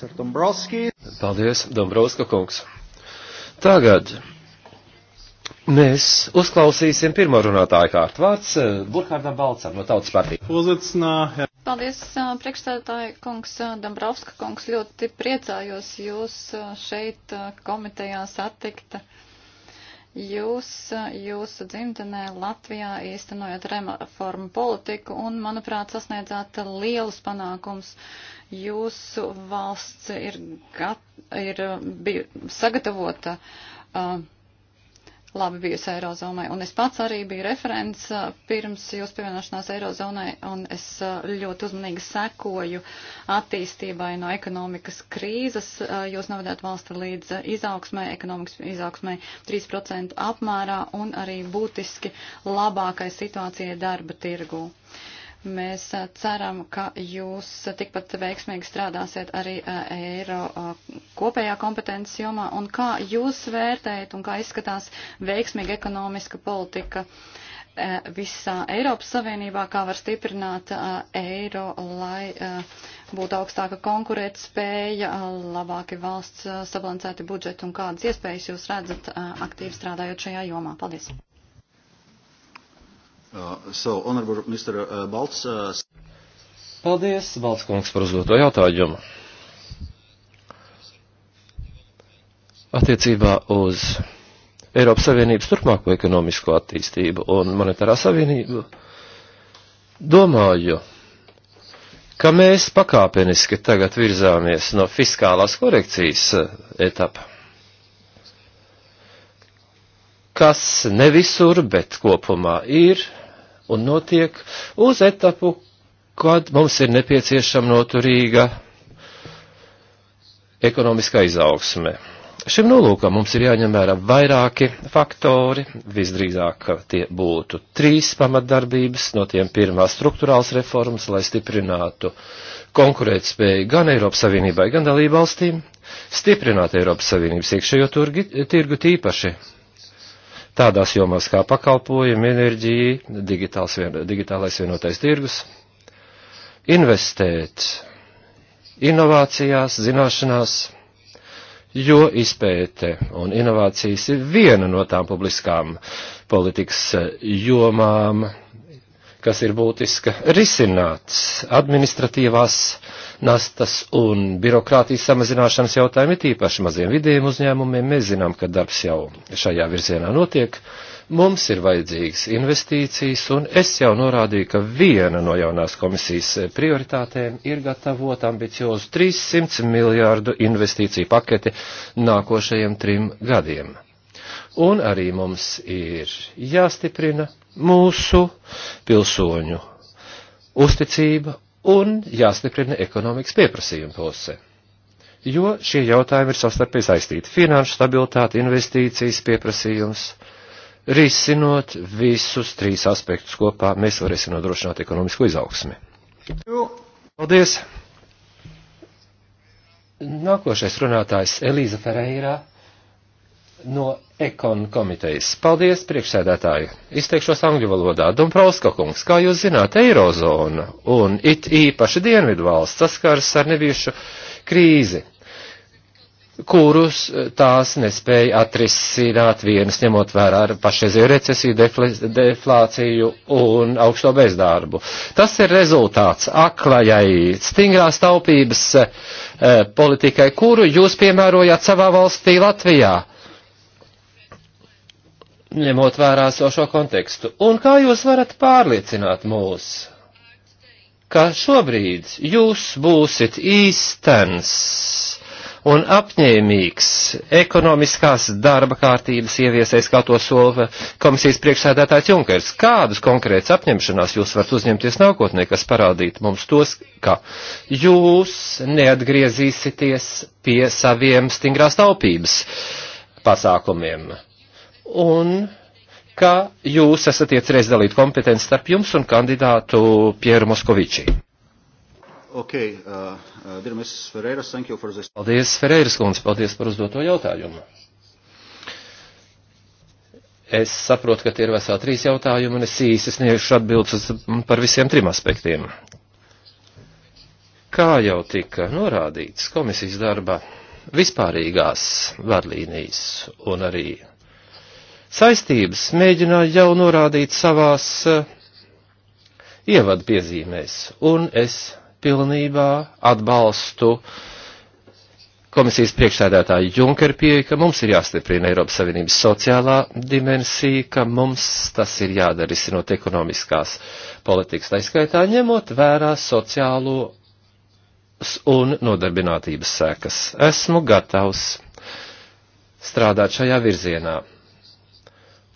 Mr. Dombrovski. Paldies, Dombrovska kungs. Tagad mēs uzklausīsim pirmo runātāju kārtu vārds eh, Burkhardam Balcam no Tautas partijas. Paldies, eh, priekšstādātāji kungs eh, Dombrovska kungs. Ļoti priecājos jūs šeit komitejā satikta. Jūs jūsu dzimtenē Latvijā īstenojat reformu politiku un, manuprāt, sasniedzāt lielus panākums. Jūsu valsts ir, gat, ir bija sagatavota uh, labi bijusi Eirozonai. Un es pats arī biju referents uh, pirms jūs pievienošanās Eirozonai, un es uh, ļoti uzmanīgi sekoju attīstībai no ekonomikas krīzes. Uh, jūs novadāt valsti līdz izaugsmai, ekonomikas izaugsmai 3% apmērā un arī būtiski labākai situācijai darba tirgū. Uh, Mēs ceram, ka jūs tikpat veiksmīgi strādāsiet arī eiro kopējā kompetences jomā. Un kā jūs vērtējat un kā izskatās veiksmīga ekonomiska politika e, visā Eiropas Savienībā, kā var stiprināt eiro, lai būtu augstāka konkurētspēja, labāki valsts sabalansēti budžeti un kādas iespējas jūs redzat aktīvi strādājot šajā jomā? Paldies! Uh, so, honorable Mr. Uh, Balts. Uh... Paldies, Balts kungs, par uzdoto jautājumu. Attiecībā uz Eiropas Savienības turpmāko ekonomisko attīstību un monetārā savienību domāju, ka mēs pakāpeniski tagad virzāmies no fiskālās korekcijas uh, etapa kas ne visur, bet kopumā ir un notiek uz etapu, kad mums ir nepieciešama noturīga ekonomiskā izaugsme. Šim nolūkam mums ir jāņem vērā vairāki faktori, visdrīzāk tie būtu trīs pamatdarbības, no tiem pirmā struktūrāls reformas, lai stiprinātu konkurētspēju gan Eiropas Savienībai, gan dalību valstīm, stiprināt Eiropas Savienības iekšējo turgi, tirgu tīpaši tādās jomās kā pakalpojumi, enerģija, vien, digitālais vienotais tirgus, investēt inovācijās, zināšanās, jo izpēte un inovācijas ir viena no tām publiskām politikas jomām, kas ir būtiska, risināt administratīvās nastas un birokrātijas samazināšanas jautājumi, tīpaši maziem vidiem uzņēmumiem. Mēs zinām, ka darbs jau šajā virzienā notiek. Mums ir vajadzīgas investīcijas, un es jau norādīju, ka viena no jaunās komisijas prioritātēm ir gatavot ambiciozu 300 miljārdu investīciju paketi nākošajiem trim gadiem un arī mums ir jāstiprina mūsu pilsoņu uzticība un jāstiprina ekonomikas pieprasījuma puse. Jo šie jautājumi ir savstarpēji saistīti - finanšu stabilitāte, investīcijas, pieprasījums. Risinot visus trīs aspektus kopā, mēs varēsim nodrošināt ekonomisko izaugsmi. Paldies! Nākošais runātājs Elīza Ferreira no ekon komitejas. Paldies, priekšsēdētāji. Izteikšos angļu valodā. Dumprauska kungs, kā jūs zināt, eirozona un it īpaši dienvidu valsts saskars ar nebijušu krīzi, kurus eh, tās nespēja atrisināt vienas, ņemot vērā ar pašreizēju recesiju, defl deflāciju un augsto bezdarbu. Tas ir rezultāts aklajai stingrās taupības eh, eh politikai, kuru jūs piemērojāt savā valstī Latvijā ņemot vērā sošo kontekstu. Un kā jūs varat pārliecināt mūs, ka šobrīd jūs būsit īstens un apņēmīgs ekonomiskās darba kārtības ieviesais, kā to sola komisijas priekšsēdētājs Junkers. Kādus konkrēts apņemšanās jūs varat uzņemties nākotnē, kas parādīt mums tos, ka jūs neatgriezīsieties pie saviem stingrās taupības pasākumiem? un ka jūs esat iecerējis dalīt kompetenci starp jums un kandidātu Pieru Moskovičī. Okay, uh, uh, Ferreiras, this... Paldies, Ferreiras kundze, paldies par uzdoto jautājumu. Es saprotu, ka tie ir vesā trīs jautājumi, un es īsi sniegšu atbildes par visiem trim aspektiem. Kā jau tika norādīts komisijas darba vispārīgās vadlīnijas un arī saistības mēģināju jau norādīt savās eh, ievadpiezīmēs, un es pilnībā atbalstu komisijas priekšsēdētāju Junkeru pieeja, ka mums ir jāstiprina Eiropas Savienības sociālā dimensija, ka mums tas ir jādara izsinot ekonomiskās politikas, tā skaitā ņemot vērā sociālo un nodarbinātības sēkas. Esmu gatavs strādāt šajā virzienā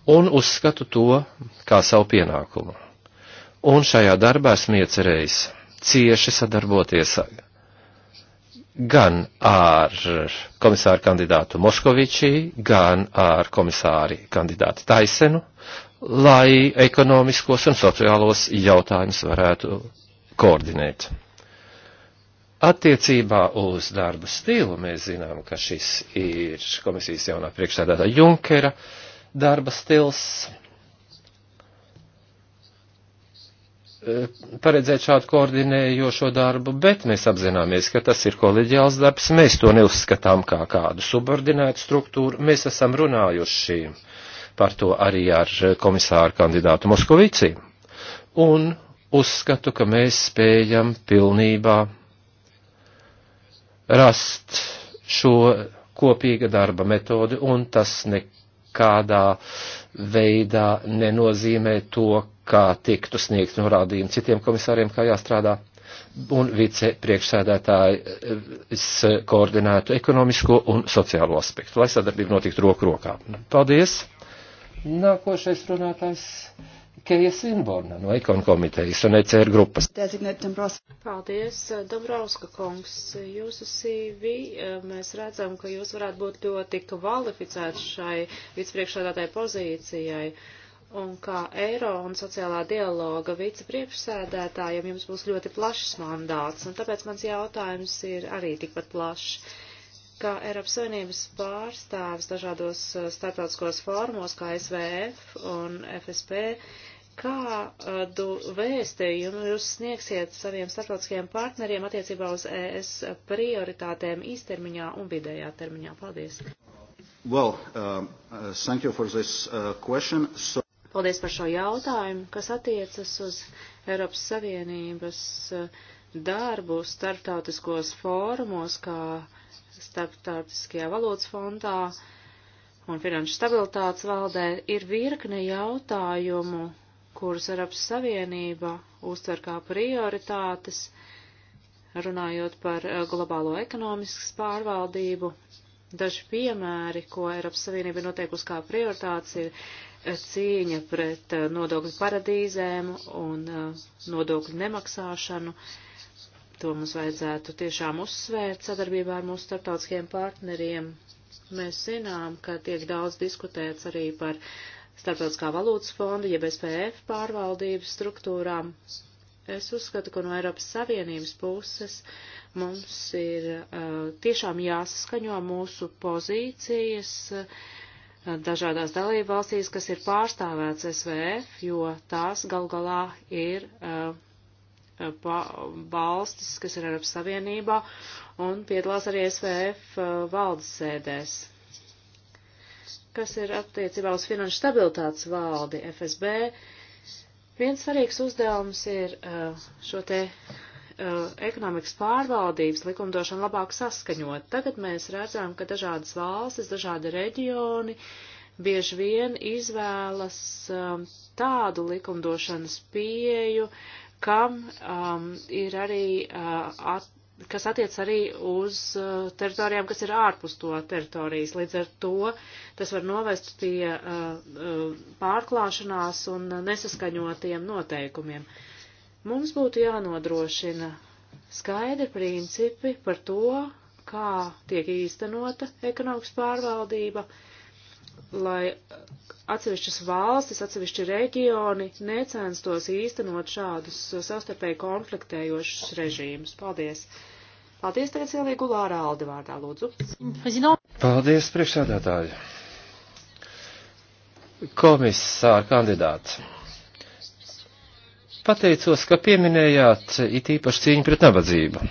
un uzskatu to kā savu pienākumu. Un šajā darbā esmu iecerējis cieši sadarboties gan ar komisāru kandidātu Moškovičī, gan ar komisāri kandidātu Taisenu, lai ekonomiskos un sociālos jautājumus varētu koordinēt. Attiecībā uz darba stilu mēs zinām, ka šis ir komisijas jaunā priekšsēdētāja Junkera uh, darba stils e, paredzēt šādu koordinējošo darbu, bet mēs apzināmies, ka tas ir koleģiāls darbs, mēs to neuzskatām kā kādu subordinētu struktūru, mēs esam runājuši par to arī ar komisāru kandidātu Moskovici. Un uzskatu, ka mēs spējam pilnībā rast šo kopīga darba metodi, un tas nekad nekādā veidā nenozīmē to, kā tiktu sniegt norādījumi citiem komisāriem, kā jāstrādā. Un vicepriekšsēdētājs koordinētu ekonomisko un sociālo aspektu, lai sadarbība notiktu roku rokā. Paldies! Nākošais runātājs Keija Svinborna no Ekonu komitejas un ECR grupas. Paldies, Dabrauska kungs. Jūsu CV eh, mēs redzam, ka jūs varētu būt ļoti kvalificēts šai vicepriekšādātai pozīcijai. Un kā eiro un sociālā dialoga vicepriekšsēdētājiem jums būs ļoti plašs mandāts, un tāpēc mans jautājums ir arī tikpat plašs kā Eiropas Savienības pārstāvis dažādos eh, starptautiskos formos, kā SVF un FSP, kādu vēstījumu jūs sniegsiet saviem starptautiskajiem partneriem attiecībā uz ES prioritātēm īstermiņā un vidējā termiņā? Paldies! Well, um, uh, thank you for this uh, question. So... Paldies par šo jautājumu, kas attiecas uz Eiropas Savienības uh, darbu starptautiskos fórumos, kā starptautiskajā valodas fondā un finanšu stabilitātes valdē. Ir virkne jautājumu kuras Eiropas Savienība uztver kā prioritātes, runājot par eh, globālo ekonomiskas pārvaldību. Daži piemēri, ko Eiropas Savienība ir noteikusi kā prioritātes, ir eh, cīņa pret eh, nodokļu paradīzēm un nodokļu nemaksāšanu. To mums vajadzētu tiešām uzsvērt sadarbībā ar mūsu starptautiskajiem partneriem. Mēs zinām, ka tiek daudz diskutēts arī par uh, starptautiskā valūtas fonda, jeb SPF pārvaldības struktūrām. Es uzskatu, ka no Eiropas Savienības puses mums ir uh, tiešām jāsaskaņo mūsu pozīcijas uh, dažādās dalību valstīs, kas ir pārstāvēts SVF, jo tās gal galā ir uh, valstis, kas ir Eiropas Savienībā, un piedalās arī SVF uh, valdes sēdēs kas ir attiecībā uz finanšu stabilitātes valdi FSB. Viens svarīgs uzdevums ir uh, šo te uh, ekonomikas pārvaldības likumdošanu labāk saskaņot. Tagad mēs redzam, ka dažādas valstis, dažādi reģioni bieži vien izvēlas um, tādu likumdošanas pieju, kam um, ir arī uh, at, kas attiec arī uz uh, teritorijām, kas ir ārpus to teritorijas. Līdz ar to tas var novest pie uh, uh, pārklāšanās un nesaskaņotiem noteikumiem. Mums būtu jānodrošina skaidri principi par to, kā tiek īstenota ekonomikas pārvaldība, uh, lai atsevišķas valstis, atsevišķi reģioni necenstos īstenot šādus savstarpēji konfliktējošus režīmus. Paldies! Paldies tagad Silvija Gulāra Aldi vārdā, lūdzu. Paldies, priekšsēdētāji. Komisāra kandidāts. Pateicos, ka pieminējāt it īpaši cīņu pret nabadzību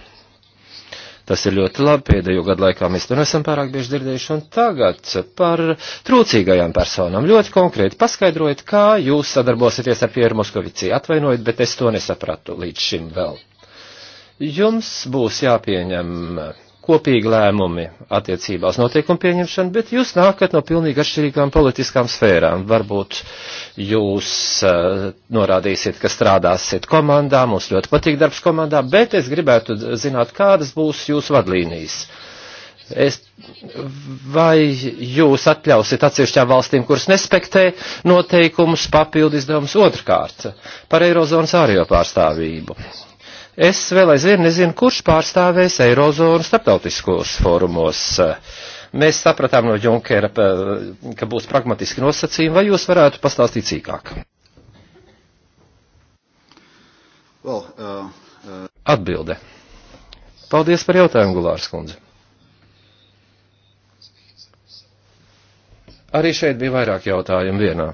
Tas ir ļoti labi, pēdējo gadu laikā mēs to nesam pārāk bieži dzirdējuši, un tagad par trūcīgajām personām. Ļoti konkrēti paskaidrojiet, kā jūs sadarbosieties ar Pieru Moskovici. Atvainojiet, bet es to nesapratu līdz šim vēl. Jums būs jāpieņem kopīgi lēmumi attiecībās notiekuma pieņemšana, bet jūs nākat no pilnīgi atšķirīgām politiskām sfērām. Varbūt jūs uh, norādīsiet, ka strādāsiet komandā, mums ļoti patīk darbs komandā, bet es gribētu zināt, kādas būs jūsu vadlīnijas. Es, vai jūs atļausiet atsevišķām valstīm, kuras nespektē noteikumus, papildu izdevumus otrkārt par Eirozonas ārējo pārstāvību? Es vēl aizvien nezinu, kurš pārstāvēs Eirozonu starptautiskos fórumos. Mēs sapratām no Junkera, ka būs pragmatiski nosacījumi, vai jūs varētu pastāstīt cīkāk? Well, uh, uh... Atbilde. Paldies par jautājumu, Gulārs kundze. Arī šeit bija vairāk jautājumu vienā.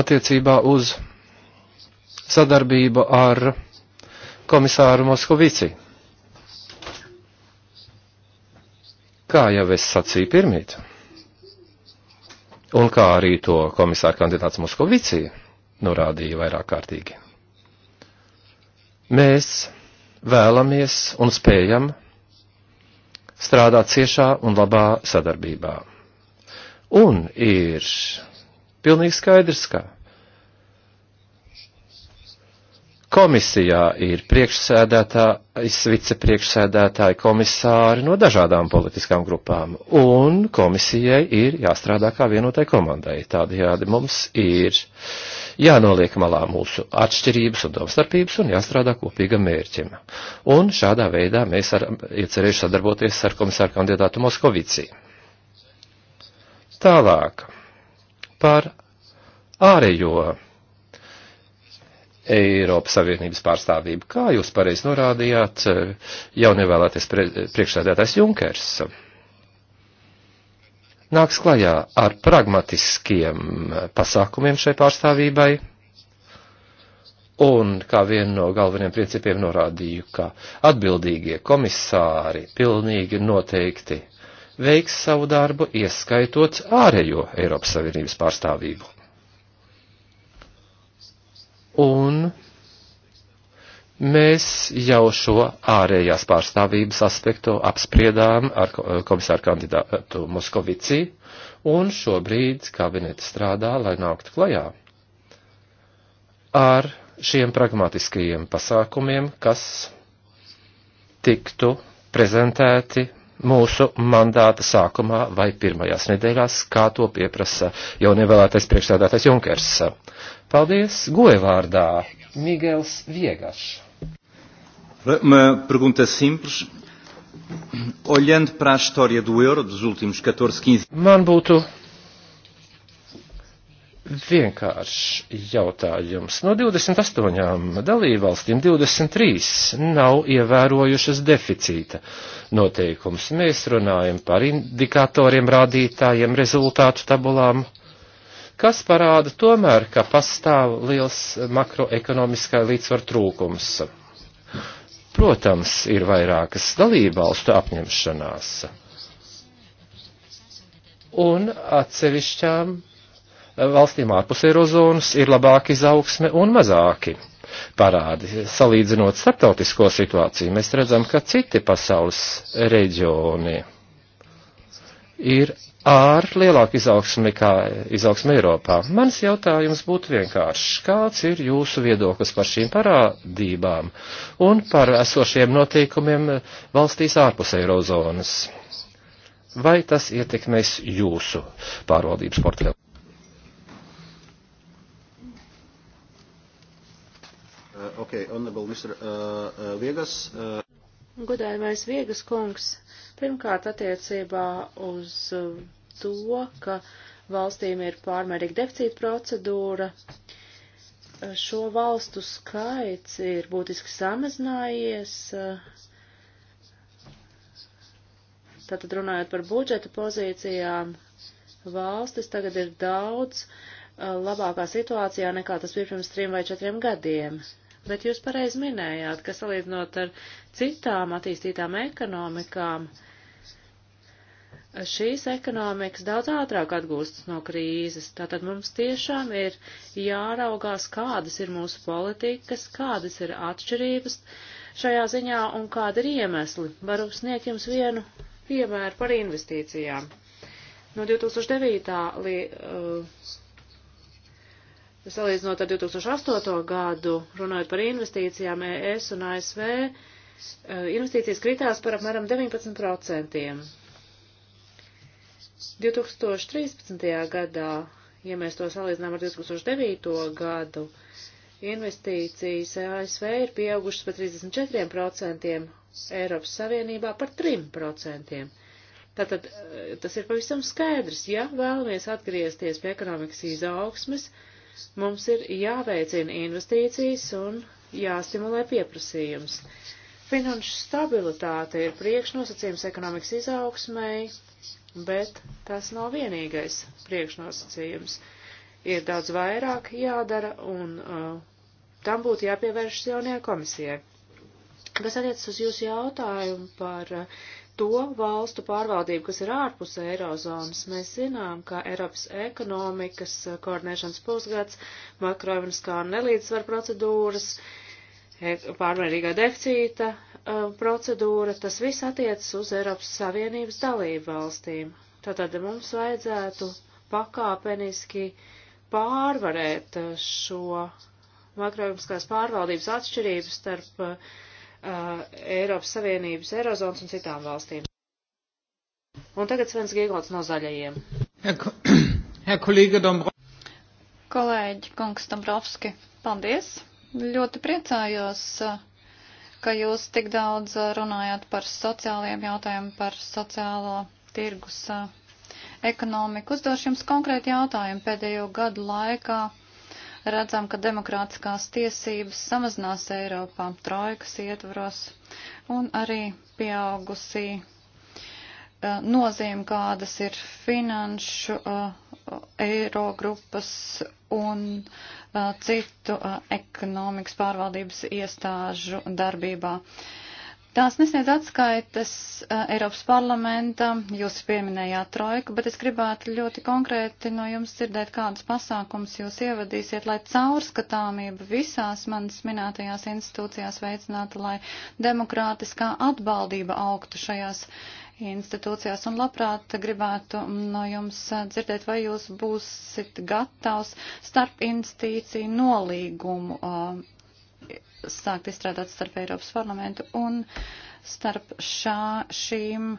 Attiecībā uz sadarbību ar komisāru Moskovici. Kā jau es sacīju pirmīt, un kā arī to komisāra kandidāts Moskovici norādīja vairāk kārtīgi. Mēs vēlamies un spējam strādāt ciešā un labā sadarbībā. Un ir pilnīgi skaidrs, ka Komisijā ir priekšsēdētājs, vicepriekšsēdētāji, komisāri no dažādām politiskām grupām, un komisijai ir jāstrādā kā vienotai komandai. Tādējādi mums ir jānoliek malā mūsu atšķirības un domstarpības un jāstrādā kopīgam mērķim. Un šādā veidā mēs ar, iecerējuši sadarboties ar komisāru kandidātu Moskovici. Tālāk par ārējo Eiropas Savienības pārstāvību. Kā jūs pareizi norādījāt, eh, jau nevēlēties priekšsēdētājs Junkers nāks klajā ar pragmatiskiem pasākumiem šai pārstāvībai. Un kā vienu no galveniem principiem norādīju, ka atbildīgie komisāri pilnīgi noteikti veiks savu darbu, ieskaitot ārējo Eiropas Savienības pārstāvību un mēs jau šo ārējās pārstāvības aspektu apspriedām ar komisāru kandidātu Moskovici, un šobrīd kabinets strādā, lai nāktu klajā ar šiem pragmatiskajiem pasākumiem, kas tiktu prezentēti mūsu mandāta sākumā vai pirmajās nedēļās, kā to pieprasa jau nevēlētais priekšstādātais Junkers. Paldies, Goevārdā, Migels Viegašs. Uma pergunta simples. Olhando para a história do euro dos últimos 14, 15 Man būtu vienkāršs jautājums. No 28 dalībvalstīm 23 nav ievērojušas deficīta noteikums. Mēs runājam par indikatoriem, rādītājiem, rezultātu tabulām kas parāda tomēr, ka pastāv liels makroekonomiskā līdzsvar trūkums. Protams, ir vairākas dalībvalstu apņemšanās. Un atsevišķām valstīm ārpus Eirozonas ir labāka izaugsme un mazāki parādi. Salīdzinot starptautisko situāciju, mēs redzam, ka citi pasaules reģioni ir ar lielāku izaugsmu nekā izaugsmu Eiropā. Mans jautājums būtu vienkāršs. Kāds ir jūsu viedoklis par šīm parādībām un par esošiem noteikumiem valstīs ārpus Eirozonas? Vai tas ietekmēs jūsu pārvaldības portfeli? Uh, okay, honorable Mr. Uh, uh, Viegas. Uh... Godājumais Viegas kungs. Pirmkārt, attiecībā uz uh, to, ka valstīm ir pārmērīga deficīta procedūra, uh, šo valstu skaits ir būtiski samazinājies. Uh, tātad runājot par budžeta pozīcijām, valstis tagad ir daudz labākā situācijā nekā tas bija pirms trim vai četriem gadiem. Bet jūs pareizi minējāt, ka salīdzinot ar citām attīstītām ekonomikām, uh, šīs ekonomikas daudz ātrāk atgūstas no krīzes. Tātad mums tiešām ir jāraugās, kādas ir mūsu politikas, kādas ir atšķirības šajā ziņā un kāda ir iemesli. Varu sniegt jums vienu piemēru par investīcijām. No 2009. Li, uh, salīdzinot ar 2008. gadu, runājot par investīcijām ES un ASV, uh, investīcijas kritās par apmēram 19%. 2013. gadā, ja mēs to salīdzinām ar 2009. gadu, investīcijas ASV ir pieaugušas par 34%, Eiropas Savienībā par 3%. Tātad eh, tas ir pavisam skaidrs, ja vēlamies atgriezties pie ekonomikas izaugsmes, mums ir jāveicina investīcijas un jāstimulē pieprasījums. Finanšu stabilitāte ir priekšnosacījums ekonomikas izaugsmai, bet tas nav vienīgais priekšnosacījums. Ir daudz vairāk jādara, un uh, tam būtu jāpievēršas jaunajai komisijai. Kas attiecas uz jūsu jautājumu par uh, to valstu pārvaldību, kas ir ārpus eirozonas, mēs zinām, ka Eiropas ekonomikas uh, koordinēšanas pusgads, makroekonomiskā nelīdzsvar procedūras, uh, pārmērīgā deficīta uh, procedūra, tas viss attiecas uz Eiropas Savienības dalību valstīm. Tātad mums vajadzētu pakāpeniski pārvarēt uh, šo makroekonomiskās pārvaldības atšķirības starp uh, uh, Eiropas Savienības, Eirozonas un citām valstīm. Un tagad Svens Giegots no zaļajiem. Herr Kolēģi Dombrovski, paldies! Ļoti priecājos, ka jūs tik daudz runājāt par sociālajiem jautājumiem, par sociālo tirgus eh, ekonomiku. Uzdošu jums konkrēti jautājumu. Pēdējo gadu laikā redzam, ka demokrātiskās tiesības samazinās Eiropā trojkas ietvaros un arī pieaugusī eh, nozīme, kādas ir finanšu eh, eiro grupas un uh, citu ekonomikas pārvaldības iestāžu darbībā. Tās nesniedz atskaitas Eiropas parlamentam, jūs pieminējāt trojku, bet es gribētu ļoti konkrēti no jums dzirdēt, kādas pasākums jūs ievadīsiet, lai caurskatāmība visās manas minētajās institūcijās veicinātu, lai demokrātiskā atbaldība augtu šajās uh, institūcijās un labprāt gribētu no jums dzirdēt, vai jūs būsit gatavs starp investīciju nolīgumu sākt izstrādāt starp Eiropas parlamentu un starp šā, šīm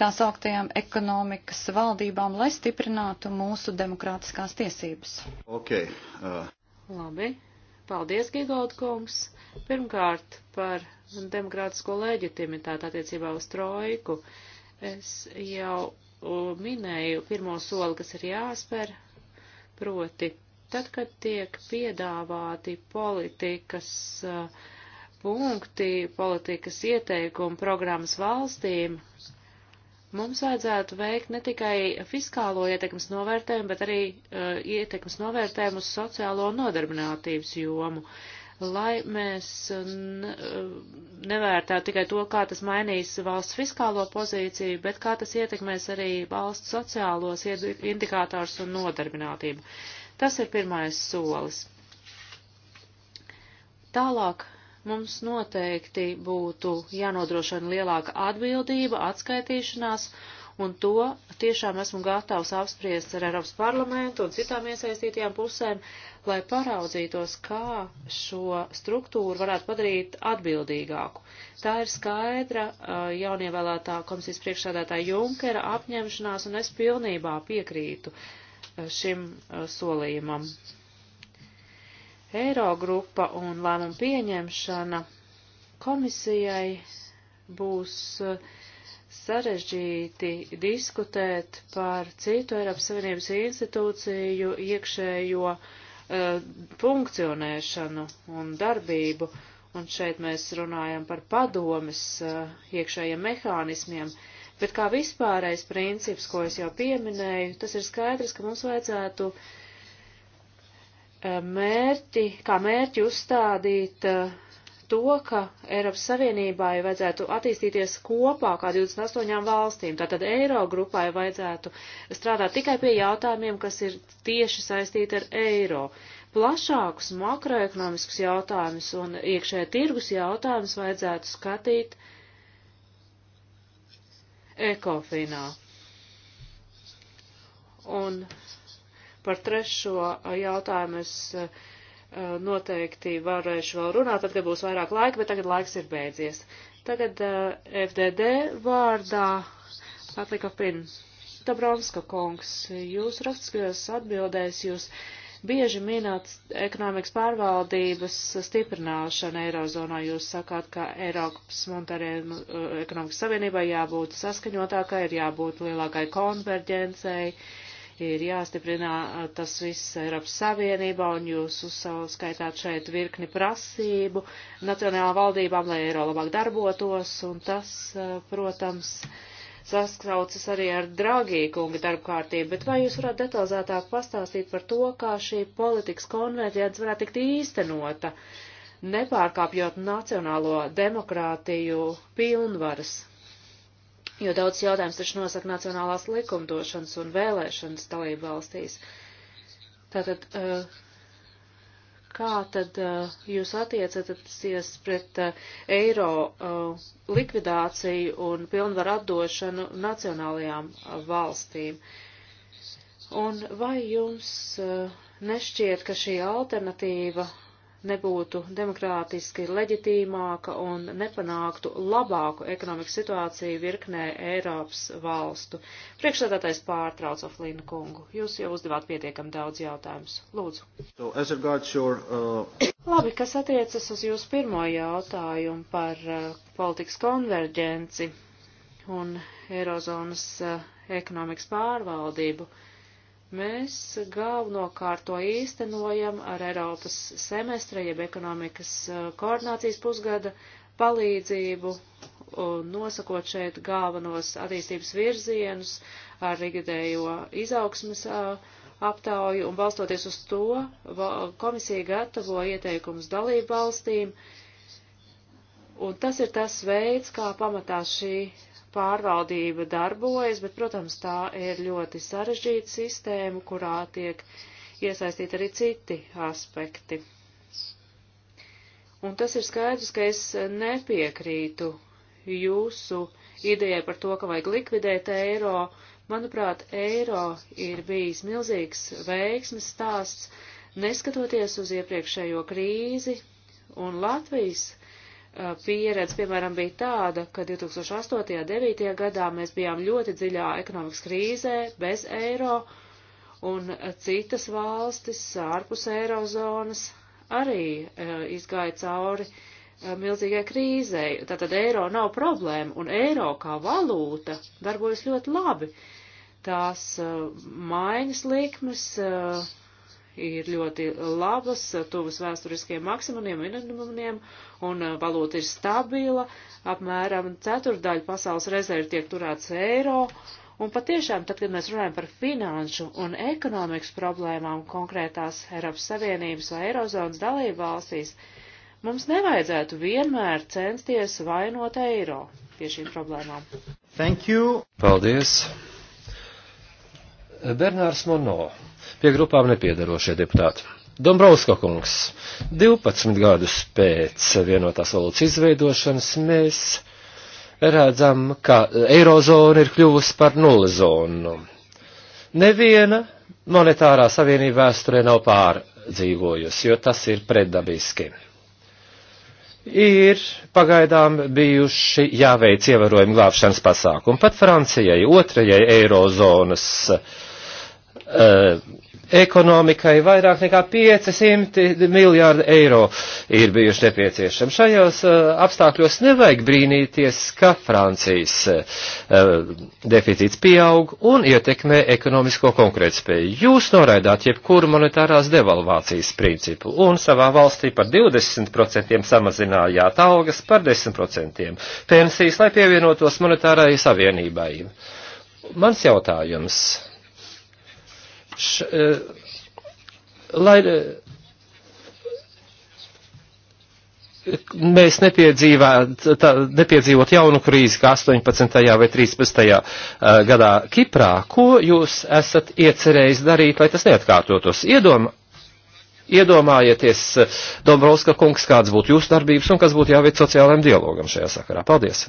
tās augtajām ekonomikas valdībām, lai stiprinātu mūsu demokrātiskās tiesības. Okay, uh. Labi, paldies, Gigaut kungs. Pirmkārt par demokrātisko leģitimitāti attiecībā uz trojku. Uh, Es jau minēju pirmo soli, kas ir jāspēr, proti, tad, kad tiek piedāvāti politikas punkti, politikas ieteikumi programmas valstīm, mums vajadzētu veikt ne tikai fiskālo ietekmes novērtējumu, bet arī uh, ietekmes novērtējumu uz sociālo nodarbinātības jomu. Uh, lai mēs eh, nevērtētu tikai to, kā tas mainīs valsts fiskālo pozīciju, bet kā tas ietekmēs arī valsts sociālos indikātors un nodarbinātību. Tas ir pirmais solis. Tālāk mums noteikti būtu jānodrošina lielāka atbildība, atskaitīšanās, un to tiešām esmu gatavs apspriest ar Eiropas parlamentu un citām iesaistītajām pusēm, lai paraudzītos, kā šo struktūru varētu padarīt atbildīgāku. Tā ir skaidra uh, jaunievēlētā komisijas priekšsādātāja Junkera apņemšanās, un es pilnībā piekrītu uh, šim uh, solījumam. Eirogrupa un lēmumu pieņemšana komisijai būs sarežģīti diskutēt par citu Eiropas Savienības institūciju iekšējo uh, E, funkcionēšanu un darbību. Un šeit mēs runājam par padomes e, iekšējiem mehānismiem, bet kā vispārējais princips, ko es jau pieminēju, tas ir skaidrs, ka mums vajadzētu e, mērķi, kā mērķi uzstādīt uh, to, ka Eiropas Savienībai vajadzētu attīstīties kopā kā 28 valstīm. Tātad Eiro grupai vajadzētu strādāt tikai pie jautājumiem, kas ir tieši saistīti ar eiro. Plašākus makroekonomiskus jautājumus un iekšē tirgus jautājumus vajadzētu skatīt ekofinā. Un par trešo jautājumu es. Uh, Eh, noteikti varēšu vēl runāt, tad, kad būs vairāk laika, bet tagad laiks ir beidzies. Tagad eh, FDD vārdā atlika pin. Dabronska kungs, jūs rakstiskajos atbildēs, jūs bieži minat ekonomikas pārvaldības stiprināšanu Eirozonā. Jūs sakāt, ka Eiropas monetārajai eh, ekonomikas savienībai jābūt saskaņotākai, ir jābūt lielākai konverģencei. Uh, ir jāstiprina tas viss Eiropas Savienībā, un jūs uzskaitāt šeit virkni prasību nacionālām valdībām, lai eiro labāk darbotos, un tas, protams, saskraucas arī ar Dragī kunga darbkārtību, bet vai jūs varētu detalizētāk pastāstīt par to, kā šī politikas konverģents varētu tikt īstenota, nepārkāpjot nacionālo demokrātiju pilnvaras? jo daudz jautājums taču nosaka nacionālās likumdošanas un vēlēšanas dalību valstīs. Tātad, eh, kā tad eh, jūs attiecaties pret eh, eiro likvidāciju un pilnvaru atdošanu nacionālajām valstīm? Un vai jums nešķiet, ka šī alternatīva nebūtu demokrātiski leģitīmāka un nepanāktu labāku ekonomikas situāciju virknē Eiropas valstu. Priekšsēdētais pārtrauc Oflīnu kungu. Jūs jau uzdevāt pietiekam daudz jautājumus. Lūdzu. So, your, uh... Labi, kas attiecas uz jūsu pirmo jautājumu par uh, politikas konverģenci un Eirozonas uh, ekonomikas pārvaldību. Uh, Mēs galvenokārt to īstenojam ar Eiropas semestra, jeb ekonomikas uh, koordinācijas pusgada palīdzību, nosakot šeit galvenos attīstības virzienus ar rigidējo izaugsmas uh, aptauju un balstoties uz to, komisija gatavo ieteikumus dalību valstīm, un tas ir tas veids, kā pamatā šī pārvaldība darbojas, bet, protams, tā ir ļoti sarežģīta sistēma, kurā tiek iesaistīti arī citi aspekti. Un tas ir skaidrs, ka es nepiekrītu jūsu idejai par to, ka vajag likvidēt eiro. Manuprāt, eiro ir bijis milzīgs veiksmes stāsts, neskatoties uz iepriekšējo krīzi, un Latvijas Uh, pieredze, piemēram, bija tāda, ka 2008. un 2009. gadā mēs bijām ļoti dziļā ekonomikas krīzē, bez eiro, un uh, citas valstis ārpus eirozonas arī uh, izgāja cauri milzīgai krīzei. Tātad eiro nav problēma, un eiro kā valūta darbojas ļoti labi. Tās maiņas likmes ir ļoti labas, tuvas vēsturiskiem maksimumiem, minimumiem, un uh, valūta ir stabila, apmēram ceturdaļa pasaules rezervi tiek turēts eiro, un patiešām, tad, kad mēs runājam par finanšu un ekonomikas problēmām konkrētās Eiropas Savienības vai Eirozonas dalību valstīs, mums nevajadzētu vienmēr censties vainot eiro pie šīm problēmām. Thank you! Paldies! Bernārs Mono pie grupām nepiedarošie deputāti. Dombrovska kungs, 12 gadus pēc vienotās valūtas izveidošanas mēs redzam, ka eirozona ir kļuvusi par nulles zonu. Neviena monetārā savienība vēsturē nav pārdzīvojusi, jo tas ir pretdabiski ir pagaidām bijuši jāveic ievērojami glābšanas pasākumi. Pat Francijai, otrajai eirozonas uh, Eh, ekonomikai vairāk nekā 500 miljārdi eiro ir bijuši nepieciešami. Šajos eh, apstākļos nevajag brīnīties, ka Francijas eh, deficīts pieaug un ietekmē ekonomisko konkurētspēju. Jūs noraidāt jebkuru monetārās devalvācijas principu un savā valstī par 20% samazinājāt algas par 10% pensijas, lai pievienotos monetārai savienībai. Mans jautājums š, e, lai e, mēs nepiedzīvot jaunu krīzi kā 18. vai 13. E, gadā Kiprā, ko jūs esat iecerējis darīt, lai tas neatkārtotos? Iedom, iedomājieties, Dombrovska kungs, kāds būtu jūsu darbības un kas būtu jāveic sociālajam dialogam šajā sakarā. Paldies!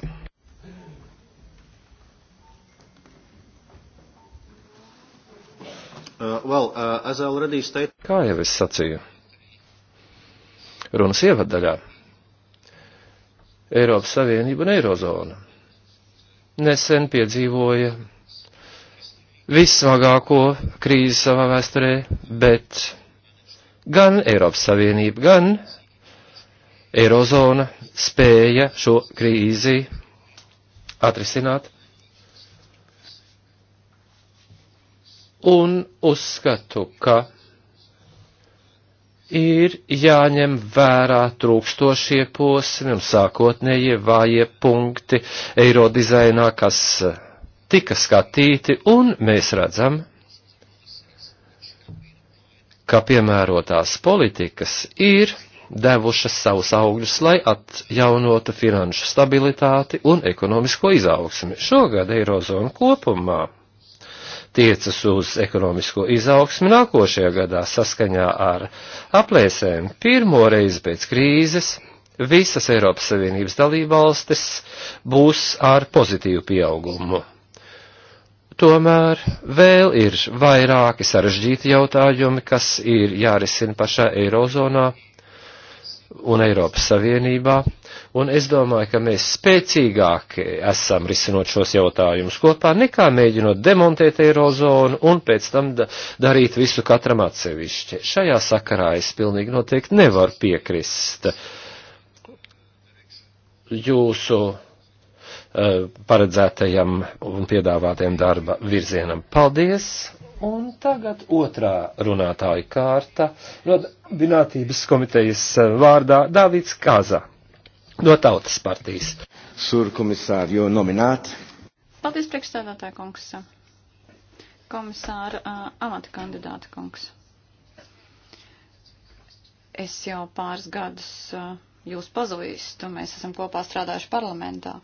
Uh, well, uh, stated... Kā jau es sacīju? Runas ievadaļā. Eiropas Savienība un Eirozona nesen piedzīvoja vissmagāko krīzi savā vēsturē, bet gan Eiropas Savienība, gan Eirozona spēja šo krīzi atrisināt un uzskatu, ka ir jāņem vērā trūkstošie posmi un sākotnējie vājie punkti eiro dizainā, kas tika skatīti, un mēs redzam, ka piemērotās politikas ir devušas savus augļus, lai atjaunotu finanšu stabilitāti un ekonomisko izaugsmi. Šogad Eirozona kopumā attiecas uz ekonomisko izaugsmi nākošajā gadā saskaņā ar aplēsēm pirmo reizi pēc krīzes visas Eiropas Savienības dalībvalstis būs ar pozitīvu pieaugumu. Tomēr vēl ir vairāki sarežģīti jautājumi, kas ir jārisina pašā Eirozonā un Eiropas Savienībā Un es domāju, ka mēs spēcīgāk esam risinot šos jautājumus kopā, nekā mēģinot demontēt eirozonu un pēc tam da darīt visu katram atsevišķi. Šajā sakarā es pilnīgi noteikti nevaru piekrist jūsu uh, paredzētajam un piedāvātajam darba virzienam. Paldies! Un tagad otrā runātāja kārta no Binātības komitejas eh, vārdā Dāvids Kazā no tautas partijas. Sur komisāru nominēt. Paldies, priekšstādātāja kungs. Komisāra uh, amata kandidāta kungs. Es jau pāris gadus uh, jūs pazīstu, mēs esam kopā strādājuši parlamentā.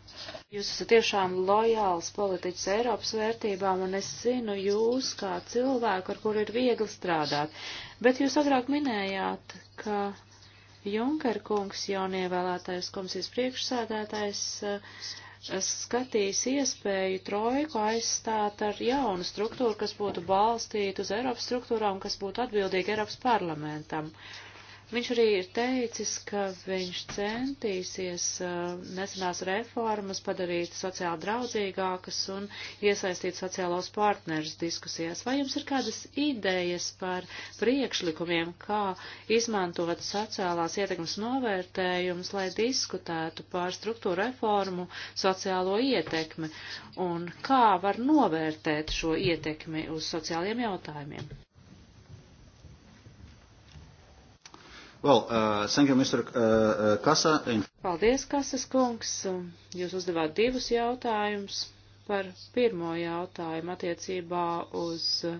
Jūs esat tiešām lojāls politiķis Eiropas vērtībām, un es zinu jūs kā cilvēku, ar kuru ir viegli strādāt. Bet jūs agrāk minējāt, ka Junker kungs, jaunievēlētais komisijas priekšsēdētājs, eh, skatīs iespēju trojku aizstāt ar jaunu struktūru, kas būtu balstīta uz Eiropas struktūrām, kas būtu atbildīga Eiropas parlamentam. Uh, Viņš arī ir teicis, ka viņš centīsies uh, nesenās reformas padarīt sociāli draudzīgākas un iesaistīt sociālos partnerus diskusijās. Vai jums ir kādas idejas par priekšlikumiem, kā izmantot sociālās ietekmes novērtējumus, lai diskutētu par struktūra reformu sociālo ietekmi un kā var novērtēt šo ietekmi uz sociāliem jautājumiem? Well, uh, thank you, Mr. Uh, uh, Kasa. Paldies, Kasas kungs. Jūs uzdevāt divus jautājumus par pirmo jautājumu attiecībā uz uh,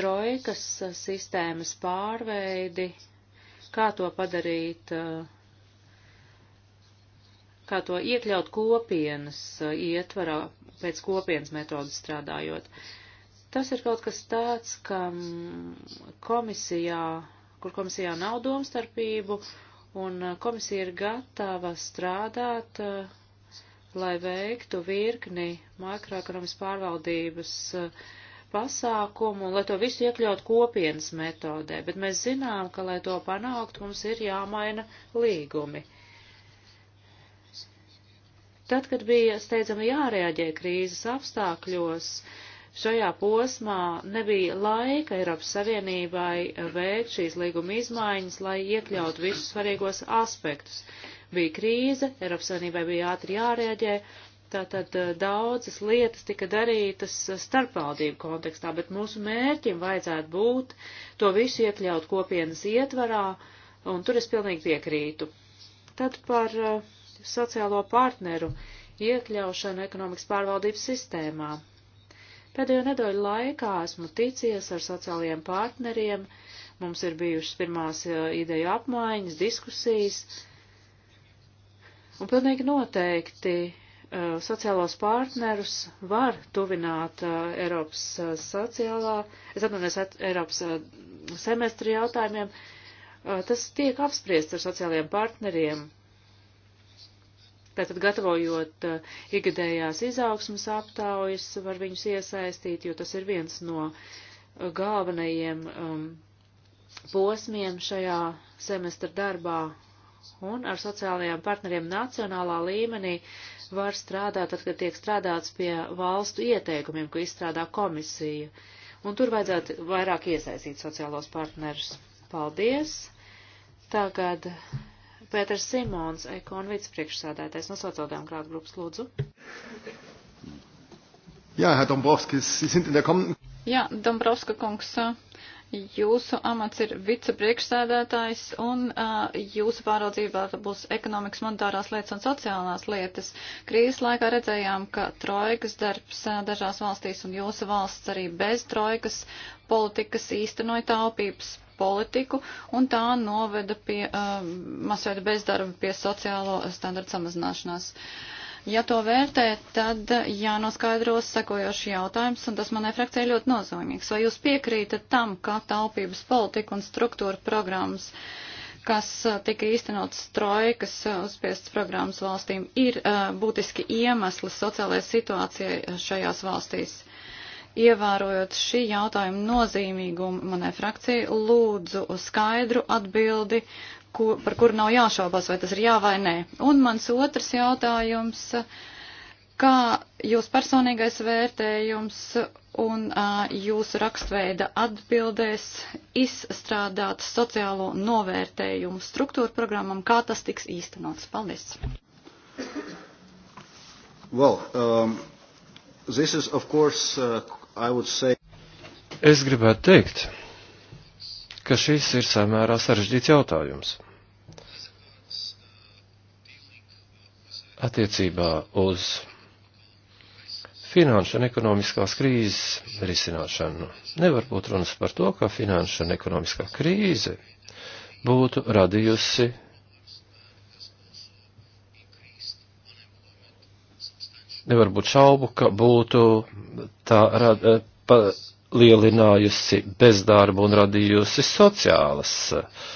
trojkas uh, sistēmas pārveidi, kā to padarīt, kā to iekļaut kopienas ietvarā, pēc kopienas metodas strādājot. Tas ir kaut kas tāds, kam komisijā kur komisijā nav domstarpību, un uh, komisija ir gatava strādāt, uh, lai veiktu virkni makroekonomiskas pārvaldības uh, pasākumu, lai to visu iekļaut kopienas metodē, bet mēs zinām, ka, lai to panākt, mums ir jāmaina līgumi. Tad, kad bija steidzami jārēģē krīzes apstākļos, uh, Šajā posmā nebija laika Eiropas Savienībai veikt šīs līguma izmaiņas, lai iekļautu visus svarīgos aspektus. Bija krīze, Eiropas Savienībai bija ātri jārēģē, tātad eh, daudzas lietas tika darītas eh, starpvaldību kontekstā, bet mūsu mērķim vajadzētu būt to visu iekļaut kopienas ietvarā, un tur es pilnīgi piekrītu. Tad par eh, sociālo partneru iekļaušanu ekonomikas pārvaldības sistēmā. Pēdējo nedēļu laikā esmu ticies ar sociālajiem partneriem, mums ir bijušas pirmās ideju apmaiņas, diskusijas, un pilnīgi noteikti sociālos partnerus var tuvināt Eiropas sociālā, es atmanies Eiropas semestri jautājumiem, tas tiek apspriests ar sociālajiem partneriem, Tātad, gatavojot eh, ikgadējās izaugsmas aptaujas, var viņus iesaistīt, jo tas ir viens no eh, galvenajiem um, posmiem šajā semestra darbā. Un ar sociālajiem partneriem nacionālā līmenī var strādāt, tad, kad tiek strādāts pie valstu ieteikumiem, ko izstrādā komisija. Un tur vajadzētu vairāk iesaistīt sociālos partnerus. Paldies! Tagad Pēters Simons, Ekon vicepriekšsēdētājs no sociāldemokrāta grupas, lūdzu. Jā, Herr Dombrovskis, Sie sind in der kommenden. Jā, Dombrovska kungs, jūsu amats ir vicepriekšsēdētājs un uh, jūsu pāraudzībā būs ekonomikas, monetārās lietas un sociālās lietas. Krīzes laikā redzējām, ka trojkas darbs uh, dažās valstīs un jūsu valsts arī bez trojkas politikas īstenoja taupības politiku, un tā noveda pie uh, masveida bezdarba, pie sociālo standartu samazināšanās. Ja to vērtē, tad jānoskaidros sekojoši jautājums, un tas manai frakcijai ļoti nozīmīgs. Vai jūs piekrītat tam, ka taupības politika un struktūra programmas uh, kas tika īstenotas trojkas uh, uzspiestas programmas valstīm, ir uh, būtiski iemesli sociālajai situācijai uh, šajās valstīs. Ievērojot šī jautājuma nozīmīgumu manai frakcijai, lūdzu skaidru atbildi, ko, par kuru nav jāšaubās, vai tas ir jā vai nē. Un mans otrs jautājums, kā jūs personīgais vērtējums un uh, jūsu rakstveida atbildēs izstrādāt sociālo novērtējumu struktūru programmam, kā tas tiks īstenots. Paldies! Well, um, this is of course uh, say... Es gribētu teikt, ka šis ir samērā sarežģīts jautājums. Attiecībā uz finanšu un ekonomiskās krīzes risināšanu. Nevar būt runas par to, ka finanšu un ekonomiskā krīze būtu radījusi nevar būt šaubu, ka būtu tā rad, eh, palielinājusi bezdarbu un radījusi sociālas eh,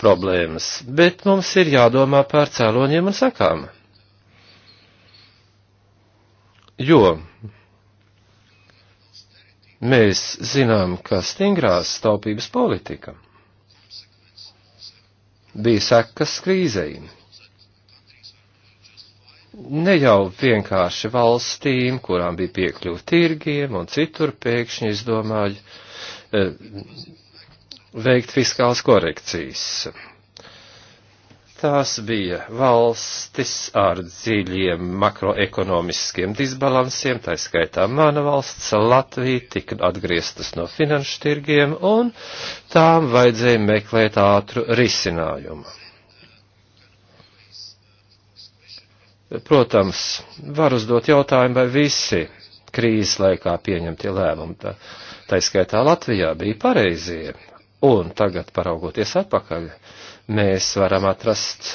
problēmas, bet mums ir jādomā par cēloņiem un sakām. Jo mēs zinām, ka stingrās taupības politika bija sekas krīzei ne jau vienkārši valstīm, kurām bija piekļuvi tirgiem un citur pēkšņi izdomāju e, veikt fiskālas korekcijas. Tās bija valstis ar dziļiem makroekonomiskiem disbalansiem, tā skaitā mana valsts, Latvija, tika atgrieztas no finanšu tirgiem, un tām vajadzēja meklēt ātru risinājumu Protams, var uzdot jautājumu, vai visi krīzes laikā pieņemtie lēmumi, tā, tā skaitā Latvijā, bija pareizie. Un tagad, paraugoties atpakaļ, mēs varam atrast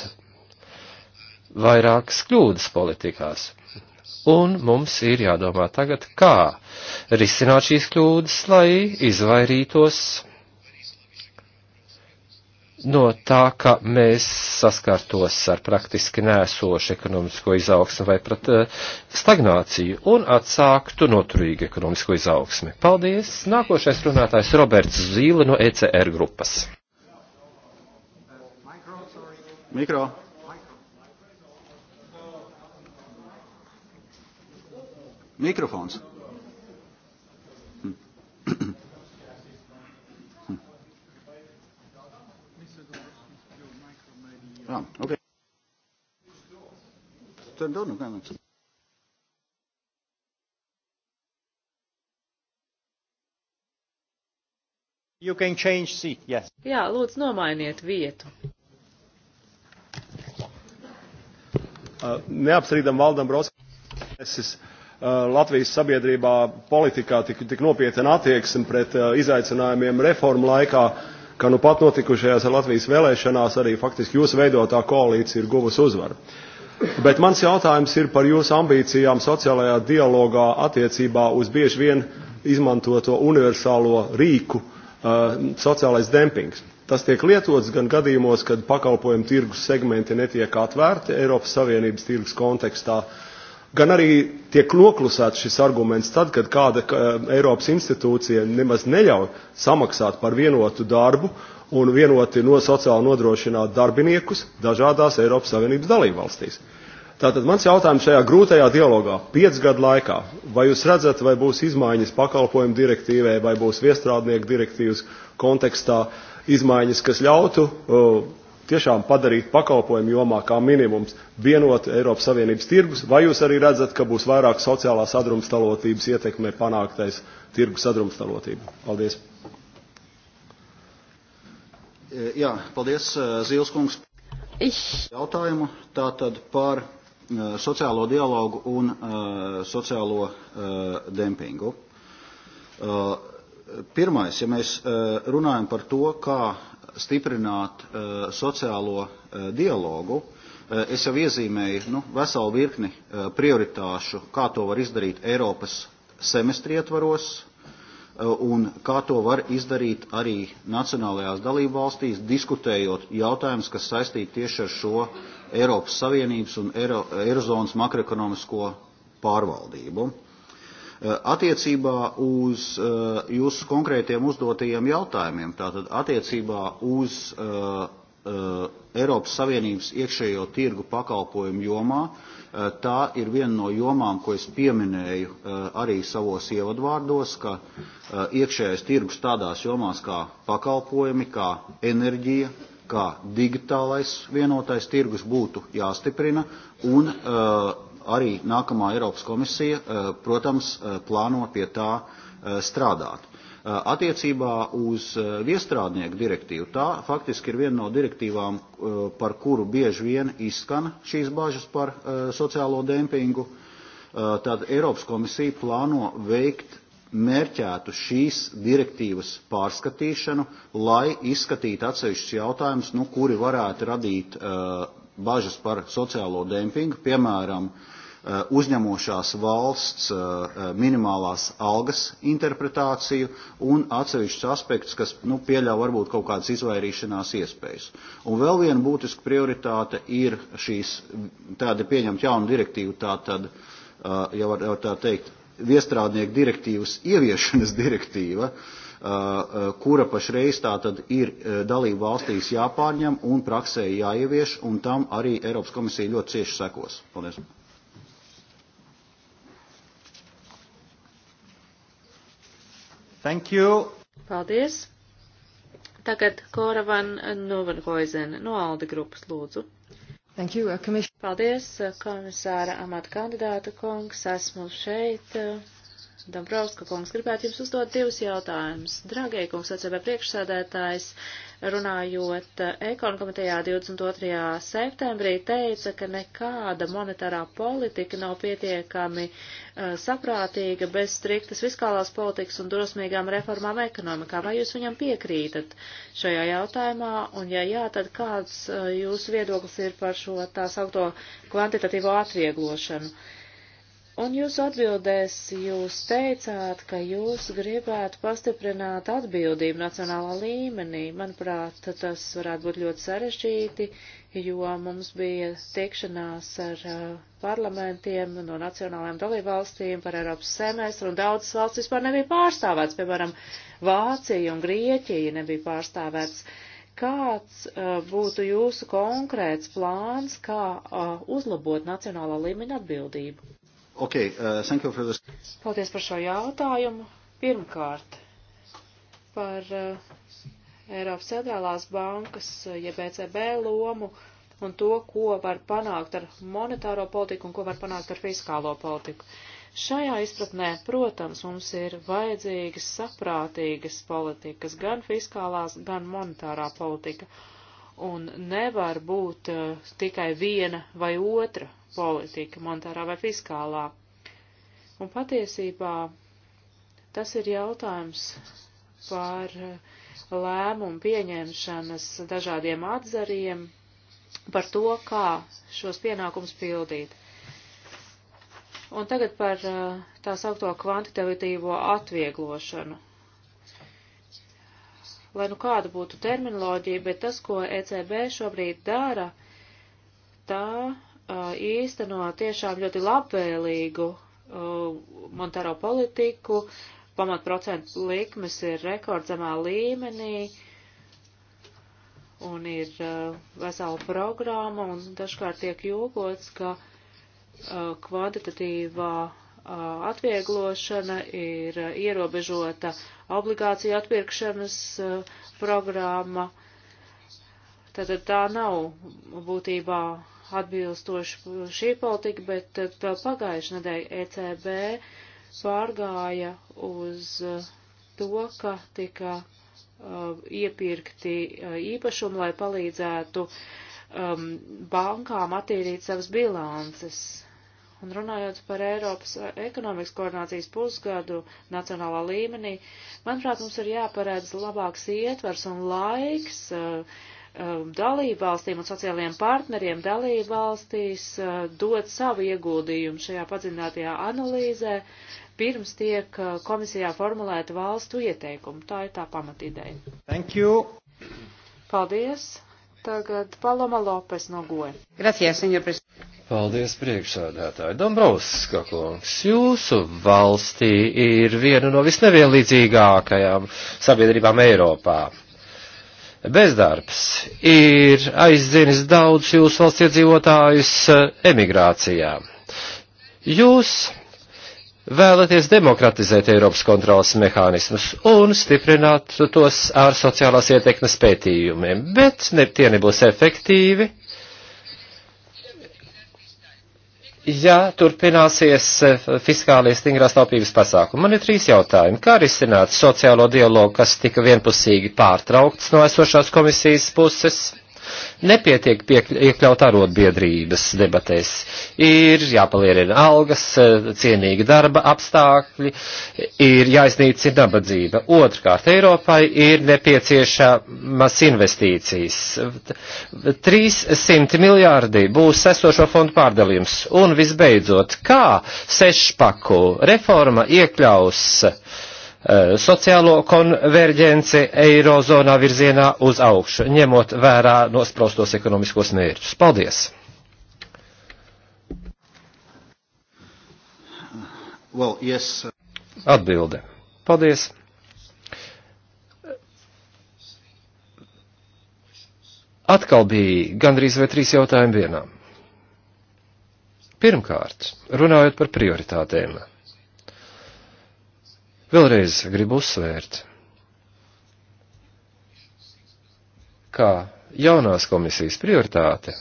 vairākas kļūdas politikās. Un mums ir jādomā tagad, kā risināt šīs kļūdas, lai izvairītos no tā, ka mēs saskartos ar praktiski nēsošu ekonomisko izaugsmu vai pat eh, stagnāciju un atsāktu noturīgu ekonomisko izaugsmi. Paldies! Nākošais runātājs Roberts Zīle no ECR grupas. Mikro. Mikrofons. Hm. Ah, okay. Dann doch noch einmal. You can change seat, yes. Jā, lūdzu, nomainiet vietu. Uh, neapstrīdam Valdam Broskis. Uh, Latvijas sabiedrībā politikā tik, tik nopietna attieksme pret uh, izaicinājumiem reformu laikā ka nu pat notikušajās Latvijas vēlēšanās arī faktiski jūsu veidotā koalīcija ir guvusi uzvaru. Bet mans jautājums ir par jūsu ambīcijām sociālajā dialogā attiecībā uz bieži vien izmantoto universālo rīku uh, sociālais dempings. Tas tiek lietots gan gadījumos, kad pakalpojumu tirgus segmenti netiek atvērti Eiropas Savienības tirgus kontekstā, uh, gan arī tiek noklusēts šis arguments tad, kad kāda Eiropas institūcija nemaz neļauj samaksāt par vienotu darbu un vienoti no sociāli nodrošināt darbiniekus dažādās Eiropas Savienības dalībvalstīs. Tātad mans jautājums šajā grūtajā dialogā, piecu gadu laikā, vai jūs redzat, vai būs izmaiņas pakalpojumu direktīvai, vai būs viestrādnieku direktīvas kontekstā izmaiņas, kas ļautu uh, tiešām padarīt pakalpojumu jomā kā minimums vienotu Eiropas Savienības tirgus, vai jūs arī redzat, ka būs vairāk sociālās sadrumstalotības ietekmē panāktais tirgus sadrumstalotība? Paldies. E, jā, paldies, e, Zīles kungs. Jautājumu tātad par e, sociālo dialogu un sociālo dempingu. Pirmais, ja mēs runājam par to, kā stiprināt uh, sociālo uh, dialogu. Uh, es jau iezīmēju nu, veselu virkni uh, prioritāšu, kā to var izdarīt Eiropas semestri ietvaros uh, un kā to var izdarīt arī nacionālajās dalību valstīs, diskutējot jautājumus, kas saistīti tieši ar šo Eiropas Savienības un Eiro, Eirozonas makroekonomisko pārvaldību. Uh, Eh, attiecībā uz eh, jūsu konkrētiem uzdotajiem jautājumiem, tātad attiecībā uz eh, Eiropas Savienības iekšējo tirgu pakalpojumu jomā. Tā ir viena no jomām, ko es pieminēju arī savos ievadvārdos, ka iekšējais tirgus tādās jomās kā pakalpojumi, kā enerģija, kā digitālais vienotais tirgus būtu jāstiprina un arī nākamā Eiropas komisija, eh, protams, eh, plāno pie tā eh, strādāt. Attiecībā uz viestrādnieku direktīvu tā faktiski ir viena no direktīvām, par kuru bieži vien izskan šīs bažas par sociālo dempingu. Tad Eiropas komisija plāno veikt mērķētu šīs direktīvas pārskatīšanu, lai izskatītu atsevišķus jautājumus, nu, kuri varētu radīt uh, bažas par sociālo dempingu, piemēram, eh, uzņemošās valsts eh, eh, minimālās algas interpretāciju un atsevišķus aspektus, kas nu, pieļauj varbūt kaut kādas izvairīšanās iespējas. Un vēl viena būtiska prioritāte ir šīs tāda pieņemt jaunu direktīvu, tā tad, ja var, var tā teikt, viestrādnieku direktīvas ieviešanas direktīva, uh, kura pašreiz tātad ir dalību valstīs jāpārņem un praksē jāievieš, un tam arī Eiropas komisija ļoti cieši sekos. Paldies. Thank you. Paldies. Tagad Kora van Novenhoizen no Alde grupas lūdzu. Thank you, uh, Paldies, uh, komisāra amata kandidāta kungs. Esmu šeit. Uh, Dabrauska kungs, gribētu jums uzdot divus jautājumus. Dragie kungs, ACB priekšsēdētājs, runājot eh, Ekonu komitejā 22. septembrī, teica, ka nekāda monetārā politika nav pietiekami uh, saprātīga bez striktas fiskālās politikas un drosmīgām reformām ekonomikā. Vai jūs viņam piekrītat šajā jautājumā? Un ja jā, tad kāds uh, jūsu viedoklis ir par šo tā saukto kvantitatīvo atvieglošanu? Uh, Un jūs atbildēs, jūs teicāt, ka jūs gribētu pastiprināt atbildību nacionālā līmenī. Manuprāt, tas varētu būt ļoti sarežģīti, jo mums bija tikšanās ar uh, parlamentiem no nacionālajām dalībvalstīm par Eiropas semestru, un daudzas valsts vispār nebija pārstāvēts, piemēram, Vācija un Grieķija nebija pārstāvēts kāds uh, būtu jūsu konkrēts plāns, kā uh, uzlabot nacionālā līmeņa atbildību? Okay, uh, for this. Paldies par šo jautājumu. Pirmkārt, par uh, Eiropas centrālās bankas, uh, jeb ECB lomu un to, ko var panākt ar monetāro politiku un ko var panākt ar fiskālo politiku. Šajā izpratnē, protams, mums ir vajadzīgas saprātīgas politikas, gan fiskālās, gan monetārā politika, un nevar būt uh, tikai viena vai otra politika, monetārā vai fiskālā. Un patiesībā tas ir jautājums par lēmumu pieņemšanas dažādiem atzariem, par to, kā šos pienākumus pildīt. Un tagad par uh, tā saukto kvantitatīvo atvieglošanu. Lai nu kāda būtu terminoloģija, bet tas, ko ECB šobrīd dara, tā Uh, īsteno tiešām ļoti labvēlīgu uh, monetāro politiku, pamatprocentu likmes ir rekordzemā līmenī un ir uh, vesela programma un dažkārt tiek jūgots, ka kvantitatīvā atvieglošana ir ierobežota obligāciju atpirkšanas programma. Tātad tā nav būtībā atbilstoši šī politika, bet vēl eh, pagājušajā nedēļā ECB pārgāja uz eh, to, ka tika uh, iepirkti uh, īpašumi, lai palīdzētu um, bankām attīrīt savas bilances. Un runājot par Eiropas ekonomikas koordinācijas pusgadu nacionālā līmenī, manuprāt, mums ir jāparedz labāks ietvers un laiks uh, Um, dalībvalstīm un sociālajiem partneriem dalībvalstīs uh, dot savu ieguldījumu šajā padziļinātajā analīzē, pirms tiek uh, komisijā formulēta valstu ieteikumu. Tā ir tā pamatideja. Thank you. Paldies. Tagad Paloma Lopes no Goja. Gracias, senor presidente. Paldies, priekšsādātāji. Dombrovska kungs, jūsu valstī ir viena no visnevienlīdzīgākajām sabiedrībām Eiropā. Bezdarbs ir aizdzinis daudz jūsu valsts iedzīvotājus eh, emigrācijā. Jūs vēlaties demokratizēt Eiropas kontrolas mehānismus un stiprināt tos ar sociālās ietekmes pētījumiem, bet ne, tie nebūs efektīvi, ja turpināsies eh, fiskālie stingrās taupības pasākumi. Man ir trīs jautājumi. Kā risināt sociālo dialogu, kas tika vienpusīgi pārtraukts no esošās komisijas puses? Nepietiek piek, iekļaut arotbiedrības debatēs. Ir jāpalielina algas, eh, cienīgi darba apstākļi, ir jāiznīcina nabadzība. Otrkārt, Eiropai ir nepieciešamas investīcijas. 300 miljārdi būs esošo fondu pārdalījums. Un visbeidzot, kā sešpaku reforma iekļaus Eh, sociālo konverģenci eirozonā virzienā uz augšu, ņemot vērā nospraustos ekonomiskos mērķus. Paldies! Well, yes. Uh, Atbilde. Paldies. Atkal bija gandrīz vai trīs jautājumi vienā. Pirmkārt, runājot par prioritātēm. Vēlreiz gribu uzsvērt, kā jaunās komisijas prioritāte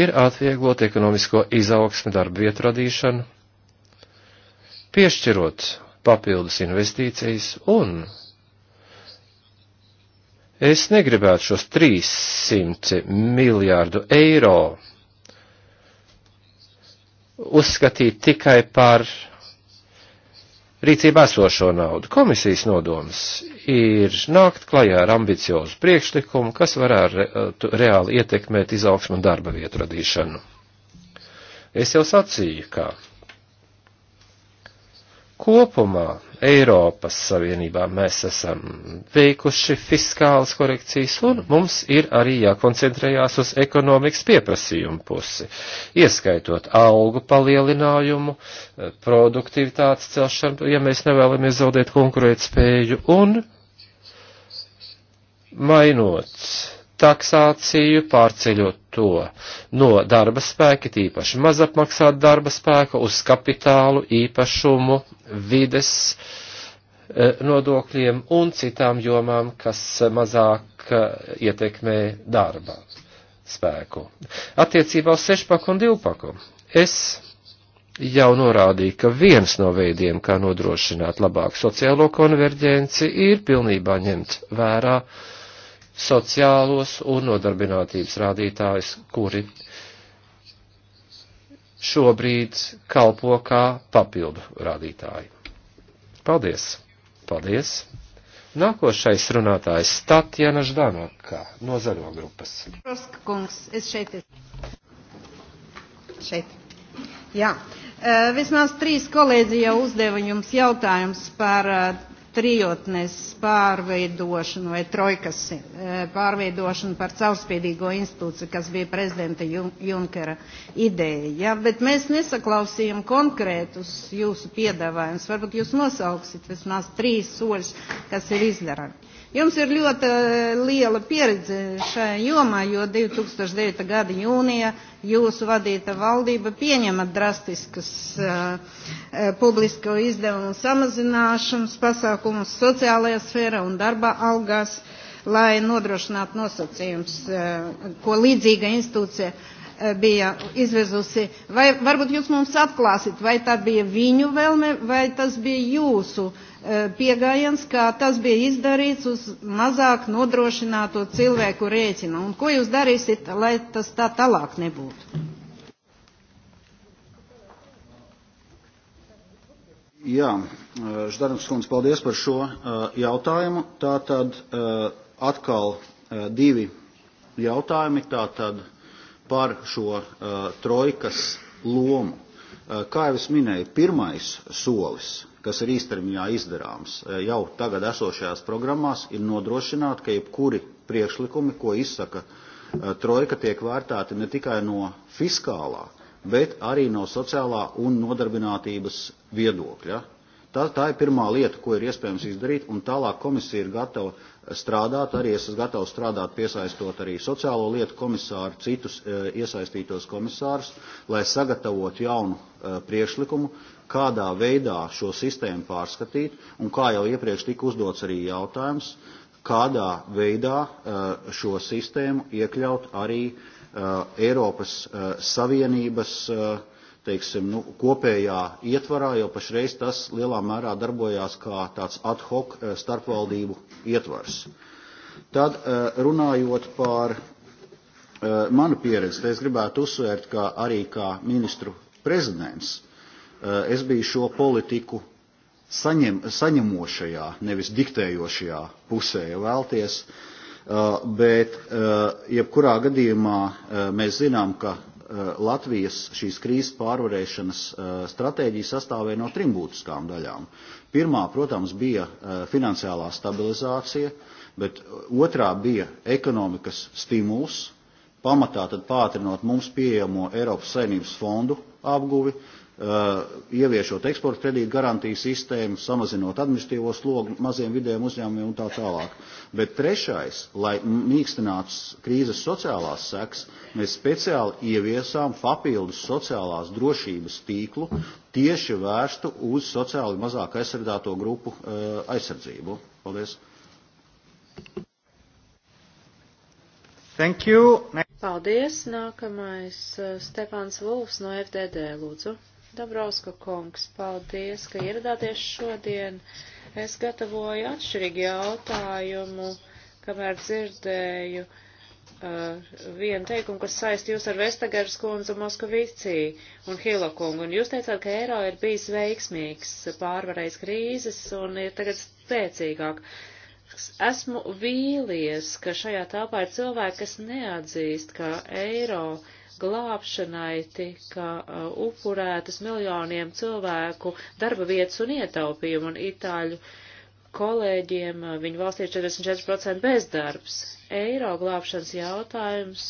ir atvieglot ekonomisko izaugsmi darba vietu radīšanu, piešķirot papildus investīcijas un es negribētu šos 300 miljārdu eiro uzskatīt tikai par rīcībā esošo naudu. Komisijas nodoms ir nākt klajā ar ambiciozu priekšlikumu, kas varētu eh, reāli ietekmēt izaugsmu un darba vietu radīšanu. Es jau sacīju, ka kopumā Eiropas Savienībā mēs esam veikuši fiskālas korekcijas un mums ir arī jākoncentrējās uz ekonomikas pieprasījumu pusi, ieskaitot algu palielinājumu, eh, produktivitātes celšanu, ja mēs nevēlamies zaudēt konkurētspēju un mainot taksāciju, pārceļot to no darba spēka, tīpaši mazapmaksāt darba spēka, uz kapitālu, īpašumu, vides e, nodokļiem un citām jomām, kas mazāk e, ietekmē darba spēku. Attiecībā uz sešpaku un divpaku es jau norādīja, ka viens no veidiem, kā nodrošināt labāku sociālo konverģenci, ir pilnībā ņemt vērā uh, sociālos un nodarbinātības rādītājus, kuri šobrīd kalpo kā papildu rādītāji. Paldies! Paldies! Nākošais runātājs Statjana Ždanokā no Zaļo grupas. Proska kungs, es šeit esmu. Šeit. Jā. Vismaz trīs kolēģi jau uzdeva jums jautājums par trijotnes pārveidošanu vai trojkas e, pārveidošanu par caurspīdīgo institūciju, kas bija prezidenta Junkera ideja. Ja? Bet mēs nesaklausījām konkrētus jūsu piedāvājumus. Varbūt jūs nosauksit vismaz trīs soļus, kas ir izdarami. Jums ir ļoti eh, liela pieredze šajā jomā, jo 2009. gada jūnija jūsu vadīta valdība pieņēma drastiskas uh, publisko izdevumu samazināšanas pasākumus sociālajā sfērā un darba algās, lai nodrošinātu nosacījums, uh, ko līdzīga institūcija bija izvezusi. Vai varbūt jūs mums atklāsit, vai tā bija viņu vēlme, vai tas bija jūsu uh, Eh, pieejams, kā tas bija izdarīts uz mazāk nodrošināto cilvēku rēķina. Un ko jūs darīsiet, lai tas tā tālāk nebūtu? Jā, eh, Ždarnas kundze, paldies par šo eh, jautājumu. Tā tad atkal divi jautājumi tā tad par šo trojkas lomu. Kā jau es minēju, pirmais solis kas ir īstermiņā izdarāms e, jau tagad esošajās programmās, ir nodrošināt, ka jebkuri priekšlikumi, ko izsaka e, trojka, tiek vērtēti ne tikai no fiskālā, bet arī no sociālā un nodarbinātības viedokļa. Tā, tā ir pirmā lieta, ko ir iespējams izdarīt, un tālāk komisija ir gatava strādāt. Arī es esmu gatavs strādāt, piesaistot arī sociālo lietu komisāru, citus e, iesaistītos komisārus, lai sagatavotu jaunu e, priekšlikumu, kādā veidā šo sistēmu pārskatīt, un kā jau iepriekš tika uzdots arī jautājums, kādā veidā e, šo sistēmu iekļaut arī Eiropas Savienības uh, teiksim, nu, kopējā ietvarā, jo pašreiz tas lielā mērā darbojās kā tāds ad hoc eh, starpvaldību ietvars. Tad eh, runājot par eh, manu pieredzi, es gribētu uzsvērt, ka arī kā ministru prezidents es biju šo politiku saņem, saņemošajā, nevis diktējošajā pusē, ja vēlties, bet jebkurā gadījumā mēs zinām, ka Eh, Latvijas šīs krīzes pārvarēšanas eh, stratēģija sastāvēja no trim būtiskām daļām. Pirmā, protams, bija eh, finansiālā stabilizācija, bet otrā bija ekonomikas stimuls, pamatā tad pātrinot mums pieejamo Eiropas saimnības fondu apguvi, Uh, ieviešot eksporta kredīta garantijas sistēmu, samazinot administratīvo slogu maziem vidējiem uzņēmumiem un tā tālāk. Bet trešais, lai mīkstinātu krīzes sociālās sekas, mēs speciāli ieviesām papildus sociālās drošības tīklu tieši vērstu uz sociāli mazāk aizsargāto grupu uh, aizsardzību. Paldies! Thank you. Paldies. Nākamais uh, Stefāns Vulfs no FDD, lūdzu. Dabrauska kungs, paldies, ka ieradāties šodien. Es gatavoju atšķirīgu jautājumu, kamēr dzirdēju uh, vienu teikumu, kas saist jūs ar Vestagers kundzu Moskavicī un Hila kungu. Un jūs teicāt, ka eiro ir bijis veiksmīgs, pārvarējis krīzes un ir tagad spēcīgāk. Esmu vīlies, ka šajā tāpā ir cilvēki, kas neatzīst, ka eiro glābšanai tika uh, upurētas miljoniem cilvēku darba vietas un ietaupījumu, un itāļu kolēģiem uh, viņu valstī ir 44% bezdarbs. Eiro glābšanas jautājums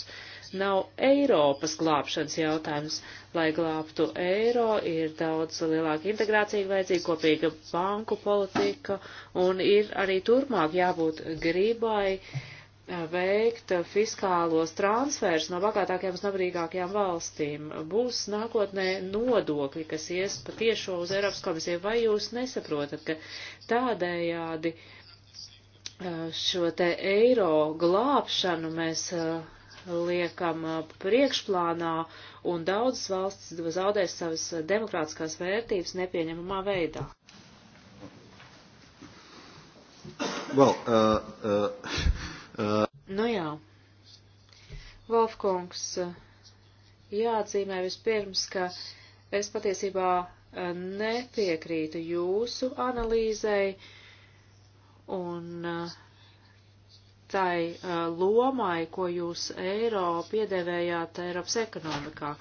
nav Eiropas glābšanas jautājums. Lai glābtu eiro, ir daudz lielāka integrācija vajadzīga, kopīga banku politika, un ir arī turpmāk jābūt gribai uh, veikt fiskālos transfers no bagātākajām uz nabadīgākajām valstīm. Būs nākotnē nodokļi, kas ies patiešo uz Eiropas komisiju. Vai jūs nesaprotat, ka tādējādi šo te eiro glābšanu mēs liekam priekšplānā un daudzas valstis zaudēs savas demokrātiskās vērtības nepieņemamā veidā? Well, uh, uh... Uh... Nu jā. Volfkungs, jāatzīmē vispirms, ka es patiesībā eh, nepiekrītu jūsu analīzei un eh, tai eh, lomai, ko jūs eiro piedēvējāt Eiropas ekonomikā.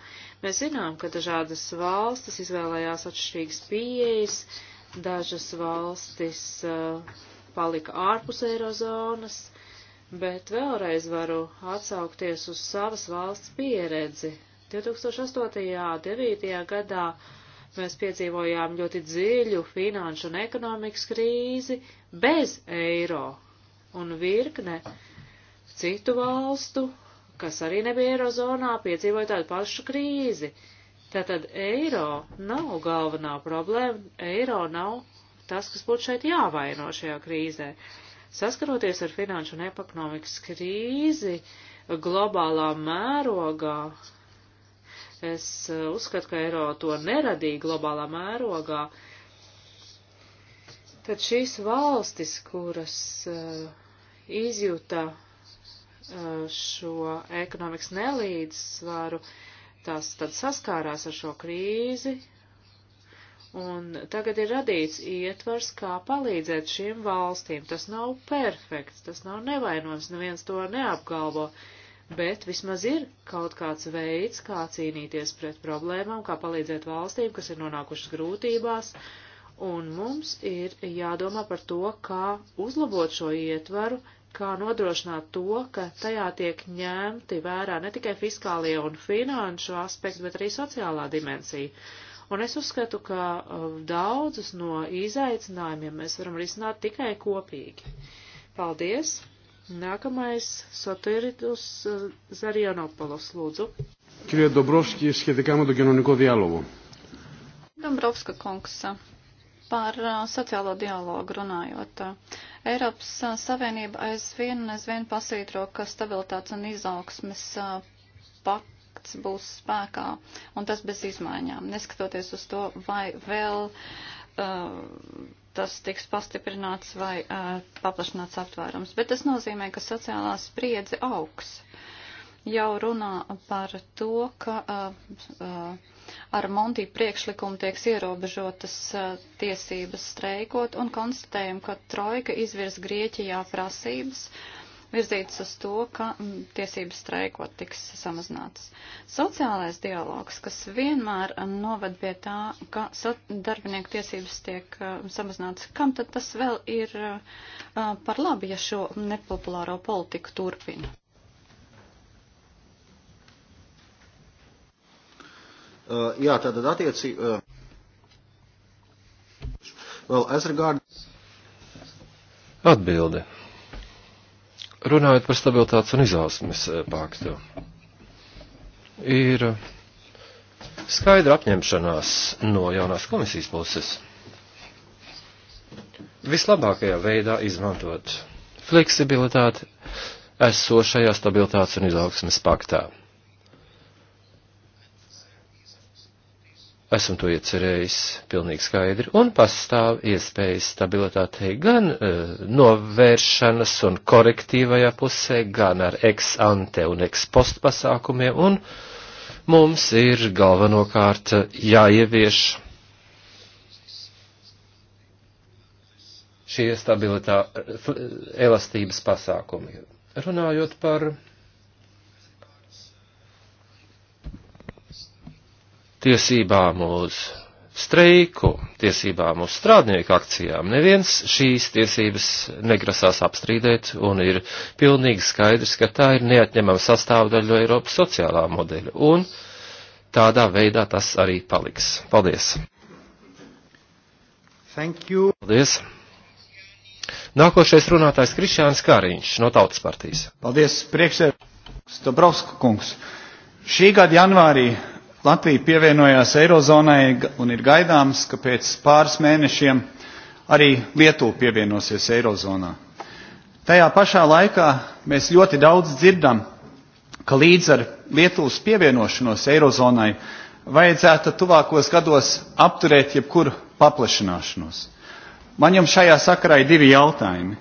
Mēs zinām, ka dažādas valstis izvēlējās atšķirīgas pieejas, dažas valstis palika ārpus eirozonas, bet vēlreiz varu atsaukties uz savas valsts pieredzi. 2008. un 2009. gadā mēs piedzīvojām ļoti dziļu finanšu un ekonomikas krīzi bez eiro un virkne citu valstu, kas arī nebija eirozonā, piedzīvoja tādu pašu krīzi. Tātad eiro nav galvenā problēma, eiro nav tas, kas būtu šeit jāvaino šajā krīzē. Uh, Saskaroties ar finanšu un ekonomikas krīzi globālā mērogā, es eh, uzskatu, ka eiro to neradīja globālā mērogā, tad šīs valstis, kuras uh, eh, izjūta uh, eh, šo ekonomikas nelīdzsvaru, tās tad saskārās ar šo krīzi Un tagad ir radīts ietvars, kā palīdzēt šīm valstīm. Tas nav perfekts, tas nav nevainojams, neviens to neapgalvo, bet vismaz ir kaut kāds veids, kā cīnīties pret problēmām, kā palīdzēt valstīm, kas ir nonākušas grūtībās, un mums ir jādomā par to, kā uzlabot šo ietvaru, kā nodrošināt to, ka tajā tiek ņemti vērā ne tikai fiskālie un finanšu aspekti, bet arī sociālā dimensija Un es uzskatu, ka uh, daudzus no izaicinājumiem mēs varam risināt tikai kopīgi. Paldies! Nākamais Sotiritus uh, Zarianopolos, lūdzu. Κύριε Ντομπρόφσκι, σχετικά με τον κοινωνικό διάλογο. Ντομπρόφσκα kungs, par uh, sociālo dialogu runājot. Eiropas Savienība aizvien un aizvien pasītro, ka stabilitātes un izaugsmes pak akts būs spēkā, un tas bez izmaiņām, neskatoties uz to, vai vēl uh, tas tiks pastiprināts vai uh, paplašināts aptvērums. Bet tas nozīmē, ka sociālā spriedze augs. Jau runā par to, ka uh, uh ar Monti priekšlikumu tiek ierobežotas uh, tiesības streikot un konstatējam, ka Trojka izvirs Grieķijā prasības. Uh, virzītas uz to, ka mm, tiesības streikot tiks samazinātas. Sociālais dialogs, kas vienmēr mm, noved pie tā, ka darbinieku tiesības tiek mm, samazinātas, kam tad tas vēl ir par labi, ja šo nepopulāro politiku turpina? Uh, jā, tātad attiecīgi. Uh, well, regard... Atbilde runājot par stabilitātes un izaugsmes eh, paktu, ir eh, skaidra apņemšanās no jaunās komisijas puses vislabākajā veidā izmantot fleksibilitāti esošajā stabilitātes un izaugsmes paktā. esmu to iecerējis pilnīgi skaidri, un pastāv iespējas stabilitātei gan uh, novēršanas un korektīvajā pusē, gan ar ex ante un ex post pasākumiem, un mums ir galvenokārt jāievieš šie stabilitā, e, elastības pasākumi. Runājot par tiesībām uz streiku, tiesībām uz strādnieku akcijām. Neviens šīs tiesības negrasās apstrīdēt, un ir pilnīgi skaidrs, ka tā ir neatņemama sastāvdaļa no Eiropas sociālā modeļa, un tādā veidā tas arī paliks. Paldies! Thank you. Paldies! Nākošais runātājs Krišāns Kariņš no Tautas partijas. Paldies, priekšsēdētājs Stobrovska kungs. Šī gada janvārī Latvija pievienojās Eirozonai un ir gaidāms, ka pēc pāris mēnešiem arī Lietuva pievienosies Eirozonā. Tajā pašā laikā mēs ļoti daudz dzirdam, ka līdz ar Lietuvas pievienošanos Eirozonai vajadzētu tuvākos gados apturēt jebkuru paplašināšanos. Man jums šajā sakarā ir divi jautājumi.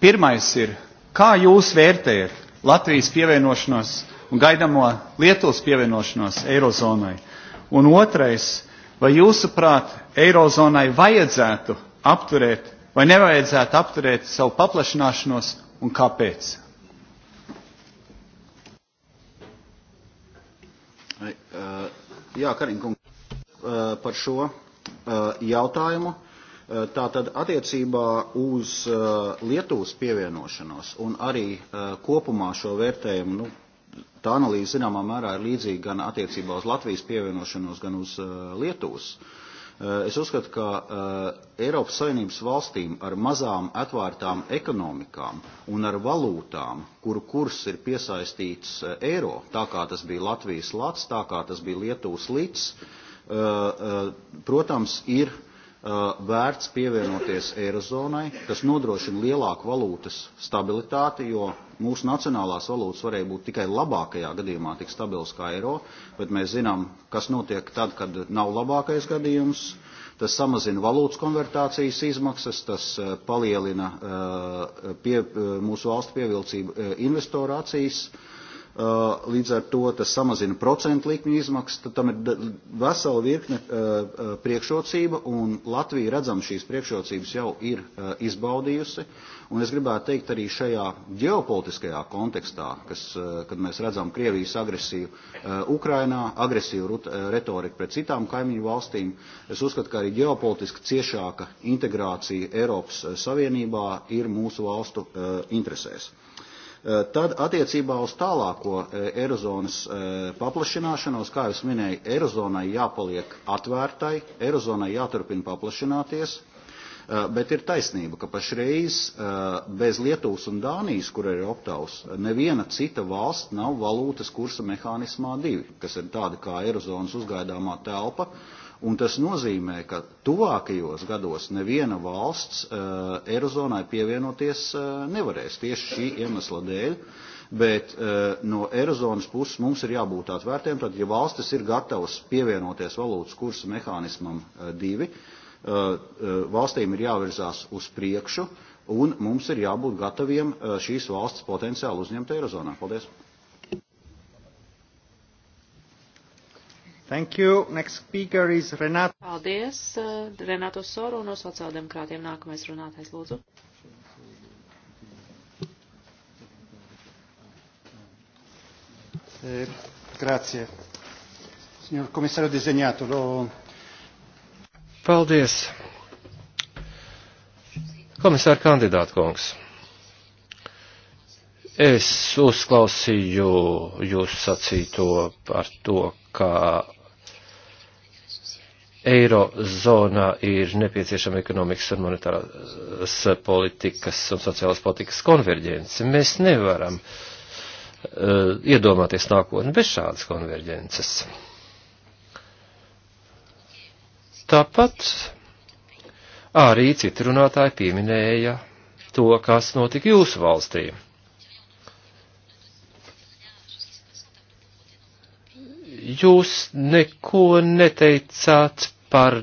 Pirmais ir, kā jūs vērtējat Latvijas pievienošanos un gaidamo Lietuvas pievienošanos Eirozonai? Un otrais, vai jūsuprāt, Eirozonai vajadzētu apturēt vai nevajadzētu apturēt savu paplašināšanos un kāpēc? Jā, Karinkungs, par šo jautājumu. Tātad attiecībā uz Lietuvas pievienošanos un arī kopumā šo vērtējumu, nu, tā analīze zināmā mērā ir līdzīga gan attiecībā uz Latvijas pievienošanos, gan uz uh, Lietuvas. Uh, es uzskatu, ka uh, Eiropas Savienības valstīm ar mazām atvērtām ekonomikām un ar valūtām, kuru kurs ir piesaistīts eiro, tā kā tas bija Latvijas lats, tā kā tas bija Lietuvas lits, protams, ir Uh, vērts pievienoties Eirozonai, kas nodrošina lielāku valūtas stabilitāti, jo mūsu nacionālās valūtas varēja būt tikai labākajā gadījumā tik stabils kā eiro, bet mēs zinām, kas notiek tad, kad nav labākais gadījums. Tas samazina valūtas konvertācijas izmaksas, tas uh, palielina uh, pie, mūsu valstu pievilcību investoru acīs. Uh, Uh, līdz ar to tas samazina procentu likmju izmaksas, tad tam ir vesela virkne uh, uh, priekšrocība, un Latvija redzam šīs priekšrocības jau ir izbaudījusi. Un es gribētu teikt arī šajā ģeopolitiskajā kontekstā, kas, kad mēs redzam Krievijas agresiju Ukrainā, agresīvu retoriku pret citām kaimiņu valstīm, es uzskatu, ka arī ģeopolitiski ciešāka integrācija Eiropas Savienībā ir mūsu valstu interesēs. Eh, tad attiecībā uz tālāko eh, Eirozonas eh, paplašināšanos, kā jau es minēju, Eirozonai jāpaliek atvērtai, Eirozonai jāturpina paplašināties, bet ir taisnība, ka pašreiz bez Lietuvas un Dānijas, kur ir optaus, neviena cita valsts nav valūtas kursa mehānismā divi, kas ir tāda kā Eirozonas uzgaidāmā telpa, Un tas nozīmē, ka tuvākajos gados neviena valsts uh, Eirozonai pievienoties uh, nevarēs tieši šī iemesla dēļ, bet uh, no Eirozonas puses mums ir jābūt atvērtiem, tad ja valstis ir gatavas pievienoties valūtas kursa mehānismam uh, divi, uh, valstīm ir jāvirzās uz priekšu un mums ir jābūt gataviem uh, šīs valsts potenciāli uzņemt Eirozonā. Paldies! Thank you. Next speaker is Renato. Paldies. Uh, Renato Soru no sociāldemokrātiem nākamais runātais, lūdzu. Eh, grazie. Signor commissario designato, lo... Paldies. Komisāra kandidāta kungs, es uzklausīju jūs sacīto par to, kā Eirozonā ir nepieciešama ekonomikas un monetārās politikas un sociālās politikas konverģence. Mēs nevaram uh, iedomāties nākotni bez šādas konverģences. Tāpat arī citi runātāji pieminēja to, kas notika jūsu valstī. jūs neko neteicāt par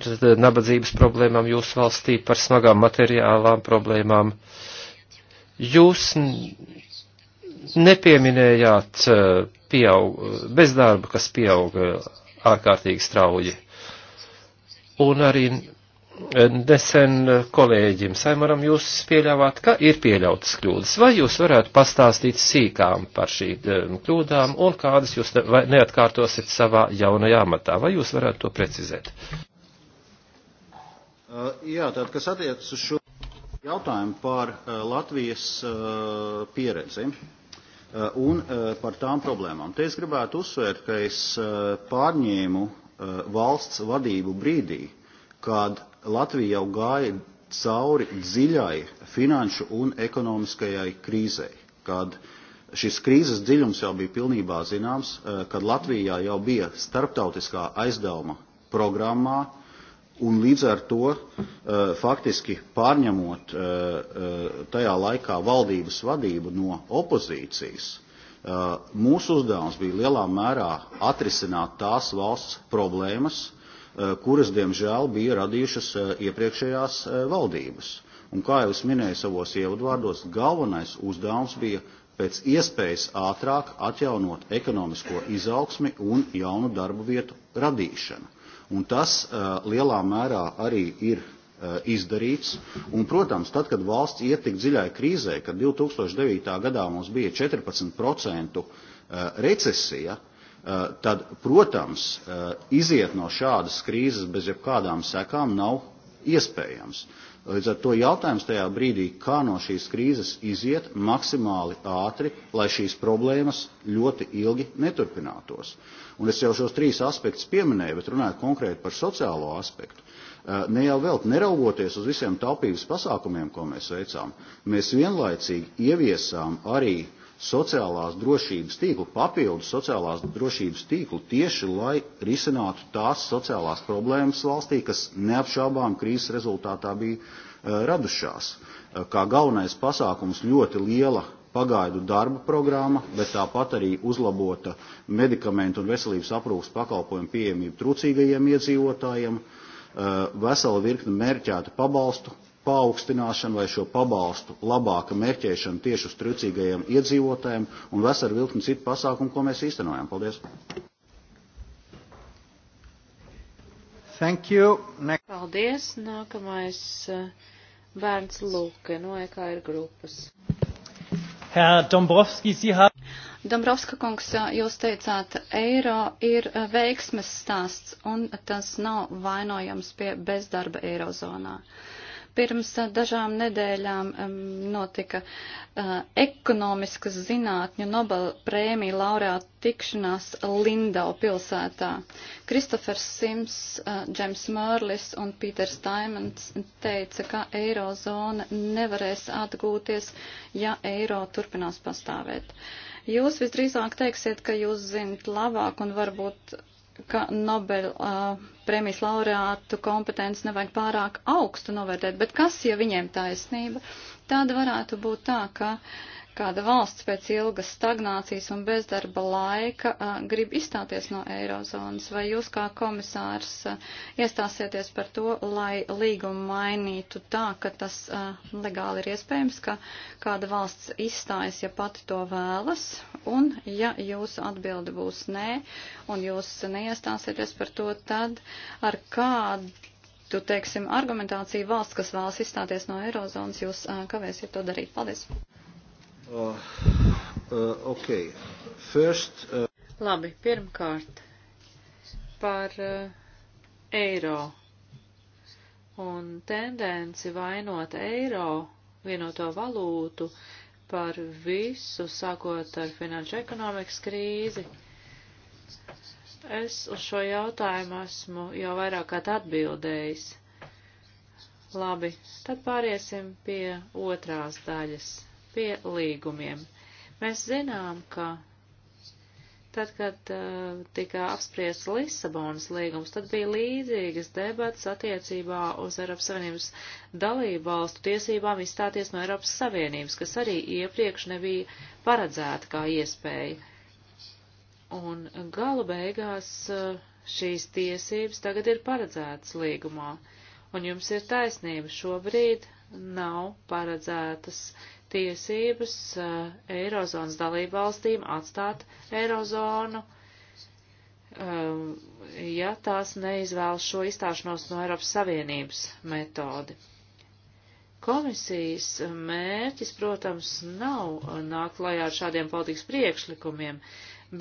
nabadzības problēmām jūsu valstī, par smagām materiālām problēmām. Jūs nepieminējāt eh, pieaug, bezdarba, kas pieauga ārkārtīgi strauji. Un arī nesen kolēģim Saimaram jūs pieļāvāt, ka ir pieļautas kļūdas. Vai jūs varētu pastāstīt sīkām par šīm um, kļūdām un kādas jūs neatkārtosiet savā jaunajā amatā? Vai jūs varētu to precizēt? Uh, jā, tad, kas attiecas uz šo jautājumu par uh, Latvijas uh, pieredzi uh, un uh, par tām problēmām. Te es gribētu uzsvērt, ka es uh, pārņēmu valsts vadību brīdī, kad Latvija jau gāja cauri dziļai finanšu un ekonomiskajai krīzei, kad šis krīzes dziļums jau bija pilnībā zināms, eh, kad Latvijā jau bija starptautiskā aizdevuma programmā, un līdz ar to eh, faktiski pārņemot eh, tajā laikā valdības vadību no opozīcijas, mūsu uzdevums bija lielā mērā atrisināt tās valsts problēmas, Eh, kuras, diemžēl, bija radījušas eh, iepriekšējās eh, valdības. Un, kā jau es minēju savos ievadvārdos, galvenais uzdevums bija pēc iespējas ātrāk atjaunot ekonomisko izaugsmi un jaunu darbu vietu radīšanu. Un tas uh, lielā mērā arī ir uh, izdarīts. Un, protams, tad, kad valsts iet tik dziļai krīzē, kad 2009. gadā mums bija 14% recesija, Eh, tad, protams, eh, iziet no šādas krīzes bez jebkādām sekām nav iespējams. Līdz ar to jautājums tajā brīdī, kā no šīs krīzes iziet maksimāli ātri, lai šīs problēmas ļoti ilgi neturpinātos. Un es jau šos trīs aspektus pieminēju, bet runāju konkrēti par sociālo aspektu. Eh, ne jau vēl neraugoties uz visiem taupības pasākumiem, ko mēs veicām, mēs vienlaicīgi ieviesām arī uh, sociālās drošības tīklu, papildus sociālās drošības tīklu tieši, lai risinātu tās sociālās problēmas valstī, kas neapšābām krīzes rezultātā bija uh, radušās. Uh, kā galvenais pasākums ļoti liela pagaidu darba programma, bet tāpat arī uzlabota medikamentu un veselības aprūpas pakalpojumu pieejamību trūcīgajiem iedzīvotājiem, eh, vesela virkne mērķētu pabalstu paaugstināšanu vai šo pabalstu labāka mērķēšana tieši uz trūcīgajiem iedzīvotājiem un veselu vilkni citu pasākumu, ko mēs īstenojam. Paldies! Thank you. Ne Paldies. Nākamais eh, bērns Lūke no EKR grupas. Herr Dombrovski, Sie haben. Dombrovska kungs, eh, jūs teicāt, eiro ir eh, veiksmes stāsts un tas nav vainojams pie bezdarba eirozonā. Uh, Pirms eh, dažām nedēļām notika eh, ekonomiskas zinātņu Nobel prēmija laureāta tikšanās Lindau pilsētā. Kristofers Sims, Džems eh, Mārlis un Pīters Taimans teica, ka eirozona nevarēs atgūties, ja eiro turpinās pastāvēt. Jūs visdrīzāk teiksiet, ka jūs zinat labāk un varbūt ka Nobel uh, prēmijas laureātu kompetenci nevajag pārāk augstu novērtēt, bet kas, ja viņiem taisnība, tāda varētu būt tā, ka uh, kāda valsts pēc ilgas stagnācijas un bezdarba laika a, grib izstāties no eirozonas, vai jūs kā komisārs a, iestāsieties par to, lai līgumu mainītu tā, ka tas a, legāli ir iespējams, ka kāda valsts izstājas, ja pati to vēlas, un ja jūsu atbilde būs nē, un jūs neiestāsieties par to, tad ar kādu tu, teiksim, argumentāciju valsts, kas vēlas izstāties no Eirozonas, jūs kavēsiet to darīt. Paldies! Uh, uh, okay. First, uh... Labi, pirmkārt par uh, eiro un tendenci vainot eiro, vienoto valūtu, par visu, sākot ar finanšu ekonomikas krīzi. Es uz šo jautājumu esmu jau vairāk kā atbildējis. Labi, tad pāriesim pie otrās daļas pie līgumiem. Mēs zinām, ka tad, kad uh, tika apspriests Lisabonas līgums, tad bija līdzīgas debats attiecībā uz Eiropas Savienības dalību valstu tiesībām izstāties no Eiropas Savienības, kas arī iepriekš nebija paredzēta kā iespēja. Un gala beigās uh, šīs tiesības tagad ir paredzētas līgumā. Un jums ir taisnība, šobrīd nav paredzētas tiesības uh, Eirozonas dalībvalstīm atstāt Eirozonu, um, ja tās neizvēlas šo izstāšanos no Eiropas Savienības metodi. Komisijas mērķis, protams, nav nākt lajā ar šādiem politikas priekšlikumiem,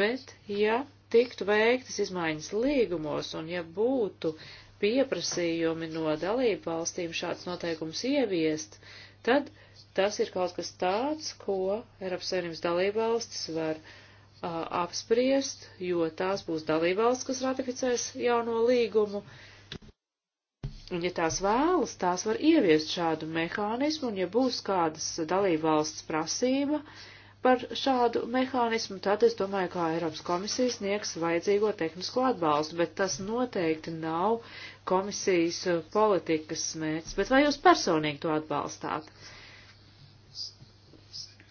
bet ja tiktu veiktas izmaiņas līgumos un ja būtu pieprasījumi no dalību valstīm šāds noteikums ieviest, tad uh, Tas ir kaut kas tāds, ko Eiropas Savienības dalībvalstis var uh, apspriest, jo tās būs dalībvalstis, kas ratificēs jauno līgumu. Un, ja tās vēlas, tās var ieviest šādu mehānismu, un ja būs kādas dalībvalsts prasība par šādu mehānismu, tad es domāju, kā Eiropas komisija sniegs vajadzīgo tehnisko atbalstu, bet tas noteikti nav komisijas politikas mērķis. Bet vai jūs personīgi to atbalstāt? Uh,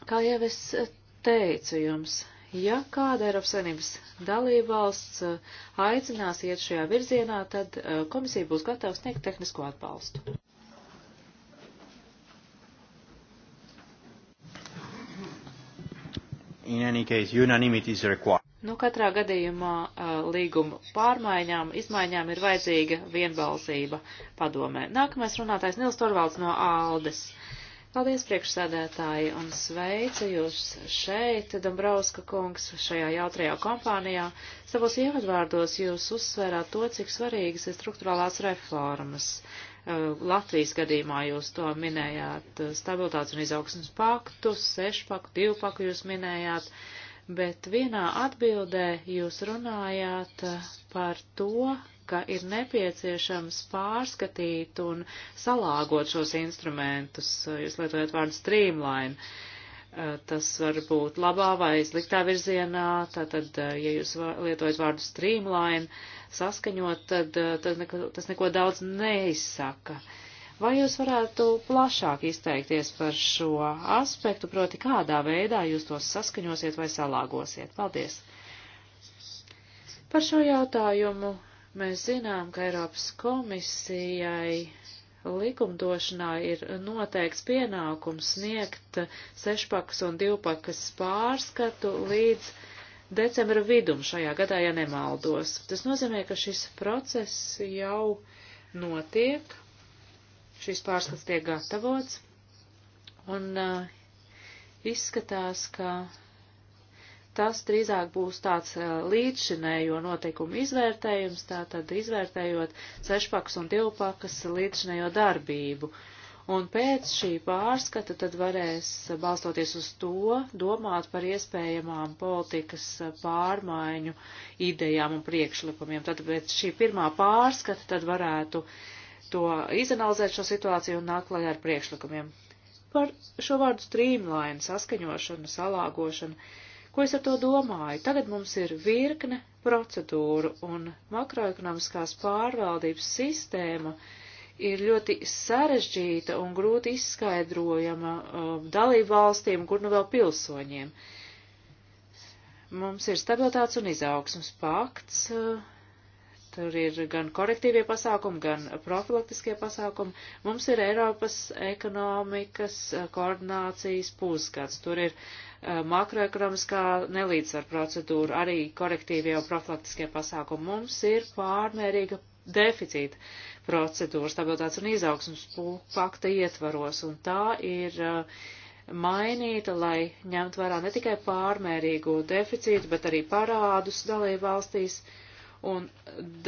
Kā jau es eh, teicu jums, ja kāda Eiropas Savienības dalībvalsts eh, aicinās iet šajā virzienā, tad eh, komisija būs gatava sniegt tehnisko atbalstu. Case, nu, katrā gadījumā līguma pārmaiņām, izmaiņām ir vajadzīga vienbalsība padomē. Nākamais runātājs Nils Torvalds no Aldes. Uh, Paldies, priekšsēdētāji, un sveicu jūs šeit, Dombrauska kungs, šajā jautrajā kompānijā. Savos ievadvārdos jūs uzsvērāt to, cik svarīgas ir struktūrālās reformas. Uh, Latvijas gadījumā jūs to minējāt, uh, stabilitātes un izaugsmas paktu, sešpaku, divpaku jūs minējāt, bet vienā atbildē jūs runājāt uh, par to, ka ir nepieciešams pārskatīt un salāgot šos instrumentus. Jūs lietojat vārdu streamline. Eh, tas var būt labā vai sliktā virzienā. Tātad, eh, ja jūs lietojat vārdu streamline, saskaņot, tad, eh, tad neko, tas neko daudz neizsaka. Vai jūs varētu plašāk izteikties par šo aspektu, proti kādā veidā jūs tos saskaņosiet vai salāgosiet? Paldies! Par šo jautājumu Mēs zinām, ka Eiropas komisijai likumdošanā ir noteikts pienākums sniegt sešpakas un divpakas pārskatu līdz decembra vidum šajā gadā, ja nemaldos. Tas nozīmē, ka šis process jau notiek, šis pārskats tiek gatavots, un uh, izskatās, ka tas drīzāk būs tāds uh, līdzšinējo noteikumu izvērtējums, tātad izvērtējot sešpakas un divpakas līdzšinējo darbību. Un pēc šī pārskata tad varēs, uh, balstoties uz to, domāt par iespējamām politikas uh, pārmaiņu idejām un priekšlikumiem. Tad pēc šī pirmā pārskata tad varētu to izanalizēt šo situāciju un nākt klajā ar priekšlikumiem. Par šo vārdu streamline, saskaņošanu, salāgošanu Ko es ar to domāju? Tagad mums ir virkne procedūru un makroekonomiskās pārvaldības sistēma ir ļoti sarežģīta un grūti izskaidrojama uh, dalību valstīm, kur nu vēl pilsoņiem. Mums ir stabilitātes un izaugsmas pakts, uh, Tur ir gan korektīvie pasākumi, gan profilaktiskie pasākumi. Mums ir Eiropas ekonomikas uh, koordinācijas pusgads. Tur ir Eh, makroekonomiskā nelīdzsvar procedūra, arī korektīvie un profilaktiskie pasākumi. Mums ir pārmērīga deficīta procedūra stabilitātes un izaugsmas pakta ietvaros, un tā ir uh, mainīta, lai ņemt vērā ne tikai pārmērīgu deficītu, bet arī parādus dalību valstīs. Un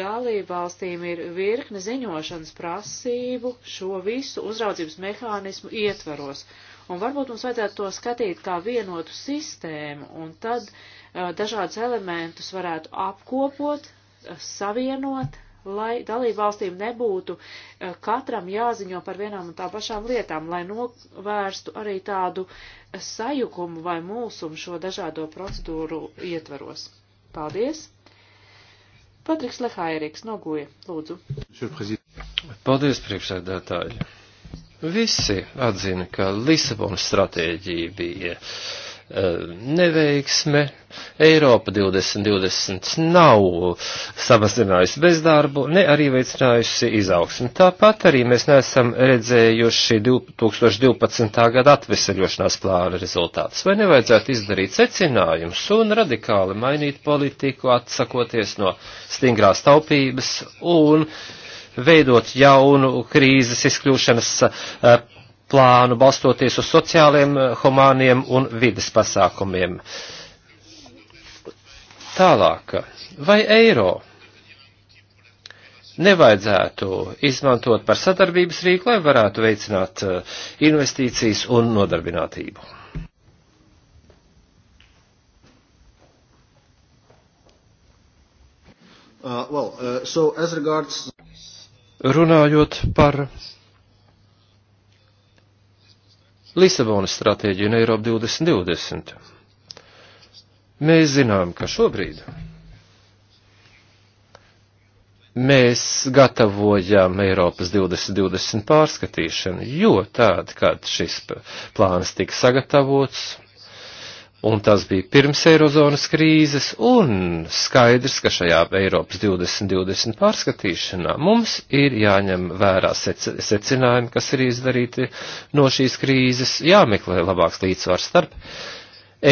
dalību valstīm ir virkne ziņošanas prasību šo visu uzraudzības mehānismu ietvaros. Un varbūt mums vajadzētu to skatīt kā vienotu sistēmu, un tad uh, dažādus elementus varētu apkopot, uh, savienot, lai dalību valstīm nebūtu uh, katram jāziņo par vienām un tā pašām lietām, lai novērstu arī tādu sajukumu vai mūsumu šo dažādo procedūru ietvaros. Paldies! Patriks Lehairiks, Noguja, lūdzu. Paldies, priekšsēdētāji! Visi atzina, ka Lisabonas stratēģija bija e, neveiksme, Eiropa 2020 nav samazinājusi bezdarbu, ne arī veicinājusi izaugsmi. Tāpat arī mēs neesam redzējuši 2012. gada atveseļošanās plāna rezultātus. Vai nevajadzētu izdarīt secinājumus un radikāli mainīt politiku, atsakoties no stingrās taupības un uh, veidot jaunu krīzes izkļūšanas eh, plānu, balstoties uz sociāliem, eh, humāniem un vides pasākumiem. Tālāk, vai eiro nevajadzētu izmantot par sadarbības rīku, lai varētu veicināt eh, investīcijas un nodarbinātību? Uh, well, uh, so as regards Runājot par Lisabonas stratēģiju un Eiropu 2020, mēs zinām, ka šobrīd mēs gatavojam Eiropas 2020 pārskatīšanu, jo tād, kad šis plāns tika sagatavots, un tas bija pirms Eirozonas krīzes, un skaidrs, ka šajā Eiropas 2020 pārskatīšanā mums ir jāņem vērā secinājumi, kas ir izdarīti no šīs krīzes, jāmeklē labāks līdzsvars starp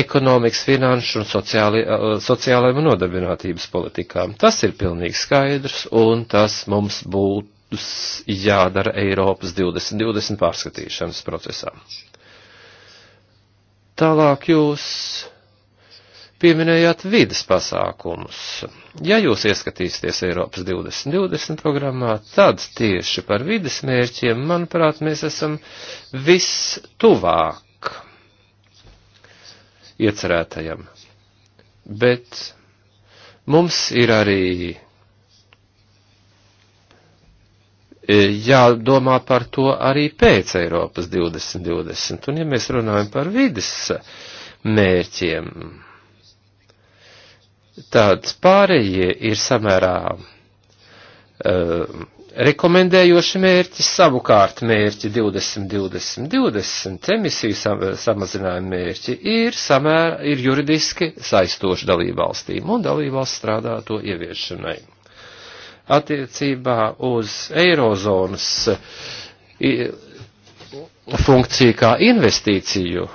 ekonomikas, finanšu un sociāli, uh, sociālajiem un nodarbinātības politikām. Tas ir pilnīgi skaidrs, un tas mums būtu jādara Eiropas 2020 pārskatīšanas procesā. Tālāk jūs pieminējāt vidas pasākumus. Ja jūs ieskatīsieties Eiropas 2020 programmā, tad tieši par vidas mērķiem, manuprāt, mēs esam vistuvāk iecerētajam. Bet mums ir arī E, jādomā par to arī pēc Eiropas 2020. Un ja mēs runājam par vidas mērķiem, tad pārējie ir samērā uh, rekomendējoši mērķi, savukārt mērķi 20, 20, 20 emisiju sam samazinājuma mērķi ir, samērā, ir juridiski saistoši dalībvalstīm, un dalībvalsts strādā to ieviešanai attiecībā uz eirozonas funkciju kā investīciju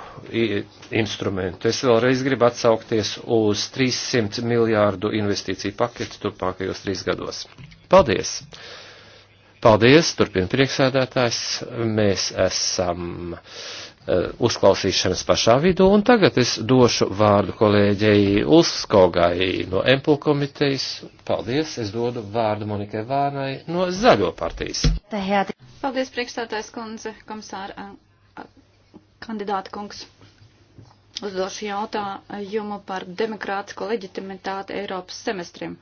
instrumentu. Es vēlreiz gribu atsaukties uz 300 miljārdu investīciju paketu turpmākajos trīs gados. Paldies! Paldies, turpina priekšsēdētājs. Mēs esam Eh, uzklausīšanas pašā vidū, un tagad es došu vārdu kolēģei Ulskogai no Empul komitejas. Paldies, es dodu vārdu Monikai Vārnai no Zaļo partijas. Paldies, priekšstātais kundze, komisāra eh, kandidāta kungs. Uzdošu jautājumu par demokrātisko leģitimitāti Eiropas semestrim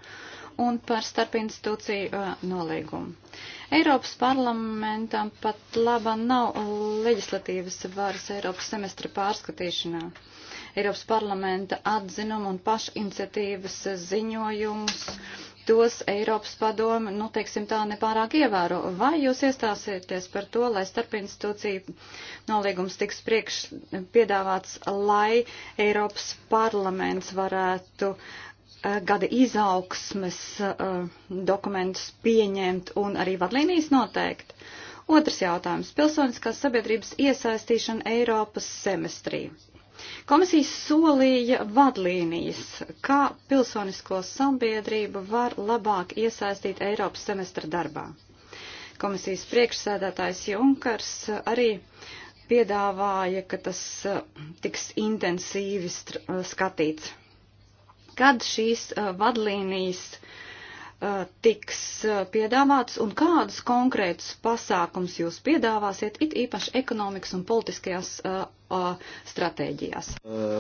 un par starpinstitūciju eh, nolīgumu. Uh, Eiropas parlamentam pat laba nav leģislatīvas varas Eiropas semestra pārskatīšanā. Eiropas parlamenta atzinumu un pašiniciatīvas ziņojumus, tos Eiropas padomi, nu, teiksim tā, nepārāk ievēro. Vai jūs iestāsieties par to, lai starpinstitūcija nolīgums tiks priekš piedāvāts, lai Eiropas parlaments varētu uh, Eh, gada izaugsmes eh, dokumentus pieņemt un arī vadlīnijas noteikt? Otrs jautājums - pilsoniskās sabiedrības iesaistīšana Eiropas semestrī. Komisija solīja vadlīnijas, kā pilsonisko sabiedrību var labāk iesaistīt Eiropas semestra darbā. Komisijas priekšsēdētājs Junkars arī piedāvāja, ka tas eh, tiks intensīvi skatīts Kad šīs uh, vadlīnijas uh, tiks uh, piedāvātas un kādus konkrētus pasākums jūs piedāvāsiet, it īpaši ekonomikas un politiskajās stratēģijās?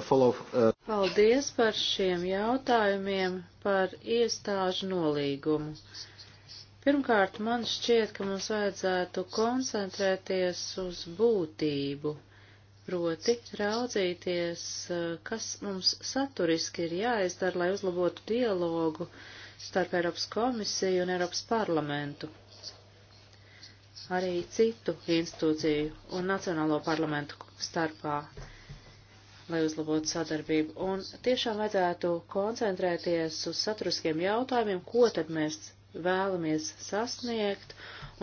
Follow, uh... Paldies par šiem jautājumiem par iestāžu nolīgumu. Pirmkārt, man šķiet, ka mums vajadzētu koncentrēties uz būtību proti raudzīties, eh, kas mums saturiski ir jāizdara, lai uzlabotu dialogu starp Eiropas komisiju un Eiropas parlamentu, arī citu institūciju un nacionālo parlamentu starpā, lai uzlabotu sadarbību. Un tiešām vajadzētu koncentrēties uz saturiskiem jautājumiem, ko tad mēs vēlamies sasniegt,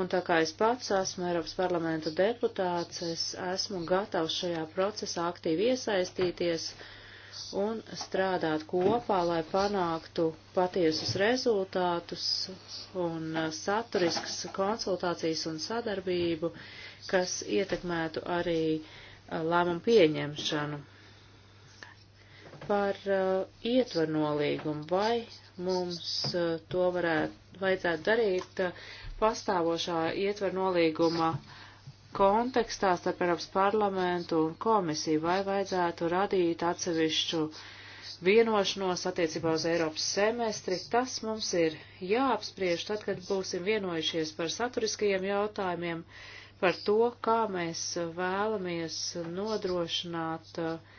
un tā kā es pats esmu Eiropas parlamenta deputāts, es esmu gatavs šajā procesā aktīvi iesaistīties un strādāt kopā, lai panāktu patiesus rezultātus un uh, saturiskas konsultācijas un sadarbību, kas ietekmētu arī uh, lēmumu pieņemšanu par uh, ietvaru nolīgumu, vai mums uh, to varētu, vajadzētu darīt uh, pastāvošā ietvaru nolīguma kontekstā starp Eiropas parlamentu un komisiju, vai vajadzētu radīt atsevišķu vienošanos attiecībā uz Eiropas semestri. Tas mums ir jāapspriež tad, kad būsim vienojušies par saturiskajiem jautājumiem, par to, kā mēs vēlamies nodrošināt uh,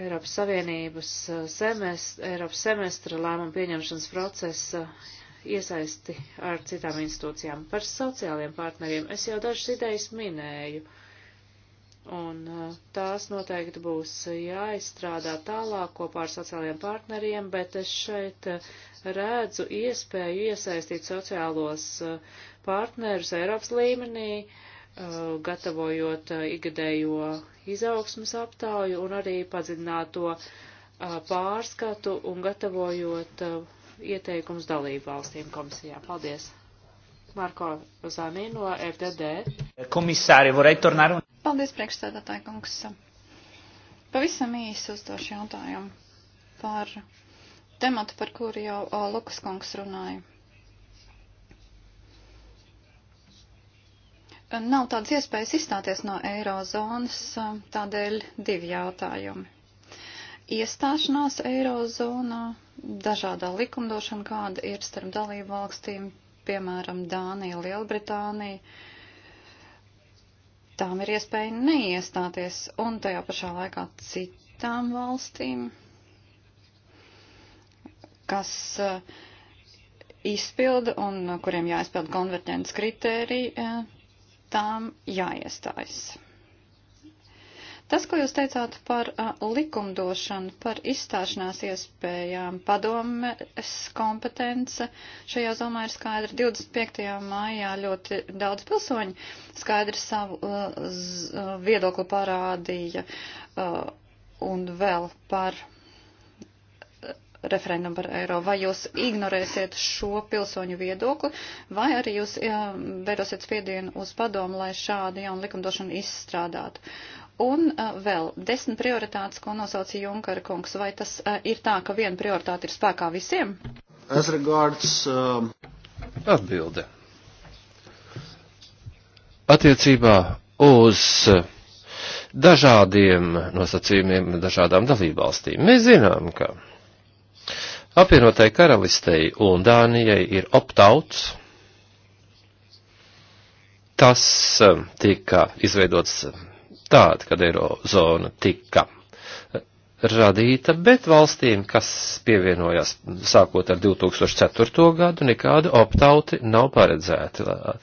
Eiropas Savienības eh, semestra, Eiropas semestra lēmuma pieņemšanas procesa iesaisti ar citām institūcijām. Par sociāliem partneriem es jau dažas idejas minēju, un eh, tās noteikti būs jāizstrādā tālāk kopā ar sociālajiem partneriem, bet es šeit eh, redzu iespēju iesaistīt sociālos partnerus Eiropas līmenī, uh, Uh, gatavojot uh, ikgadējo izaugsmas aptauju un arī padziļināto uh, pārskatu un gatavojot ieteikums dalību valstīm komisijā. Paldies! Marko Zanī no FDD. Komisāri, varētu tornāt un. Paldies, priekšstādātāji kungs. Pavisam īsi uzdošu jautājumu par tematu, par kuru jau o, Lukas kungs runāja. nav tādas iespējas izstāties no eirozonas, um, tādēļ divi jautājumi. Iestāšanās eirozonā, dažādā likumdošana, kāda ir starp dalību valstīm, piemēram, Dānija, Lielbritānija, tām ir iespēja neiestāties, un tajā pašā laikā citām valstīm, kas uh, izpilda un uh, kuriem jāizpilda konverģents kritērija, uh, tām jāiestājas. Tas, ko jūs teicāt par uh, likumdošanu, par izstāšanās iespējām, padomes kompetence, šajā zomā ir skaidra. 25. maijā ļoti daudz pilsoņu skaidri savu uh, viedokli parādīja uh, un vēl par referendumu par eiro, vai jūs ignorēsiet šo pilsoņu viedokli, vai arī jūs vērosiet spiedienu uz padomu, lai šādu jaunu likumdošanu izstrādātu. Un uh, vēl desmit prioritātes, ko nosauca Junkara kungs, vai tas uh, ir tā, ka viena prioritāte ir spēkā visiem? As regards. Um... Atbilde. Attiecībā uz dažādiem nosacījumiem, dažādām dalībvalstīm. Mēs zinām, ka Apvienotai karalistei un Dānijai ir optauts. Tas um, tika izveidots um, tād, kad eirozona tika uh, radīta, bet valstīm, kas pievienojās sākot ar 2004. gadu, nekāda optauti nav paredzēta.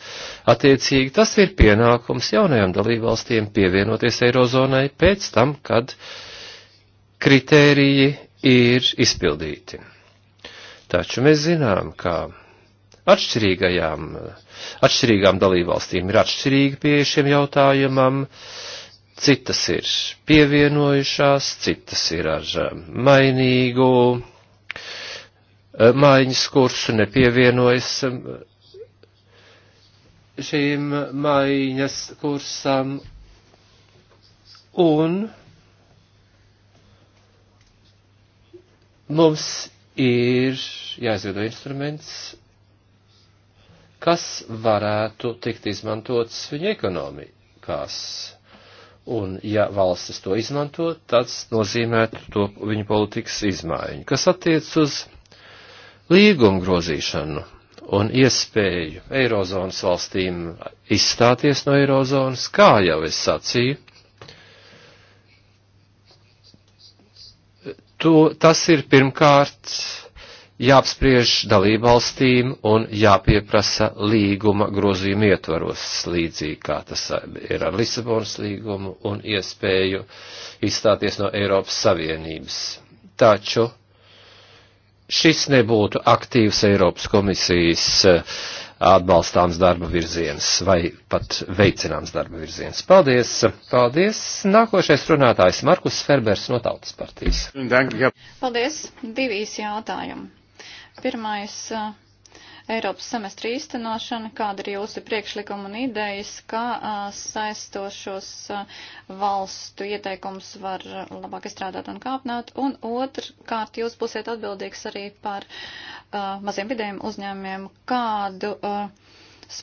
Attiecīgi tas ir pienākums jaunajām dalībvalstīm pievienoties Eirozonai pēc tam, kad kritēriji ir izpildīti. Taču mēs zinām, ka atšķirīgajām, atšķirīgām dalībvalstīm ir atšķirīgi pie šiem jautājumam, citas ir pievienojušās, citas ir ar eh, mainīgu eh, mājiņas kursu, nepievienojas eh, šīm mājiņas kursam un mums ir jāizveido instruments, kas varētu tikt izmantots viņa ekonomikās. Un, ja valstis to izmanto, tad nozīmētu to viņa politikas izmaiņu, kas attiec uz līgumu grozīšanu un iespēju Eirozonas valstīm izstāties no Eirozonas, kā jau es sacīju, to, tas ir pirmkārt jāapspriež dalībvalstīm un jāpieprasa līguma grozījuma ietvaros, līdzīgi kā tas ir ar Lisabonas līgumu un iespēju izstāties no Eiropas Savienības. Taču šis nebūtu aktīvs Eiropas komisijas atbalstāms darba virziens vai pat veicināms darba virziens. Paldies! Paldies! Nākošais runātājs Markus Ferbers no Tautas partijas. Paldies! Divi īsi jautājumi. Pirmais. Uh Eiropas semestra īstenošana, kāda ir jūsu priekšlikuma un idejas, kā saistošos valstu ieteikums var labāk izstrādāt un kāpnāt, un otrkārt jūs būsiet atbildīgs arī par uh, maziem vidējiem uzņēmumiem, kādu. Uh,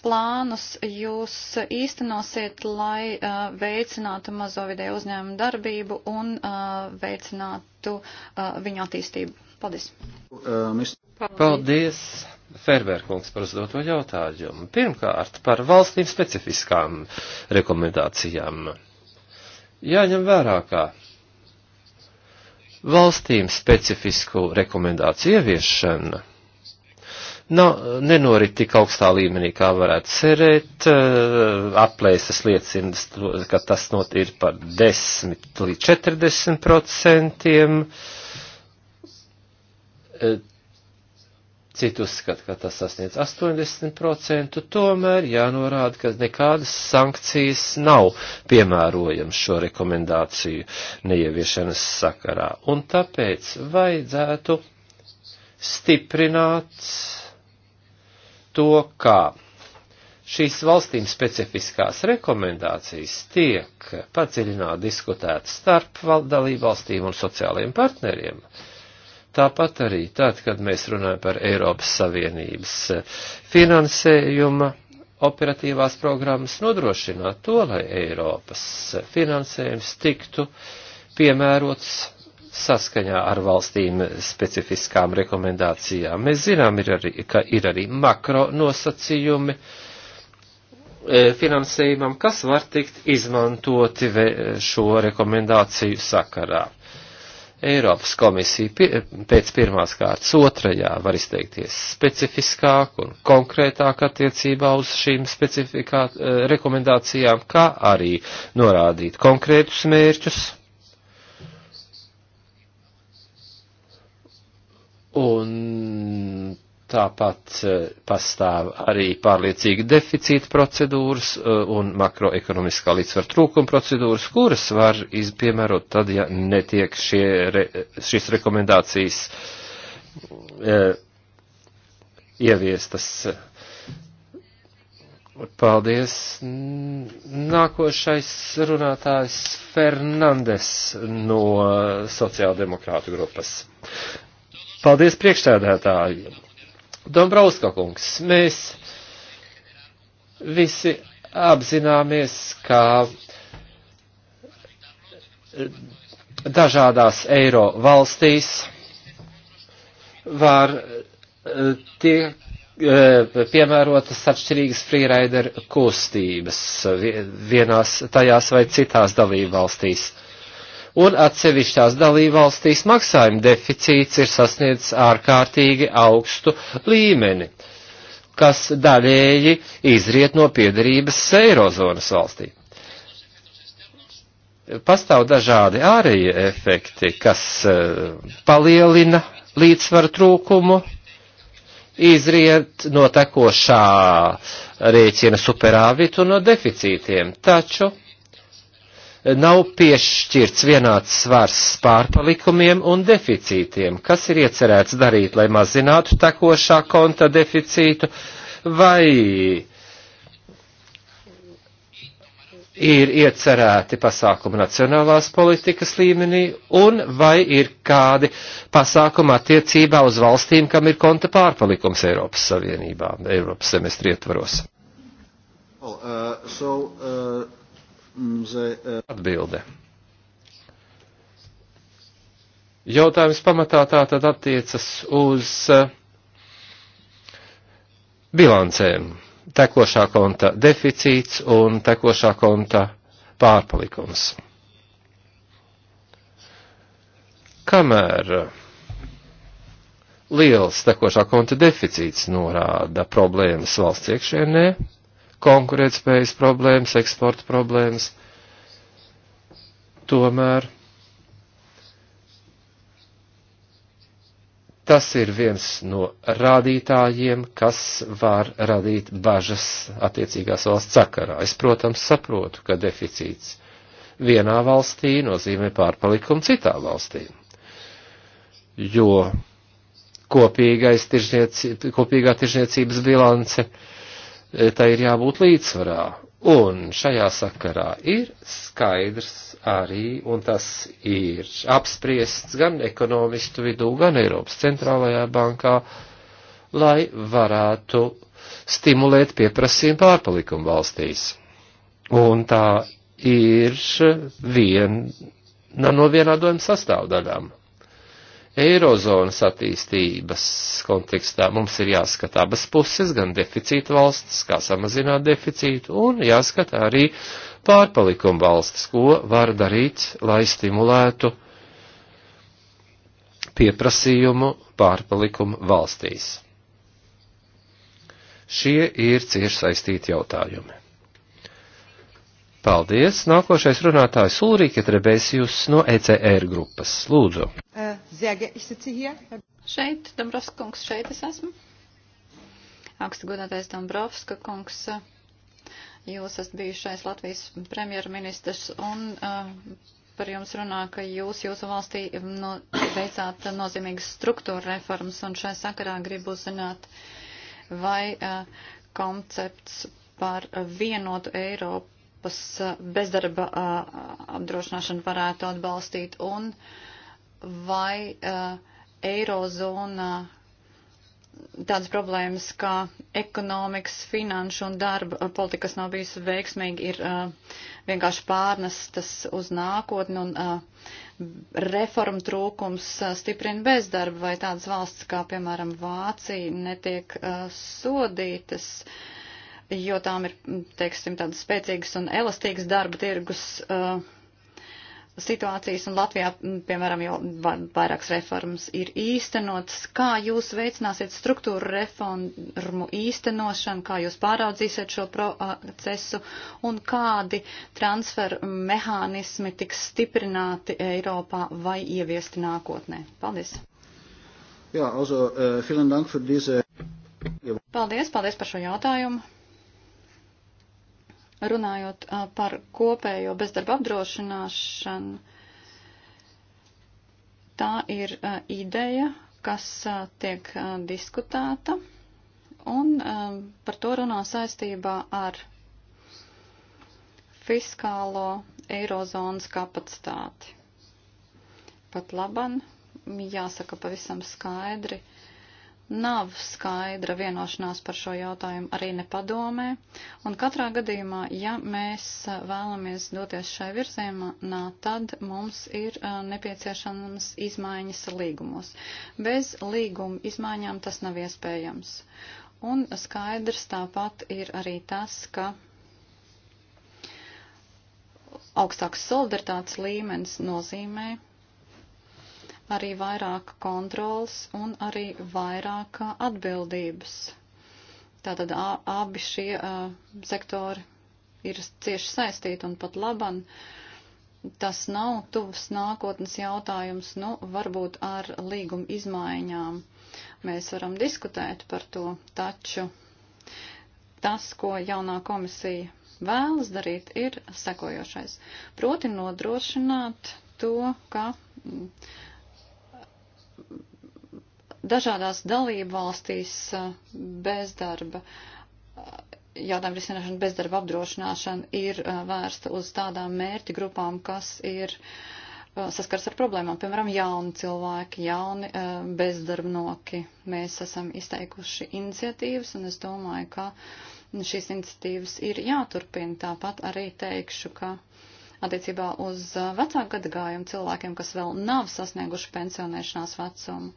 plānus jūs īstenosiet, lai uh, veicinātu mazo vidēju uzņēmumu darbību un uh, veicinātu uh, viņu attīstību? Paldies! Paldies, Ferberkungs, par uzdoto jautājumu. Pirmkārt, par valstīm specifiskām rekomendācijām. Jāņem vērā, ka valstīm specifisku rekomendāciju ieviešana nav, nenorit tik augstā līmenī, kā varētu cerēt. Eh, aplēses liecina, ka tas not ir par 10 līdz 40 procentiem. Uh, E, citi uzskata, ka tas sasniedz 80%, tomēr jānorāda, ka nekādas sankcijas nav piemērojams šo rekomendāciju neieviešanas sakarā. Un tāpēc vajadzētu stiprināt to, kā šīs valstīm specifiskās rekomendācijas tiek padziļināti diskutētas starp dalībvalstīm un sociālajiem partneriem. Uh, Tāpat arī tad, kad mēs runājam par Eiropas Savienības eh, finansējuma operatīvās programmas, nodrošināt to, lai Eiropas finansējums tiktu piemērots saskaņā ar valstīm specifiskām rekomendācijām. Mēs zinām, ir arī, ka ir arī makro nosacījumi eh, finansējumam, kas var tikt izmantoti šo rekomendāciju sakarā. Eiropas komisija pēc pirmās kārtas otrajā var izteikties specifiskāk un konkrētāk attiecībā uz šīm eh, rekomendācijām, kā arī norādīt konkrētus mērķus. Un Tāpat e, pastāv arī pārliecīgi deficīta procedūras e, un makroekonomiskā līdzsvara trūkuma procedūras, kuras var izpiemērot tad, ja netiek šie, re, šīs rekomendācijas e, ieviestas. Paldies. Nākošais runātājs Fernandes no sociāldemokrātu grupas. Paldies priekšstādētājiem Dombrovska kungs, mēs visi apzināmies, ka dažādās eiro valstīs var eh, tiek eh, piemērotas atšķirīgas freerider kustības vienās tajās vai citās dalībvalstīs. valstīs un atsevišķās dalībvalstīs maksājuma deficīts ir sasniedzis ārkārtīgi augstu līmeni, kas daļēji izriet no piedarības Eirozonas valstī. Pastāv dažādi ārējie efekti, kas eh, palielina līdzsvaru trūkumu, izriet no tekošā rēķina superāvitu un no deficītiem, taču nav piešķirts vienāds svars pārpalikumiem un deficītiem, kas ir iecerēts darīt, lai mazinātu tekošā konta deficītu, vai ir iecerēti pasākumi nacionālās politikas līmenī, un vai ir kādi pasākumi attiecībā uz valstīm, kam ir konta pārpalikums Eiropas Savienībā, Eiropas semestri ietvaros? Well, uh, so, uh... Eh, Atbilde. Jautājums pamatā tā tad attiecas uz eh, bilancēm. Tekošā konta deficīts un tekošā konta pārpalikums. Kamēr eh, liels tekošā konta deficīts norāda problēmas valsts iekšēnē, konkurētspējas problēmas, eksporta problēmas. Tomēr tas ir viens no rādītājiem, kas var radīt bažas attiecīgās valsts sakarā. Es, protams, saprotu, ka deficīts vienā valstī nozīmē pārpalikumu citā valstī, jo kopīgais tirzniec, kopīgā tirzniecības bilance E, tai ir jābūt līdzsvarā. Un šajā sakarā ir skaidrs arī, un tas ir apspriests gan ekonomistu vidū, gan Eiropas centrālajā bankā, lai varētu stimulēt pieprasījumu pārpalikumu valstīs. Un tā ir viena no vienādojuma sastāvdaļām. Eirozonas attīstības kontekstā mums ir jāskatā abas puses, gan deficīta valstis, kā samazināt deficītu, un jāskatā arī pārpalikuma valstis, ko var darīt, lai stimulētu pieprasījumu pārpalikumu valstīs. Šie ir cieši saistīti jautājumi. Paldies! Nākošais runātājs Ulrike Trebēsijus no ECR grupas. Lūdzu! Uh. Šeit, Dombrovska kungs, šeit es esmu. Augsta godātais Dombrovska kungs, jūs esat bijušais Latvijas premjerministrs un uh, par jums runā, ka jūs jūsu valstī no, veicāt nozīmīgas struktūra reformas un šai sakarā gribu uzzināt, vai uh, koncepts par vienotu Eiropas eh, bezdarba uh, apdrošināšanu varētu atbalstīt un uh, vai uh, Eirozonā tādas problēmas kā ekonomikas, finanšu un darba eh, politika, kas nav bijusi veiksmīgi, ir uh, vienkārši pārnestas uz nākotni un uh, reformu trūkums uh, stiprina bezdarbu vai tādas valsts kā, piemēram, Vācija netiek uh, sodītas, jo tām ir, teiksim, tādas spēcīgas un elastīgas darba tirgus. Uh, situācijas, un Latvijā, piemēram, jau vairākas reformas ir īstenotas. Kā jūs veicināsiet struktūru reformu īstenošanu, kā jūs pāraudzīsiet šo procesu, un kādi transfer mehānismi tiks stiprināti Eiropā vai ieviesti nākotnē? Paldies! Jā, also, uh, Dank für diese... Paldies, paldies par šo jautājumu! Runājot par kopējo bezdarba apdrošināšanu, tā ir ideja, kas tiek diskutēta, un par to runā saistībā ar fiskālo eirozonas kapacitāti. Pat laban, jāsaka pavisam skaidri, uh, Nav skaidra vienošanās par šo jautājumu arī nepadomē, un katrā gadījumā, ja mēs vēlamies doties šai virzienā, tad mums ir nepieciešamas izmaiņas līgumos. Bez līguma izmaiņām tas nav iespējams. Un skaidrs tāpat ir arī tas, ka augstāks solidaritātes līmenis nozīmē arī vairāk kontrols un arī vairāk atbildības. Tātad abi šie uh, sektori ir cieši saistīti un pat laban. Tas nav tuvs nākotnes jautājums, nu, varbūt ar līguma izmaiņām. Mēs varam diskutēt par to, taču tas, ko jaunā komisija vēlas darīt, ir sekojošais. Proti nodrošināt to, ka. Mm, dažādās dalību valstīs uh, bezdarba uh, jautājumu risināšana, bezdarba apdrošināšana ir uh, vērsta uz tādām mērķi grupām, kas ir saskars ar problēmām, piemēram, jauni cilvēki, jauni bezdarbnoki. Mēs esam izteikuši iniciatīvas, un es domāju, ka šīs iniciatīvas ir jāturpina. Tāpat arī teikšu, ka uh, attiecībā uz uh, vecāku gadagājumu cilvēkiem, kas vēl nav sasnieguši pensionēšanās vecumu.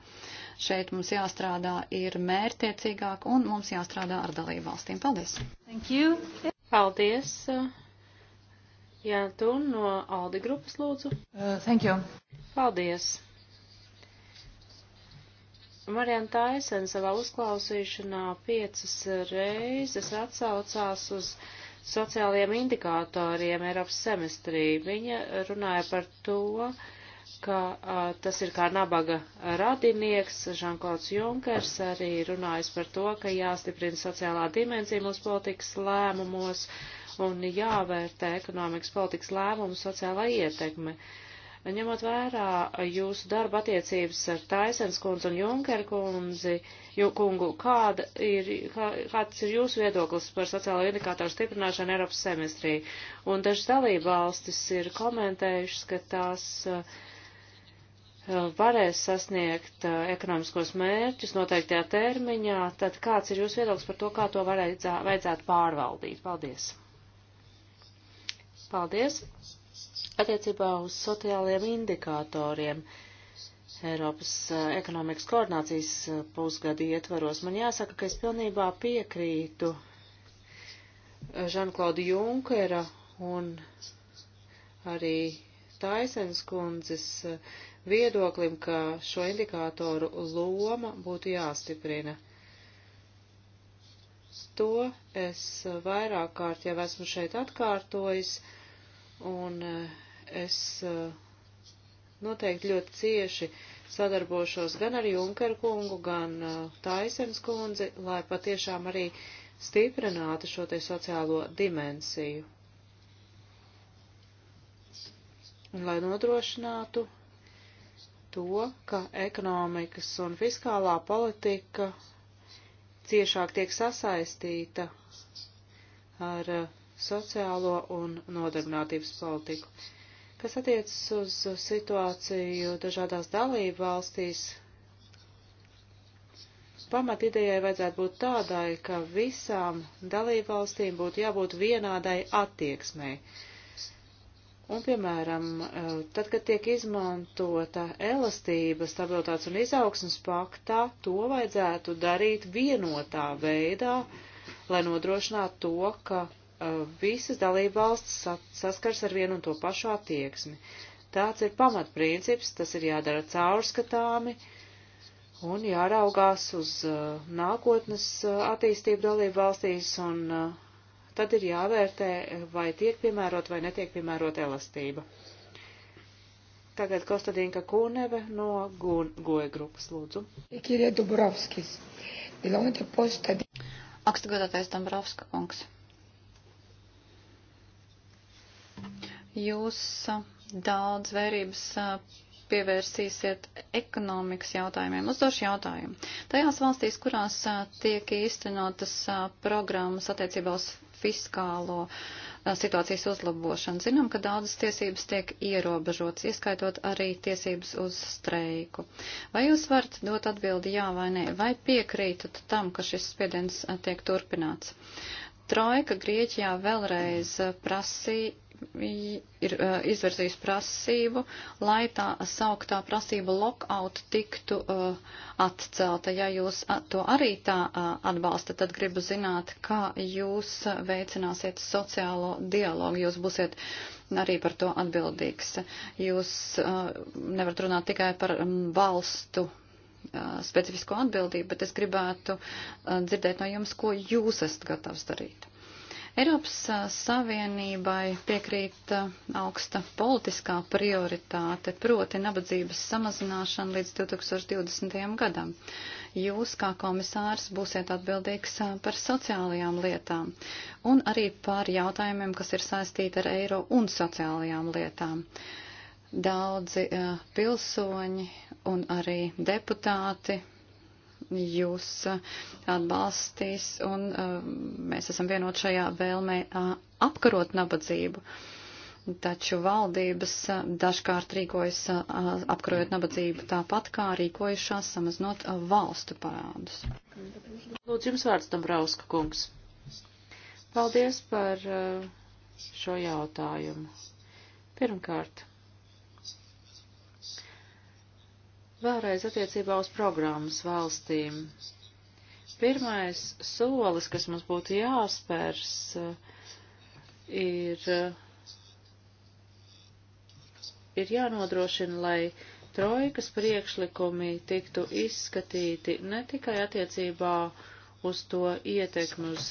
Šeit mums jāstrādā ir mērtiecīgāk un mums jāstrādā ar dalību valstīm. Paldies! Thank you. Paldies! Uh, Jā, tu no Aldi grupas lūdzu. Uh, thank you. Paldies! Marijana Taisena savā uzklausīšanā piecas reizes atsaucās uz uh, sociālajiem indikātoriem Eiropas semestrī. Viņa runāja par to, ka a, tas ir kā nabaga radinieks. Žanklauds Junkers arī runājas par to, ka jāstiprina sociālā dimensija mūsu politikas lēmumos un jāvērtē ekonomikas politikas lēmumu sociālā ietekme. Uh, Ņemot vērā jūsu darba attiecības ar Taisens kundzi un Junker kundzi, kungu, kāda ir, kā, kāds ir jūsu viedoklis par sociālo indikātoru stiprināšanu Eiropas semestrī? Un dažas dalība valstis ir komentējušas, ka tās uh, varēs sasniegt uh, ekonomiskos mērķus noteiktajā termiņā, tad kāds ir jūsu viedoklis par to, kā to varētu, vajadzētu pārvaldīt? Paldies! Paldies! attiecībā uz sociālajiem indikatoriem. Eiropas eh, ekonomikas koordinācijas eh, pusgada ietvaros. Man jāsaka, ka es pilnībā piekrītu eh, Žanklaudu Junkera un arī Taisens kundzes viedoklim, ka šo indikātoru loma būtu jāstiprina. To es vairāk kārt jau esmu šeit atkārtojis, un uh, es eh, noteikti ļoti cieši sadarbošos gan ar Junkeru kungu, gan eh, Taisens kundzi, lai patiešām arī stiprinātu šo te sociālo dimensiju. Un lai nodrošinātu to, ka ekonomikas un fiskālā politika ciešāk tiek sasaistīta ar eh, sociālo un nodarbinātības politiku. Kas attiecas uz situāciju dažādās dalību valstīs, pamat idejai vajadzētu būt tādai, ka visām dalību valstīm būtu jābūt vienādai attieksmei. Un, piemēram, tad, kad tiek izmantota elastība stabilitātes un izaugsmas paktā, to vajadzētu darīt vienotā veidā, lai nodrošinātu to, ka Uh, visas dalībvalstis saskars ar vienu un to pašu attieksmi. Tāds ir pamatprincips, tas ir jādara caurskatāmi un jāraugās uz uh, nākotnes uh, attīstību dalībvalstīs un tad ir jāvērtē, vai tiek piemērot vai netiek piemērot elastība. Tagad Kostadinka Kūneve no Goja grupas lūdzu. Aksta godātais Dombrovska kungs. Jūs daudz vērības pievērsīsiet ekonomikas jautājumiem. Uzdošu jautājumu. Tajās valstīs, kurās tiek īstenotas programmas attiecībā uz fiskālo situācijas uzlabošanu, zinām, ka daudzas tiesības tiek ierobežotas, ieskaitot arī tiesības uz streiku. Vai jūs varat dot atbildi jā vai nē, vai piekrītat tam, ka šis spiediens tiek turpināts? Trojka Grieķijā vēlreiz prasīja ir uh, izvirzījis prasību, lai tā sauktā prasība lockout tiktu uh, atcelta. Ja jūs to arī tā uh, atbalsta, tad gribu zināt, kā jūs veicināsiet sociālo dialogu. Jūs būsiet arī par to atbildīgs. Jūs uh, nevarat runāt tikai par um, valstu uh, specifisko atbildību, bet es gribētu uh, dzirdēt no jums, ko jūs esat gatavs darīt. Eiropas Savienībai piekrīt augsta politiskā prioritāte, proti nabadzības samazināšana līdz 2020. gadam. Jūs, kā komisārs, būsiet atbildīgs par sociālajām lietām un arī par jautājumiem, kas ir saistīti ar eiro un sociālajām lietām. Daudzi pilsoņi un arī deputāti jūs uh, atbalstīs, un uh, mēs esam vienot šajā vēlmē uh, apkarot nabadzību. Taču valdības dažkārt rīkojas apkarojot nabadzību tāpat, kā rīkojušās samaznot valstu parādus. Lūdzu, jums vārds Dambrauska kungs. Paldies par šo jautājumu. Pirmkārt, Vēlreiz attiecībā uz programmas valstīm. Pirmais solis, kas mums būtu jāspērs, eh, ir, eh, ir jānodrošina, lai trojkas priekšlikumi tiktu izskatīti ne tikai attiecībā uz to ietekmi uz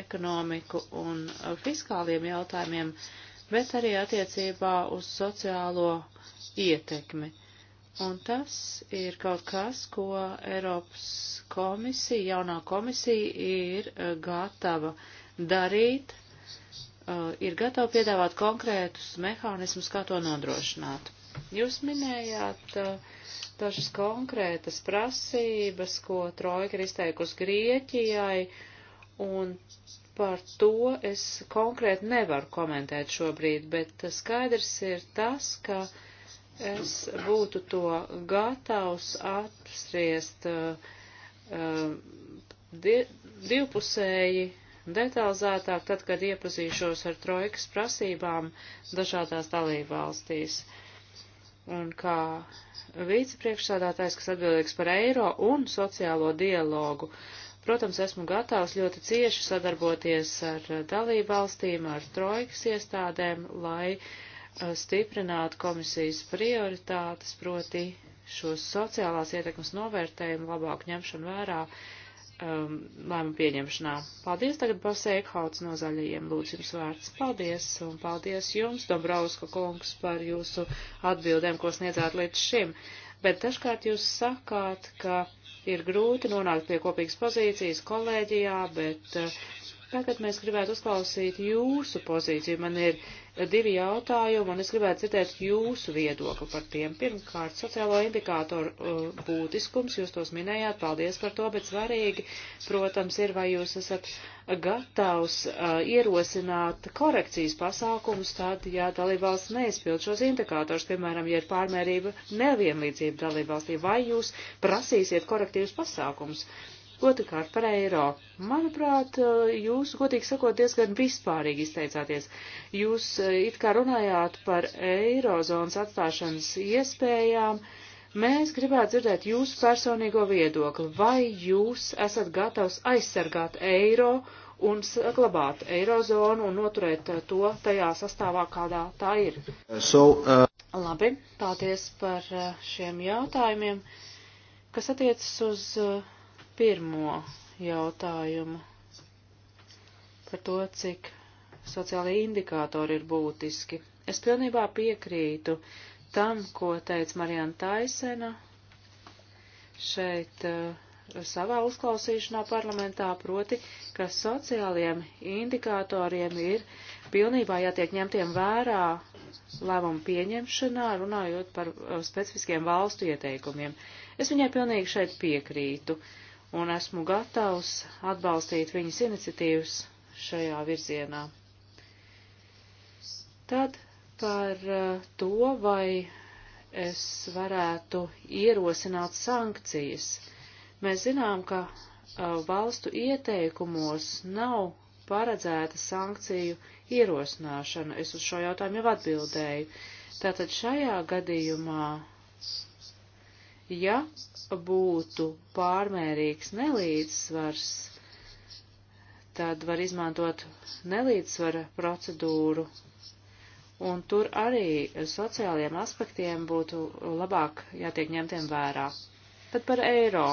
ekonomiku un fiskāliem jautājumiem, bet arī attiecībā uz sociālo ietekmi. Un tas ir kaut kas, ko Eiropas komisija, jaunā komisija ir eh, gatava darīt, eh, ir gatava piedāvāt konkrētus mehānismus, kā to nodrošināt. Jūs minējāt eh, dažas konkrētas prasības, ko Trojka ir izteikusi Grieķijai, un par to es konkrēti nevaru komentēt šobrīd, bet skaidrs ir tas, ka es būtu to gatavs apspriest uh, uh, divpusēji detalizētāk, tad, kad iepazīšos ar trojkas prasībām dažādās dalībvalstīs. Un kā vicepriekšsādātājs, kas atbildīgs par eiro un sociālo dialogu, protams, esmu gatavs ļoti cieši sadarboties ar dalībvalstīm, ar trojkas iestādēm, lai uh, Uh, stiprināt komisijas prioritātes, proti šo sociālās ietekmes novērtējumu labāk ņemšanu vērā um, lēmu pieņemšanā. Paldies tagad Basekhauts no zaļajiem. Lūdzu jums vārds. Paldies un paldies jums, Dombrovska kungs, par jūsu atbildēm, ko sniedzāt līdz šim. Bet dažkārt jūs sakāt, ka ir grūti nonākt pie kopīgas pozīcijas kolēģijā, bet uh, Tagad mēs gribētu uzklausīt jūsu pozīciju. Man ir divi jautājumi, un es gribētu dzirdēt jūsu viedokli par tiem. Pirmkārt, sociālo indikātoru uh, būtiskums, jūs tos minējāt, paldies par to, bet svarīgi, protams, ir, vai jūs esat gatavs uh, ierosināt korekcijas pasākumus, tad, ja dalībvalsts neizpild šos indikātors, piemēram, ja ir pārmērība nevienlīdzība dalībvalstī, vai jūs prasīsiet korektīvus pasākumus? Uh, Otrakārt par eiro. Manuprāt, eh, jūs, godīgi sakot, diezgan vispārīgi izteicāties. Jūs eh, it kā runājāt par eirozonas atstāšanas iespējām. Mēs gribētu dzirdēt jūsu personīgo viedokli. Vai jūs esat gatavs aizsargāt eiro un saglabāt eirozonu un noturēt eh, to tajā sastāvā, kādā tā ir? So, uh... Labi, paldies par šiem jautājumiem, kas attiecas uz. Uh, pirmo jautājumu par to, cik sociālai indikātori ir būtiski. Es pilnībā piekrītu tam, ko teica Marijana Taisena šeit uh, savā uzklausīšanā parlamentā, proti, ka sociālajiem indikātoriem ir pilnībā jātiek ņemtiem vērā lēmumu pieņemšanā, runājot par uh, specifiskiem valstu ieteikumiem. Es viņai pilnīgi šeit piekrītu. Uh, un esmu gatavs atbalstīt viņas iniciatīvas šajā virzienā. Tad par eh, to, vai es varētu ierosināt sankcijas. Mēs zinām, ka eh, valstu ieteikumos nav paredzēta sankciju ierosināšana. Es uz šo jautājumu jau atbildēju. Tātad šajā gadījumā Ja būtu pārmērīgs nelīdzsvars, tad var izmantot nelīdzsvara procedūru, un tur arī sociālajiem aspektiem būtu labāk jātiek ņemtiem vērā. Tad par eiro.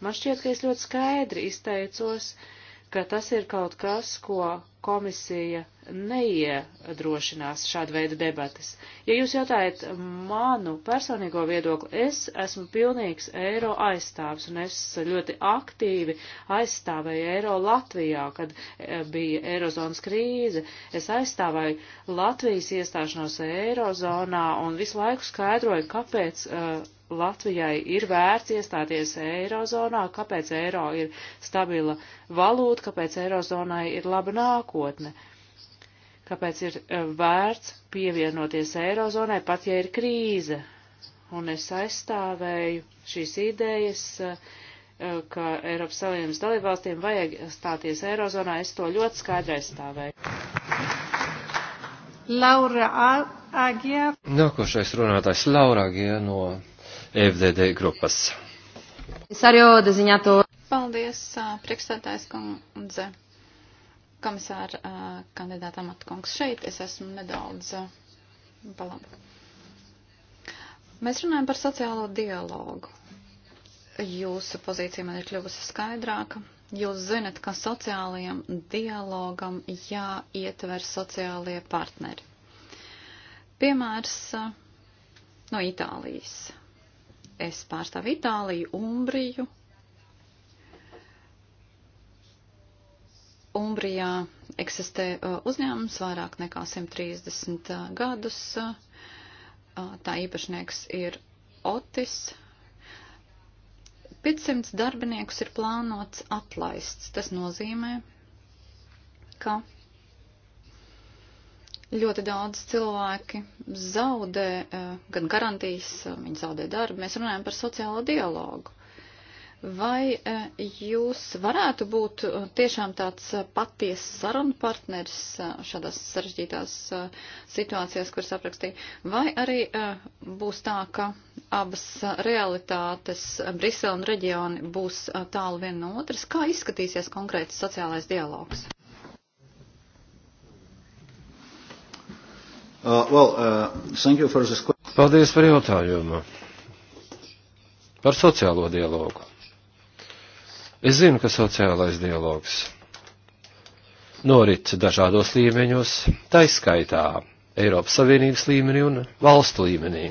Man šķiet, ka es ļoti skaidri izteicos, ka tas ir kaut kas, ko komisija neiedrošinās šādu veidu debatas. Ja jūs jautājat manu personīgo viedokli, es esmu pilnīgs eiro aizstāvs un es ļoti aktīvi aizstāvēju eiro Latvijā, kad e, bija eirozonas krīze. Es aizstāvēju Latvijas iestāšanos eirozonā un visu laiku skaidroju, kāpēc. Uh, Latvijai ir vērts iestāties eirozonā, kāpēc eiro ir stabila valūta, kāpēc eirozonai ir laba nākotne, kāpēc ir e, vērts pievienoties eirozonai, pat ja ir krīze. Un es aizstāvēju šīs idejas, e, e, ka Eiropas Savienības dalībvalstīm vajag stāties eirozonā, es to ļoti skaidri aizstāvēju. Laura Agija. Nākošais runātājs Laura Agija no FDD grupas. Paldies, priekšstādājs kundze, komisāra kandidāta amatkungs. Šeit es esmu nedaudz palaba. Mēs runājam par sociālo dialogu. Jūsu pozīcija man ir kļuvusi skaidrāka. Jūs zinat, ka sociālajam dialogam jāietver sociālie partneri. Piemērs no Itālijas Es pārstāvu Itāliju, Umbriju. Umbrijā eksistē uh, uzņēmums vairāk nekā 130 uh, gadus. Uh, tā īpašnieks ir Otis. 500 darbiniekus ir plānots atlaists. Tas nozīmē, ka Ļoti daudz cilvēki zaudē eh, gan garantijas, eh, viņi zaudē darbu. Mēs runājam par sociālo dialogu. Vai eh, jūs varētu būt tiešām tāds paties sarunu partners šādās sarežģītās situācijās, kuras aprakstīju, vai arī būs tā, ka abas realitātes, Brisele un reģioni, būs tālu viena no otras? Kā izskatīsies konkrēts sociālais dialogs? Uh, well, uh, this... Paldies par jautājumu. Par sociālo dialogu. Es zinu, ka sociālais dialogs norit dažādos līmeņos, taiskaitā Eiropas Savienības līmenī un valstu līmenī.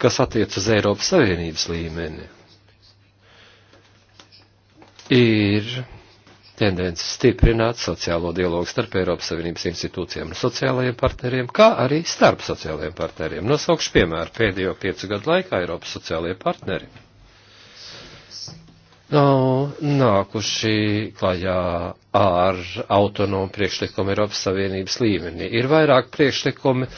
Kas attiec uz Eiropas Savienības līmeni, ir tendence stiprināt sociālo dialogu starp Eiropas Savienības institūcijiem un sociālajiem partneriem, kā arī starp sociālajiem partneriem. Nosaukšu piemēru pēdējo piecu gadu laikā Eiropas sociālajie partneri nav nākuši klajā ar autonomu priekšlikumu Eiropas Savienības līmenī. Ir vairāk priekšlikumi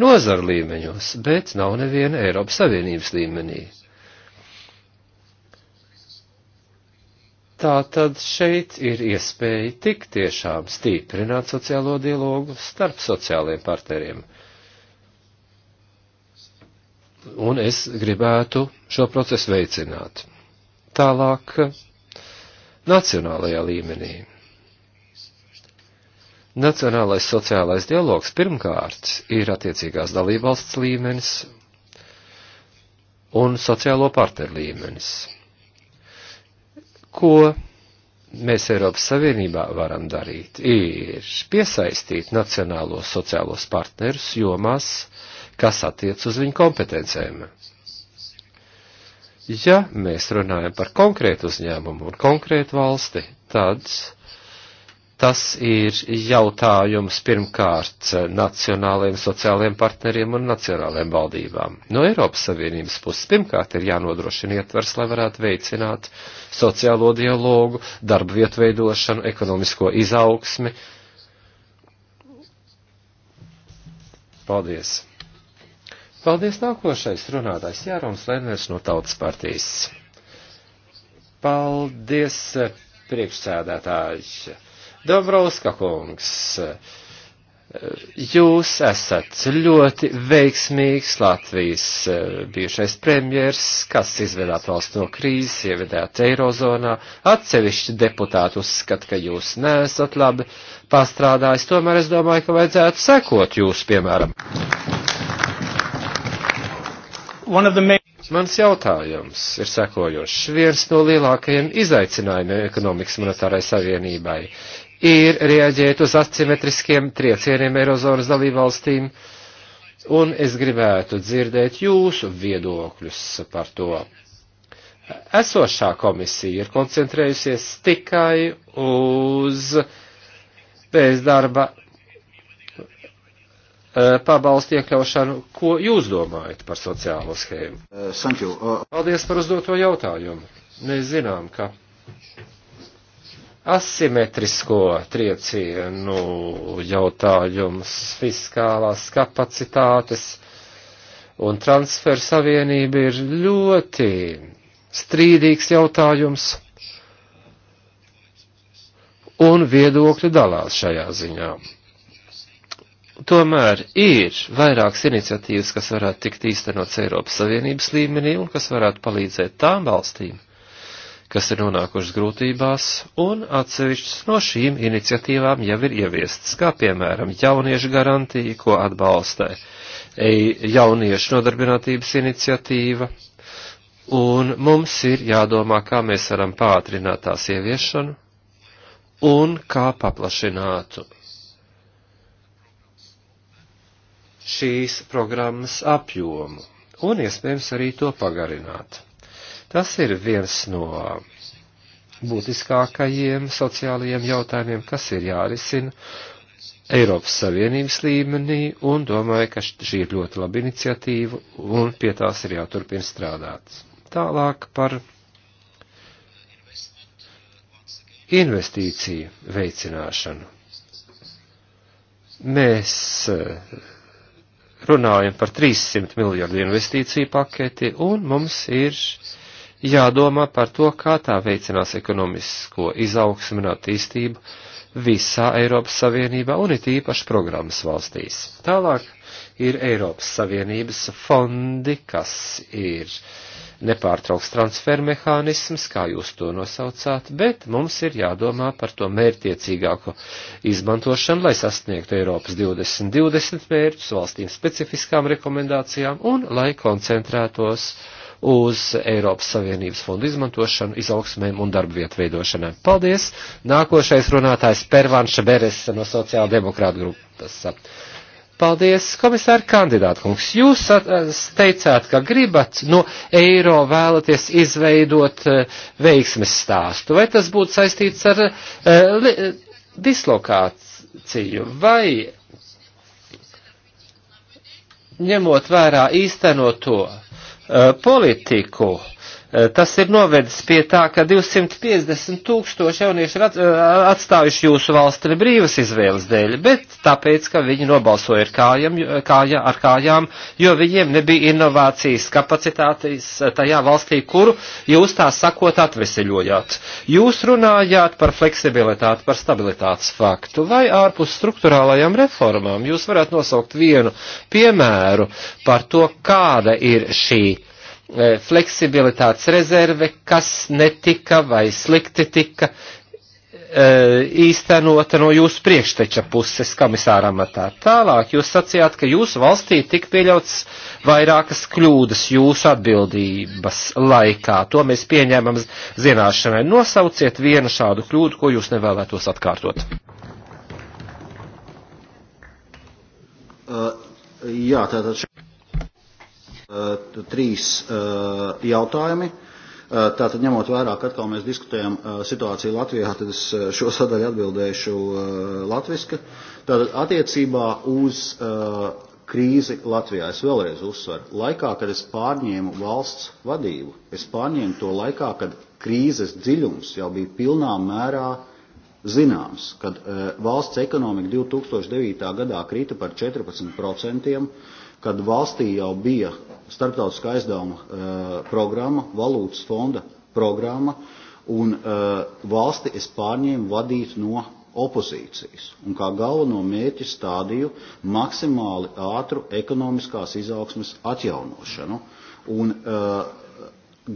nozaru līmeņos, bet nav neviena Eiropas Savienības līmenī. Tā tad šeit ir iespēja tik tiešām stiprināt sociālo dialogu starp sociālajiem partneriem. Un es gribētu šo procesu veicināt. Tālāk, nacionālajā līmenī. Nacionālais sociālais dialogs pirmkārt ir attiecīgās dalībvalsts līmenis un sociālo partneru līmenis ko mēs Eiropas Savienībā varam darīt, ir piesaistīt nacionālos sociālos partnerus jomās, kas attiec uz viņu kompetencēm. Ja mēs runājam par konkrētu uzņēmumu un konkrētu valsti, tad Tas ir jautājums pirmkārt nacionālajiem sociālajiem partneriem un nacionālajiem valdībām. No Eiropas Savienības puses pirmkārt ir jānodrošina ietvers, lai varētu veicināt sociālo dialogu, darba vietu veidošanu, ekonomisko izaugsmi. Paldies! Paldies nākošais runātājs Jārons Lenners no Tautas partijas. Paldies priekšsēdētājs! Dombrovska kungs, jūs esat ļoti veiksmīgs Latvijas eh, bijušais premjers, kas izvedāt valsts no krīzes, ievedāt eirozonā. Atsevišķi deputāti uzskata, ka jūs nesat labi pastrādājis, tomēr es domāju, ka vajadzētu sekot jūs, piemēram. Main... Mans jautājums ir sekojošs. Viens no lielākajiem izaicinājumiem ekonomikas monetārai savienībai ir rēģēt uz asimetriskiem triecieniem Eirozonas dalībvalstīm, un es gribētu dzirdēt jūsu viedokļus par to. Esošā komisija ir koncentrējusies tikai uz bezdarba eh, pabalstu iekļaušanu. Ko jūs domājat par sociālo schēmu? Uh, uh, Paldies par uzdoto jautājumu. Mēs zinām, ka asimetrisko triecienu jautājums, fiskālās kapacitātes un transfer savienība ir ļoti strīdīgs jautājums un viedokļi dalās šajā ziņā. Tomēr ir vairākas iniciatīvas, kas varētu tikt īstenots Eiropas Savienības līmenī un kas varētu palīdzēt tām valstīm, kas ir nonākušas grūtībās, un atsevišķas no šīm iniciatīvām jau ir ieviestas, kā piemēram jauniešu garantija, ko atbalsta jauniešu nodarbinātības iniciatīva, un mums ir jādomā, kā mēs varam pātrināt tās ieviešanu un kā paplašinātu šīs programmas apjomu, un iespējams arī to pagarināt. Tas ir viens no būtiskākajiem sociālajiem jautājumiem, kas ir jārisina Eiropas Savienības līmenī, un domāju, ka šī ir ļoti laba iniciatīva, un pie tās ir jāturpina strādāt. Tālāk par investīciju veicināšanu. Mēs eh, runājam par 300 miljardu investīciju paketi, un mums ir uh, jādomā par to, kā tā veicinās ekonomisko izaugsmu un attīstību visā Eiropas Savienībā un it īpaši programmas valstīs. Tālāk ir Eiropas Savienības fondi, kas ir nepārtrauks transfermehānisms, kā jūs to nosaucāt, bet mums ir jādomā par to mērtiecīgāko izmantošanu, lai sasniegtu Eiropas 2020 mērķus valstīm specifiskām rekomendācijām un lai koncentrētos uh, uz Eiropas Savienības fondu izmantošanu, izaugsmēm un darba vietu veidošanai. Paldies! Nākošais runātājs Pervanša Beres no Sociāla demokrāta grupas. Paldies, komisāra kandidāta kungs. Jūs teicāt, ka gribat no eiro vēlaties izveidot eh, veiksmes stāstu. Vai tas būtu saistīts ar uh, dislokāciju vai ņemot vērā īstenot to? Uh, politiku Eh, tas ir novedis pie tā, ka 250 tūkstoši jaunieši ir eh, atstājuši jūsu valsti ne brīvas izvēles dēļ, bet tāpēc, ka viņi nobalsoja ar kājām, kāja, ar kājām, jo viņiem nebija inovācijas kapacitātes eh, tajā valstī, kuru jūs tā sakot atveseļojāt. Jūs runājāt par fleksibilitāti, par stabilitātes faktu vai ārpus struktūrālajām reformām. Jūs varētu nosaukt vienu piemēru par to, kāda ir šī Eh, fleksibilitātes rezerve, kas netika vai slikti tika eh, īstenota no jūsu priekšteča puses komisāra amatā. Tālāk jūs sacījāt, ka jūsu valstī tik pieļauts vairākas kļūdas jūsu atbildības laikā. To mēs pieņēmam zināšanai. Nosauciet vienu šādu kļūdu, ko jūs nevēlētos atkārtot. Uh, jā, tātad. Eh, trīs eh, jautājumi. Eh, tātad, ņemot vērā, ka atkal mēs diskutējam situāciju Latvijā, tad es šo sadaļu atbildēšu latviski. Tātad, attiecībā uz krīzi Latvijā, es vēlreiz uzsveru, laikā, kad es pārņēmu valsts vadību, es pārņēmu to laikā, kad krīzes dziļums jau bija pilnā mērā zināms, kad valsts ekonomika 2009. gadā krita par 14%, kad valstī jau bija starptautiskā aizdevuma uh, programma, valūtas fonda programma, un uh, valsti es pārņēmu vadīt no opozīcijas un kā galveno mērķi stādīju maksimāli ātru ekonomiskās izaugsmes atjaunošanu. Un, uh,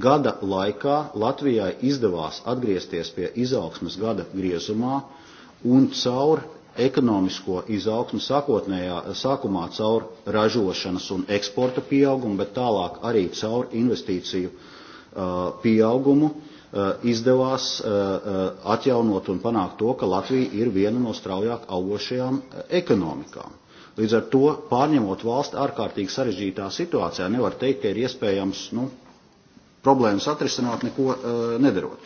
Gada laikā Latvijai izdevās atgriezties pie izaugsmes gada griezumā un caur ekonomisko izaugsmu sākotnējā sākumā caur ražošanas un eksporta pieaugumu, bet tālāk arī caur investīciju uh, pieaugumu uh, izdevās uh, atjaunot un panākt to, ka Latvija ir viena no straujāk augošajām ekonomikām. Līdz ar to pārņemot valsti ārkārtīgi sarežģītā situācijā, nevar teikt, ka ir iespējams nu, problēmas atrisināt neko nedarot.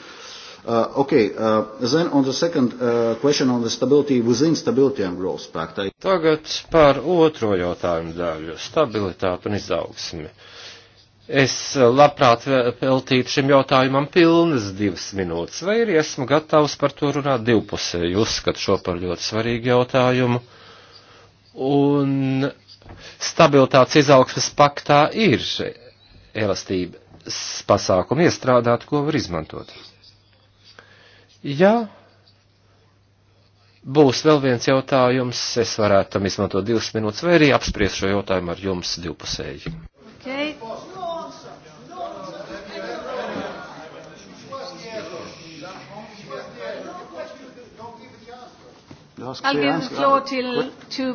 Uh, okay, uh, then on the second uh, question on the stability within stability and growth pact. I... Tagad par otro jautājumu daļu - stabilitāte un izaugsme. Es uh, labprāt uh, veltītu šim jautājumam pilnas divas minūtes, vai arī esmu gatavs par to runāt divpusēji, uzskatu šo par ļoti svarīgu jautājumu. Un stabilitātes izaugsmes paktā ir elastība pasākumu iestrādāt, ko var izmantot. Ja būs vēl viens jautājums, es varētu tam izmantot divas minūtes, vai arī apspriest šo jautājumu ar jums divpusēji. Okay. Till, to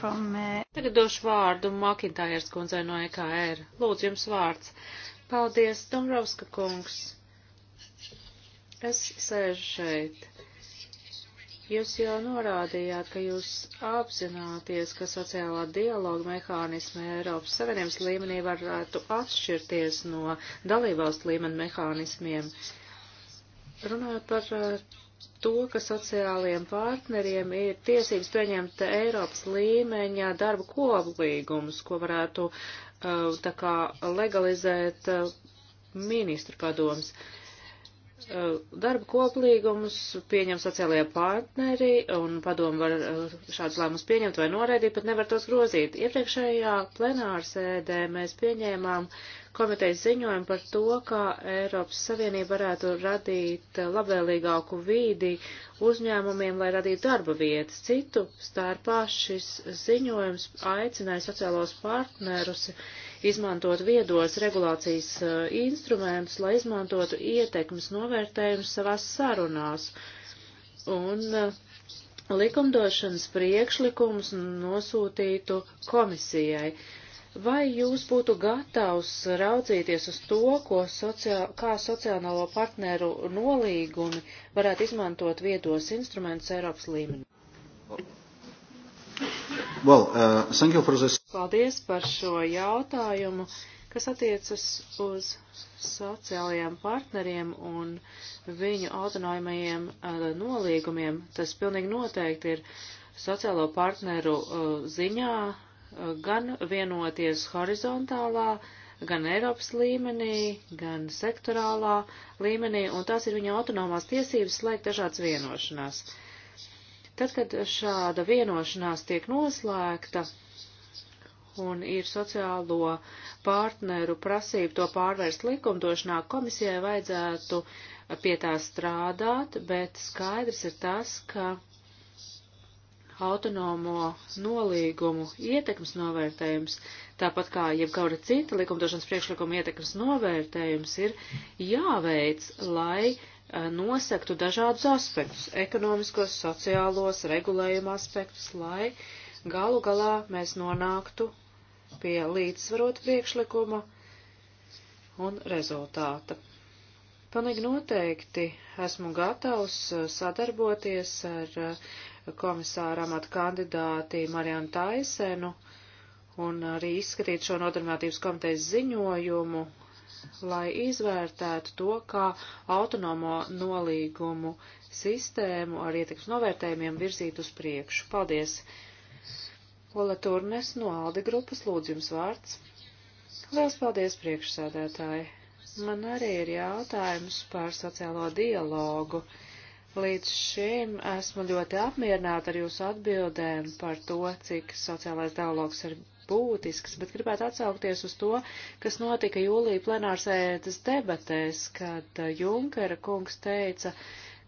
from, uh... Tagad došu vārdu Makintājas kundzei no EKR. Lūdzu, jums vārds. Paldies, Domrovska kungs. Es sēžu šeit. Jūs jau norādījāt, ka jūs apzināties, ka sociālā dialoga mehānismi Eiropas Savienības līmenī varētu atšķirties no dalībvalstu līmeni mehānismiem. Runājot par eh, to, ka sociālajiem partneriem ir tiesības pieņemt Eiropas līmeņa darba koplīgumus, ko varētu eh, tā kā legalizēt eh, ministru padoms. Uh, Eh, darba koplīgumus pieņem sociālajie partneri un padomu var eh, šādus lēmumus pieņemt vai noraidīt, bet nevar tos grozīt. Iepriekšējā plenārsēdē mēs pieņēmām komitejas ziņojumu par to, kā Eiropas Savienība varētu radīt labvēlīgāku vīdi uzņēmumiem, lai radītu darba vietas. Citu starpā šis ziņojums aicināja sociālos partnerus izmantot viedos regulācijas eh, instrumentus, lai izmantotu ietekmes novērtējumus savās sarunās. Un eh, likumdošanas priekšlikumus nosūtītu komisijai. Vai jūs būtu gatavs raudzīties uz to, sociā, kā sociālo partneru nolīgumi varētu izmantot viedos instrumentus Eiropas līmenī? Well, uh, Paldies par šo jautājumu, kas attiecas uz sociālajiem partneriem un viņu autonomajiem uh, nolīgumiem. Tas pilnīgi noteikti ir sociālo partneru uh, ziņā uh, gan vienoties horizontālā, gan Eiropas līmenī, gan sektorālā līmenī, un tās ir viņa autonomās tiesības slēgt dažādas vienošanās. Uh, Tad, kad šāda vienošanās tiek noslēgta un ir sociālo partneru prasība to pārvērst likumdošanā, komisijai vajadzētu pie tā strādāt, bet skaidrs ir tas, ka autonomo nolīgumu ietekmes novērtējums, tāpat kā jebkura cita likumdošanas priekšlikuma ietekmes novērtējums, ir jāveic, lai nosektu dažādus aspektus - ekonomiskos, sociālos, regulējuma aspektus, lai galu galā mēs nonāktu pie līdzsvarot priekšlikuma un rezultāta. Panīgi noteikti esmu gatavs sadarboties ar komisāram at kandidāti Marianu Taisenu un arī izskatīt šo nodarbinātības komitejas ziņojumu lai izvērtētu to, kā autonomo nolīgumu sistēmu ar ietekmes novērtējumiem virzīt uz priekšu. Paldies! Ola Turnes no Aldi grupas lūdzu jums vārds. Liels paldies, priekšsēdētāji! Man arī ir jautājums par sociālo dialogu. Līdz šim esmu ļoti apmierināta ar jūsu atbildēm par to, cik sociālais dialogs ir būtisks, bet gribētu atsaukties uz to, kas notika jūlija plenārsētas debatēs, kad Junkera kungs teica,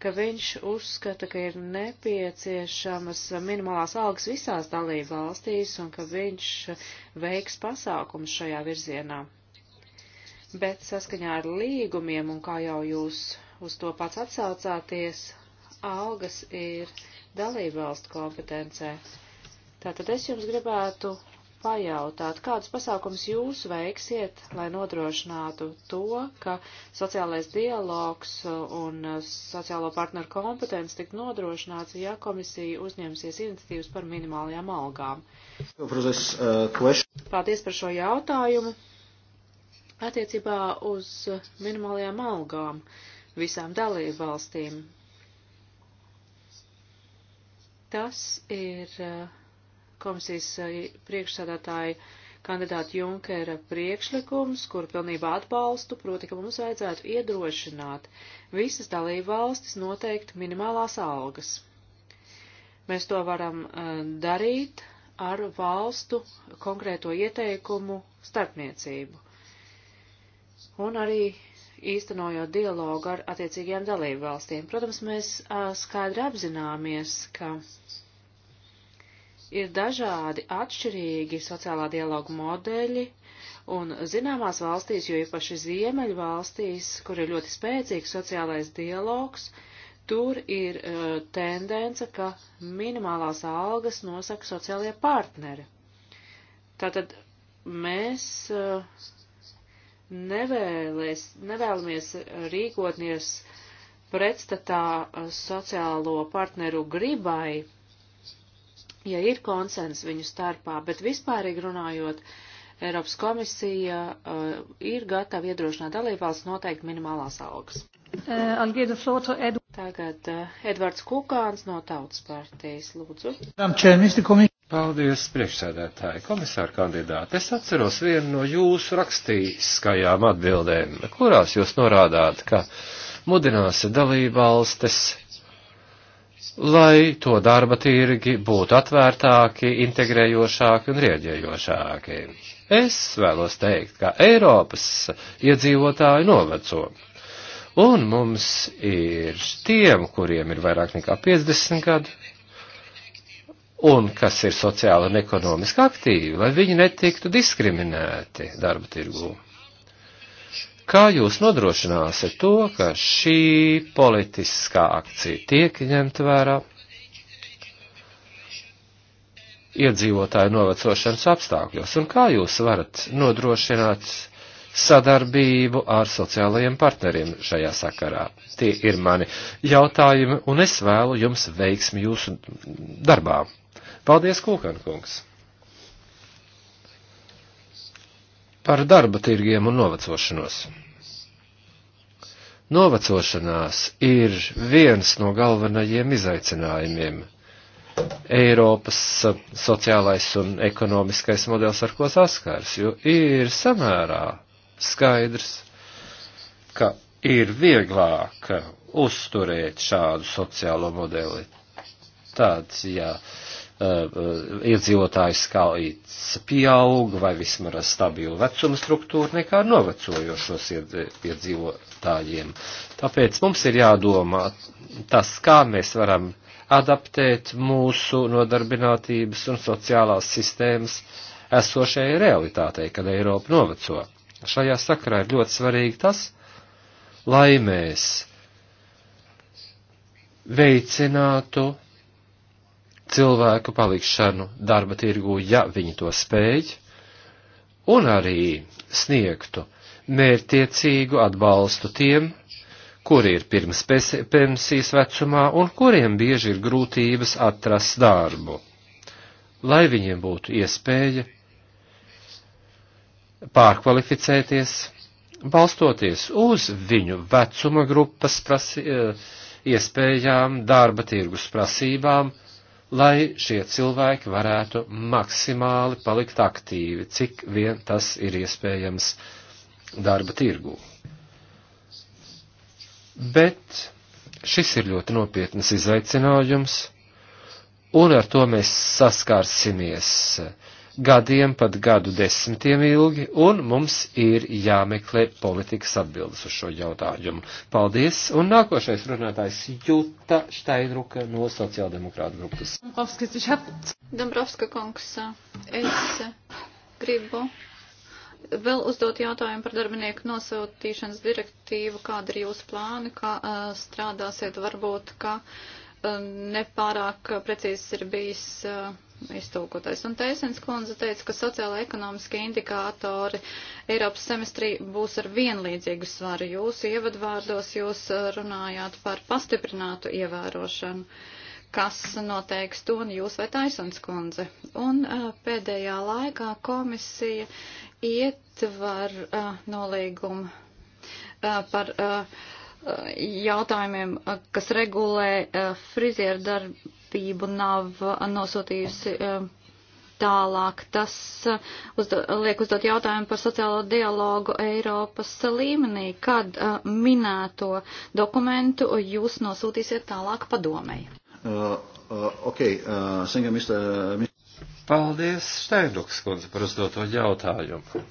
ka viņš uzskata, ka ir nepieciešamas minimālās algas visās dalību valstīs un ka viņš veiks pasākumus šajā virzienā. Bet saskaņā ar līgumiem, un kā jau jūs uz to pats atsaucāties, algas ir dalību valstu kompetencē. Tātad es jums gribētu pajautāt, kādus pasākums jūs veiksiet, lai nodrošinātu to, ka sociālais dialogs uh, un uh, sociālo partneru kompetence tik nodrošināts, ja komisija uzņemsies iniciatīvas par minimālajām algām. Paldies par šo jautājumu. Attiecībā uz minimālajām algām visām dalību valstīm. Tas ir uh, komisijas eh, priekšsādātāja kandidāta Junkera priekšlikums, kur pilnībā atbalstu, proti, ka mums vajadzētu iedrošināt visas dalību valstis noteikt minimālās algas. Mēs to varam eh, darīt ar valstu konkrēto ieteikumu starpniecību. Un arī īstenojot dialogu ar attiecīgajām dalību valstīm. Protams, mēs eh, skaidri apzināmies, ka Ir dažādi atšķirīgi sociālā dialoga modeļi, un zināmās valstīs, jo īpaši ziemeļu valstīs, kur ir ļoti spēcīgs sociālais dialogs, tur ir uh, tendence, ka minimālās algas nosaka sociālie partneri. Tātad mēs uh, e, nevēlies, nevēlamies rīkotnies pretstatā e, sociālo partneru gribai, ja ir konsens viņu starpā, bet vispārīgi runājot, Eiropas komisija uh, ir gatava iedrošināt dalībvalsts noteikti minimālās algas. Uh, Tagad uh, Edvards Kukāns no Tautas partijas, lūdzu. Paldies, priekšsēdētāji, komisāra kandidāti. Es atceros vienu no jūsu rakstīskajām atbildēm, kurās jūs norādāt, ka mudināsiet dalībvalstis lai to darba tirgi būtu atvērtāki, integrējošāki un rieģējošāki. Es vēlos teikt, ka Eiropas iedzīvotāji noveco. Un mums ir tiem, kuriem ir vairāk nekā 50 gadu, un kas ir sociāli un ekonomiski aktīvi, lai viņi netiktu diskriminēti darba tirgū. Kā jūs nodrošināsiet to, ka šī politiskā akcija tiek ņemta vērā iedzīvotāju novecošanas apstākļos? Un kā jūs varat nodrošināt sadarbību ar sociālajiem partneriem šajā sakarā? Tie ir mani jautājumi, un es vēlu jums veiksmi jūsu darbā. Paldies, Kulkankungs! par darba tirgiem un novecošanos. Novecošanās ir viens no galvenajiem izaicinājumiem. Eiropas sociālais un ekonomiskais modelis, ar ko saskars, jo ir samērā skaidrs, ka ir vieglāk uzturēt šādu sociālo modeli. Tāds, jā. Ja Uh, iedzīvotāju skaits pieaug vai vismaz stabilu vecumu struktūru nekā novecojošos iedzīvotājiem. Tāpēc mums ir jādomā tas, kā mēs varam adaptēt mūsu nodarbinātības un sociālās sistēmas esošajai realitātei, kad Eiropa noveco. Šajā sakarā ir ļoti svarīgi tas, lai mēs veicinātu cilvēku palikšanu darba tirgū, ja viņi to spēj, un arī sniegtu mērtiecīgu atbalstu tiem, kuri ir pirms pensijas vecumā un kuriem bieži ir grūtības atrast darbu, lai viņiem būtu iespēja pārkvalificēties, balstoties uz viņu vecuma grupas prasi, iespējām, darba tirgus prasībām, lai šie cilvēki varētu maksimāli palikt aktīvi, cik vien tas ir iespējams darba tirgū. Bet šis ir ļoti nopietnas izaicinājums, un ar to mēs saskārsimies gadiem, pat gadu desmitiem ilgi, un mums ir jāmeklē politikas atbildes uz šo jautājumu. Paldies, un nākošais runātājs Juta Steinruka no sociāldemokrāta grupas. Dombrovska kungs, es gribu vēl uzdot jautājumu par darbinieku nosūtīšanas direktīvu. Kāda ir jūsu plāna, kā uh, strādāsiet? Varbūt, ka uh, nepārāk precīzs ir bijis uh, iztūkoties. Un Tēsens kundze teica, ka sociāla ekonomiskie indikātori Eiropas semestrī būs ar vienlīdzīgu svaru. Jūs ievadvārdos jūs uh, runājāt par pastiprinātu ievērošanu, kas noteiks to un jūs vai Taisons kundze. Un uh, pēdējā laikā komisija ietver uh, nolīgumu par jautājumiem, kas regulē frizierdarbu kārtību nav uh, nosūtījusi uh, tālāk. Tas uh, uzdo, liek uzdot jautājumu par sociālo dialogu Eiropas līmenī, kad minēto dokumentu jūs nosūtīsiet tālāk padomēji. Uh, uh, okay, uh, you, Mr. Mr. Paldies, Steinruks kundze, par uzdoto jautājumu.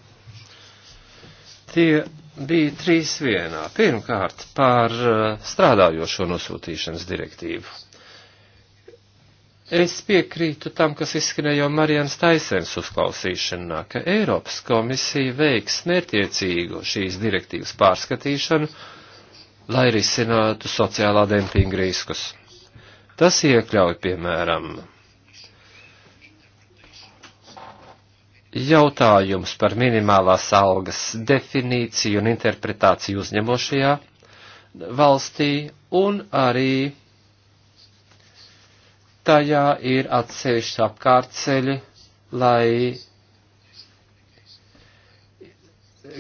Tie bija trīs vienā. Pirmkārt, par strādājošo nosūtīšanas direktīvu. Es piekrītu tam, kas izskanēja jau Marijans Taisens uzklausīšanā, ka Eiropas komisija veiks mērķiecīgu šīs direktīvas pārskatīšanu, lai risinātu sociālā dempinga riskus. Tas iekļauj, piemēram, jautājums par minimālās algas definīciju un interpretāciju uzņemošajā valstī un arī tajā ir atsevišķi apkārtceļi, lai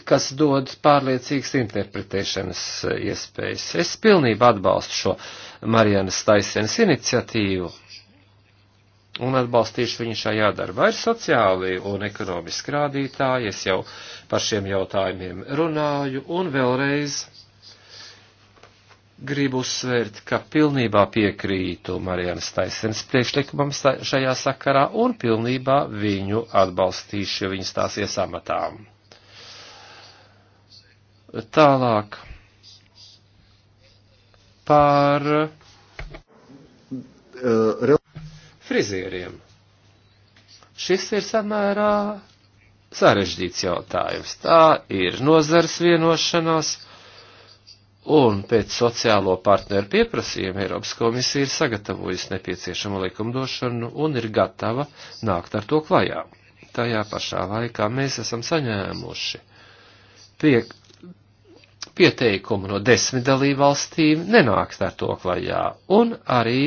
kas dod pārliecīgas interpretēšanas iespējas. Es pilnībā atbalstu šo Marijanas Taisenes iniciatīvu un atbalstīšu viņu šajā darbā. Ir sociāli un ekonomiski rādītāji, es jau par šiem jautājumiem runāju un vēlreiz gribu uzsvērt, ka pilnībā piekrītu Marijanas Taisens priekšlikumam šajā sakarā un pilnībā viņu atbalstīšu, jo viņas stāsies amatām. Tālāk par uh, frizieriem. Šis ir samērā sarežģīts jautājums. Tā ir nozars vienošanās Un pēc sociālo partneru pieprasījuma Eiropas komisija ir sagatavojusi nepieciešamo likumdošanu un ir gatava nākt ar to klajā. Tajā pašā laikā mēs esam saņēmuši pie, pieteikumu no desmit dalību valstīm nenākt ar to klajā. Un arī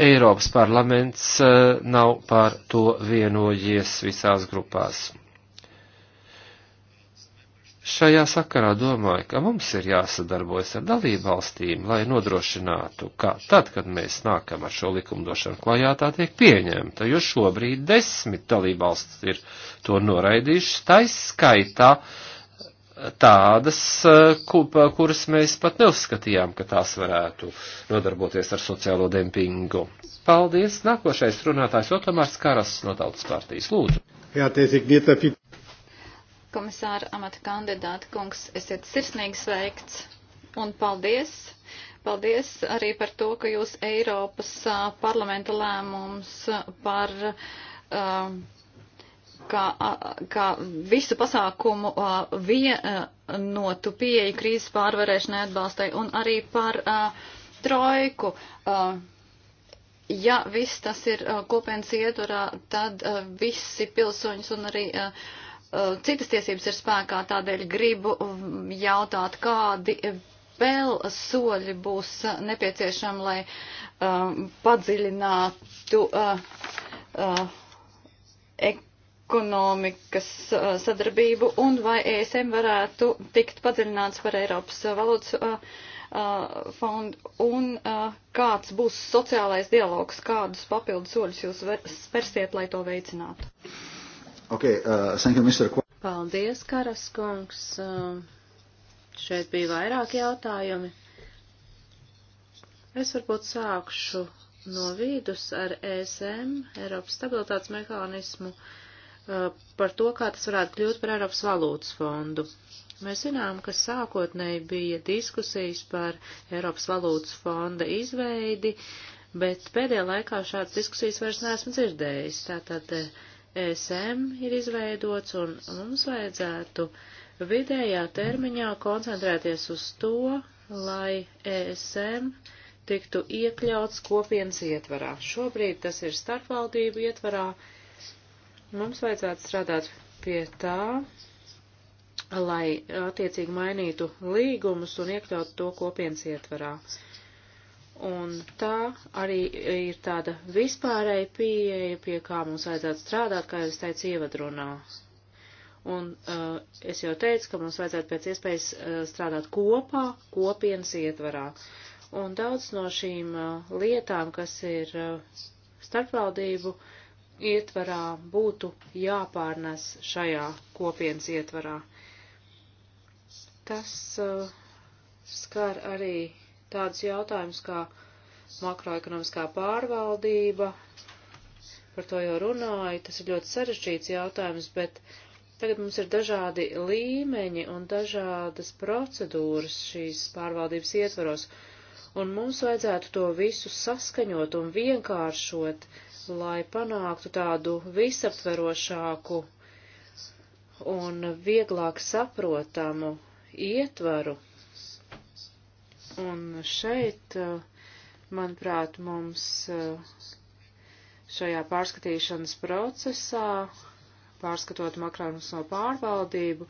Eiropas parlaments eh, nav par to vienojies visās grupās Šajā sakarā domāju, ka mums ir jāsadarbojas ar dalību valstīm, lai nodrošinātu, ka tad, kad mēs nākam ar šo likumdošanu klajā, tā tiek pieņemta, jo šobrīd desmit dalību valsts ir to noraidījušas, taiskaitā tādas, eh, kuras mēs pat neuzskatījām, ka tās varētu nodarboties ar sociālo dempingu. Paldies! Nākošais runātājs Otomārs Karas no Tautas partijas. Lūdzu! Jā, tiesīgi, komisāra amata kandidāta kungs, esiet sirsnīgi sveikts un paldies! Paldies arī par to, ka jūs Eiropas parlamenta lēmums par kā, kā visu pasākumu vienotu pieeju krīzes pārvarēšanai atbalstai un arī par trojku ja viss tas ir kopienas ietvarā, tad visi pilsoņus un arī uh, Eh, citas tiesības ir spēkā, tādēļ gribu mm, jautāt, kādi vēl soļi būs nepieciešami, lai uh, padziļinātu uh, uh, ekonomikas uh, sadarbību un vai ESM varētu tikt padziļināts par Eiropas valodas uh, uh, fondu un uh, kāds būs sociālais dialogs, kādus papildus soļus jūs spērsiet, lai to veicinātu. Okay, uh, thank you, Mr. Qu Paldies, Karas kungs. Uh, šeit bija vairāk jautājumi. Es varbūt sākšu no vīdus ar ESM, Eiropas stabilitātes mehānismu, uh, par to, kā tas varētu kļūt par Eiropas valūtas fondu. Mēs zinām, ka sākotnēji bija diskusijas par Eiropas valūtas fonda izveidi, bet pēdējā laikā šādas diskusijas vairs neesmu dzirdējis. Tātad ESM ir izveidots, un mums vajadzētu vidējā termiņā koncentrēties uz to, lai ESM tiktu iekļauts kopienas ietvarā. Šobrīd tas ir starpvaldību ietvarā. Mums vajadzētu strādāt pie tā, lai attiecīgi mainītu līgumus un iekļautu to kopienas ietvarā. Uh, Un tā arī ir tāda vispārēja pieeja, pie kā mums vajadzētu strādāt, kā es teicu ievadrunā. Un uh, es jau teicu, ka mums vajadzētu pēc iespējas uh, strādāt kopā, kopienas ietvarā. Un daudz no šīm uh, lietām, kas ir uh, starpvaldību ietvarā, būtu jāpārnes šajā kopienas ietvarā. Tas uh, skar arī tādus jautājumus kā makroekonomiskā pārvaldība, par to jau runāju, tas ir ļoti sarežģīts jautājums, bet tagad mums ir dažādi līmeņi un dažādas procedūras šīs pārvaldības ietvaros, un mums vajadzētu to visu saskaņot un vienkāršot, lai panāktu tādu visaptverošāku un vieglāk saprotamu ietvaru Un šeit, eh, manuprāt, mums eh, šajā pārskatīšanas procesā, pārskatot Makronas no pārvaldību,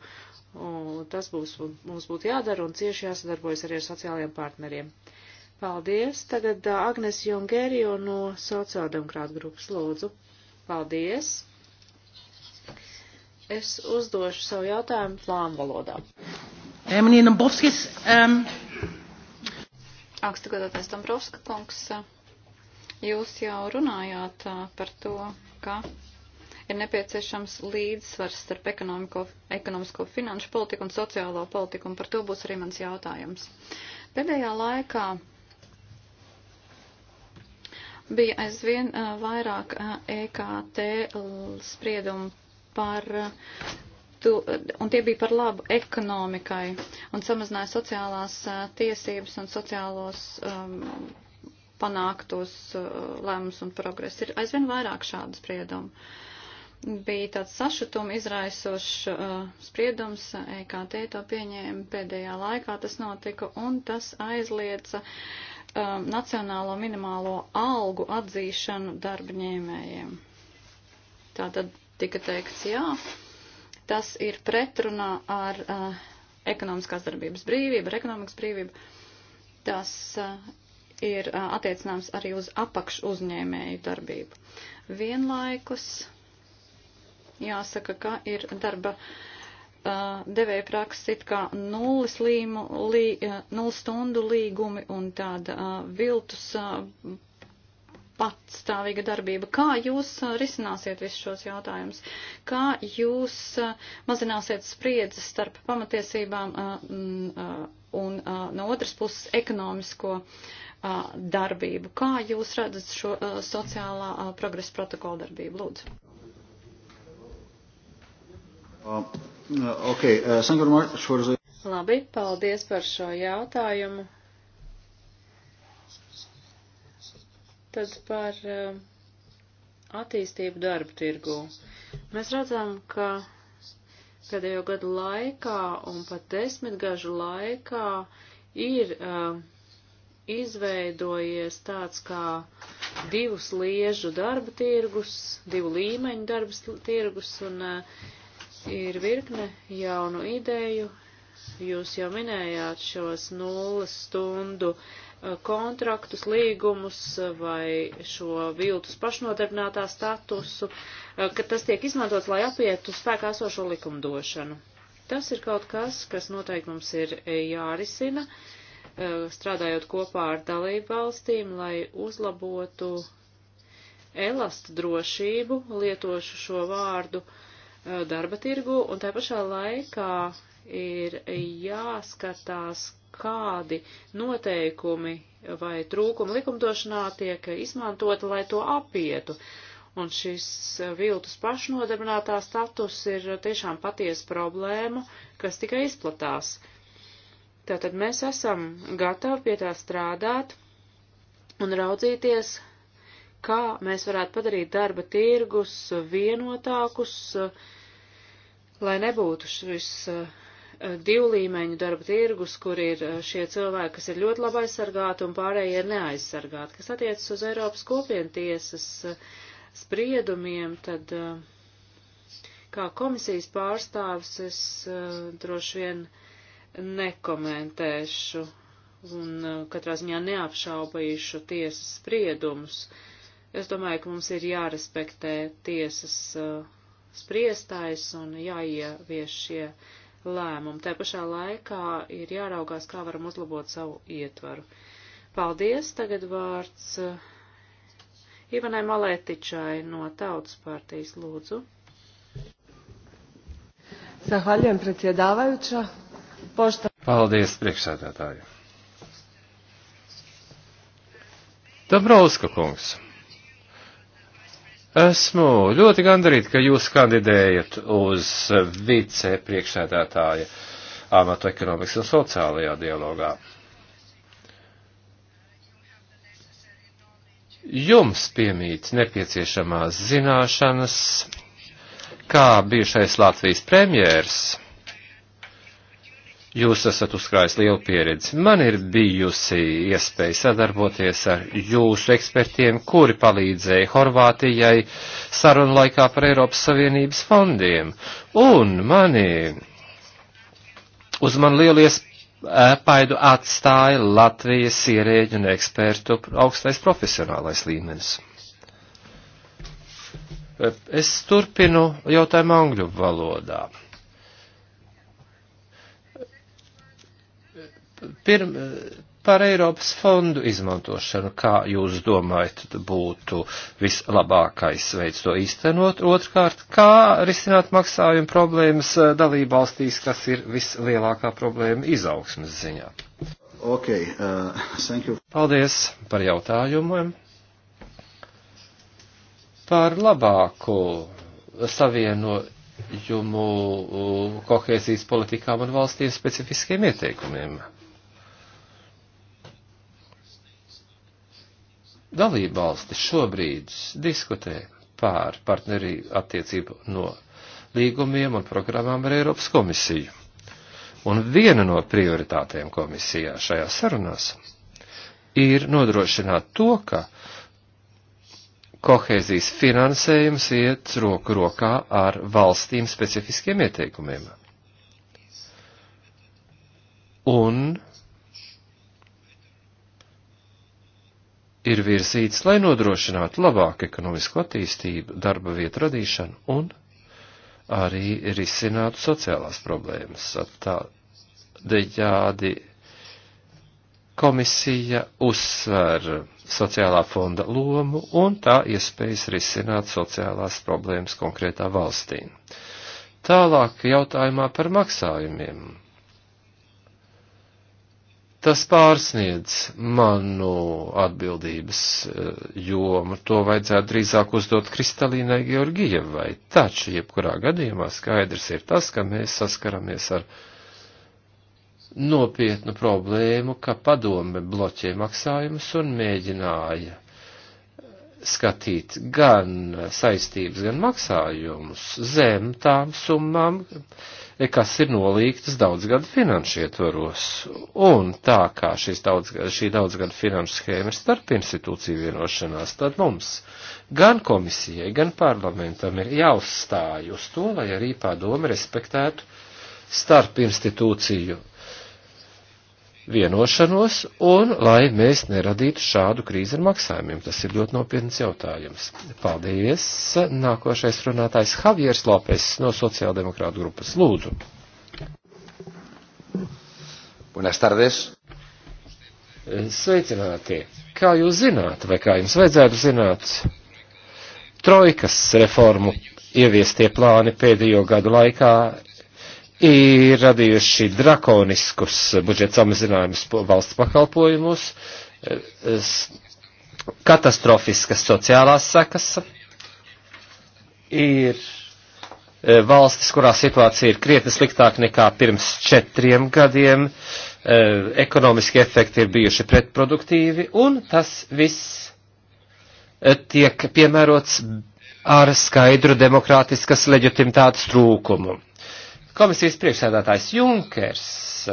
tas būs, mums būtu jādara un cieši jāsadarbojas arī ar sociālajiem partneriem. Paldies! Tagad eh, Agnes Jongerio no sociāldemokrāta grupas lūdzu. Paldies! Es uzdošu savu jautājumu plānu valodā. Meneer Nambovskis, um, ehm, Augsta godātais Dombrovska kungs, jūs jau runājāt uh, par to, ka ir nepieciešams līdzsvars starp ekonomiko, ekonomisko finanšu politiku un sociālo politiku, un par to būs arī mans jautājums. Pēdējā laikā bija aizvien uh, vairāk uh, EKT spriedumu par tu, un tie bija par labu ekonomikai un samazināja sociālās uh, tiesības un sociālos um, panāktos uh, lēmumus un progresu. Ir aizvien vairāk šādu spriedumu. Bija tāds sašutuma izraisošs uh, spriedums, EKT to pieņēma pēdējā laikā, tas notika, un tas aizlieca um, nacionālo minimālo algu atzīšanu darba ņēmējiem. Tātad tika teikts, jā, uh, Tas ir pretrunā ar uh, ekonomiskās darbības brīvību, ar ekonomikas brīvību. Tas uh, ir uh, attiecināms arī uz apakš uzņēmēju darbību. Vienlaikus jāsaka, ka ir darba uh, devēja praksa it kā nulles, līmu, lī, uh, nulles stundu līgumi un tāda uh, viltus uh, patstāvīga darbība. Kā jūs risināsiet visus šos jautājumus? Kā jūs mazināsiet spriedzes starp pamatiesībām un no otras puses ekonomisko darbību? Kā jūs redzat šo sociālā progresa protokola darbību? Lūdzu. Uh, okay. uh, Labi, paldies par šo jautājumu. Tad par uh, attīstību darba tirgū. Mēs redzam, ka pēdējo gadu laikā un pat desmitgažu laikā ir uh, izveidojies tāds kā divu sliežu darba tirgus, divu līmeņu darba tirgus un uh, ir virkne jaunu ideju. Jūs jau minējāt šos nulles stundu uh, Eh, kontraktus, līgumus eh, vai šo viltus pašnodarbinātā statusu, eh, ka tas tiek izmantots, lai apietu spēkā esošo likumdošanu. Tas ir kaut kas, kas noteikti mums ir jārisina, strādājot kopā ar dalību valstīm, lai uzlabotu elastu drošību, lietošu šo vārdu darba tirgu, un tā pašā laikā ir jāskatās, kādi noteikumi vai trūkumi likumdošanā tiek izmantoti, lai to apietu. Un šis viltus pašnodarbinātā status ir tiešām patiesa problēma, kas tikai izplatās. Tātad mēs esam gatavi pie tā strādāt un raudzīties, kā mēs varētu padarīt darba tirgus vienotākus, lai nebūtu šis uh, Eh, divlīmeņu darba tirgus, kur ir eh, šie cilvēki, kas ir ļoti labi aizsargāti un pārējie ir neaizsargāti. Kas attiecas uz Eiropas kopientiesas eh, spriedumiem, tad kā komisijas pārstāvis es droši vien nekomentēšu un katrā ziņā neapšaubīšu tiesas spriedumus. Es domāju, ka mums ir jārespektē tiesas spriestais un jāievieš šie lēmumu. Tā pašā laikā ir jāraugās, kā varam uzlabot savu ietvaru. Paldies! Tagad vārds eh, Ivanai Maletičai no Tautas partijas lūdzu. Zahvaljujem predsjedavajuća. Pošta... Paldies, priekšsēdētāji. Dabrauska kungs. Esmu ļoti gandarīti, ka jūs kandidējat uz vice priekšsēdētāja amatu ekonomikas un sociālajā dialogā. Jums piemīt nepieciešamās zināšanas, kā bijušais Latvijas premjērs Jūs esat uzkrājis lielu pieredzi. Man ir bijusi iespēja sadarboties ar jūsu ekspertiem, kuri palīdzēja Horvātijai sarunu laikā par Eiropas Savienības fondiem. Un mani, uz man lielu iespaidu atstāja Latvijas ierēģu un ekspertu augstais profesionālais līmenis. Es turpinu jautājumu angļu valodā. pirm, par Eiropas fondu izmantošanu, kā jūs domājat, būtu vislabākais veids to īstenot? Otrkārt, kā risināt maksājumu problēmas dalībvalstīs, kas ir vislielākā problēma izaugsmas ziņā? Okay, uh, thank you. Paldies par jautājumiem. Par labāku savienojumu kohēzijas politikām un valstīm specifiskiem ieteikumiem. Dalība valstis šobrīd diskutē pār partnerību attiecību no līgumiem un programmām ar Eiropas komisiju. Un viena no prioritātēm komisijā šajā sarunās ir nodrošināt to, ka kohēzijas finansējums iet roku rokā ar valstīm specifiskiem ieteikumiem. Un ir virzīts, lai nodrošinātu labāku ekonomisku attīstību, darba vietu radīšanu un arī risinātu sociālās problēmas. Tādējādi komisija uzsver sociālā fonda lomu un tā iespējas risināt sociālās problēmas konkrētā valstī. Tālāk jautājumā par maksājumiem. Tas pārsniedz manu atbildības eh, jomu, to vajadzētu drīzāk uzdot Kristalīnai Georgijevai, taču jebkurā gadījumā skaidrs ir tas, ka mēs saskaramies ar nopietnu problēmu, ka padome bloķē maksājumus un mēģināja skatīt gan saistības, gan maksājumus zem tām summām, uh, kas ir nolīgtas daudzgadu finanšu ietvaros. Un tā kā daudzgad, šī daudzgadu finanšu schēma ir starp institūciju vienošanās, tad mums gan komisijai, gan parlamentam ir jāuzstāj uz to, lai arī padome respektētu starp institūciju vienošanos un lai mēs neradītu šādu krīzi ar maksājumiem. Tas ir ļoti nopietns jautājums. Paldies. Nākošais runātājs Javiers Lopes no sociāldemokrātu grupas. Lūdzu. Buenas tardes. Sveicināti. Kā jūs zināt, vai kā jums vajadzētu zināt, trojkas reformu ieviestie plāni pēdējo gadu laikā ir radījuši drakoniskus budžeta samazinājumus valsts pakalpojumus, katastrofiskas sociālās sekas, ir e, valstis, kurā situācija ir krietni sliktāka nekā pirms četriem gadiem, e, ekonomiski efekti ir bijuši pretproduktīvi, un tas viss e, tiek piemērots ar skaidru demokrātiskas leģitimitātes trūkumu Komisijas priekšsēdētājs Junkers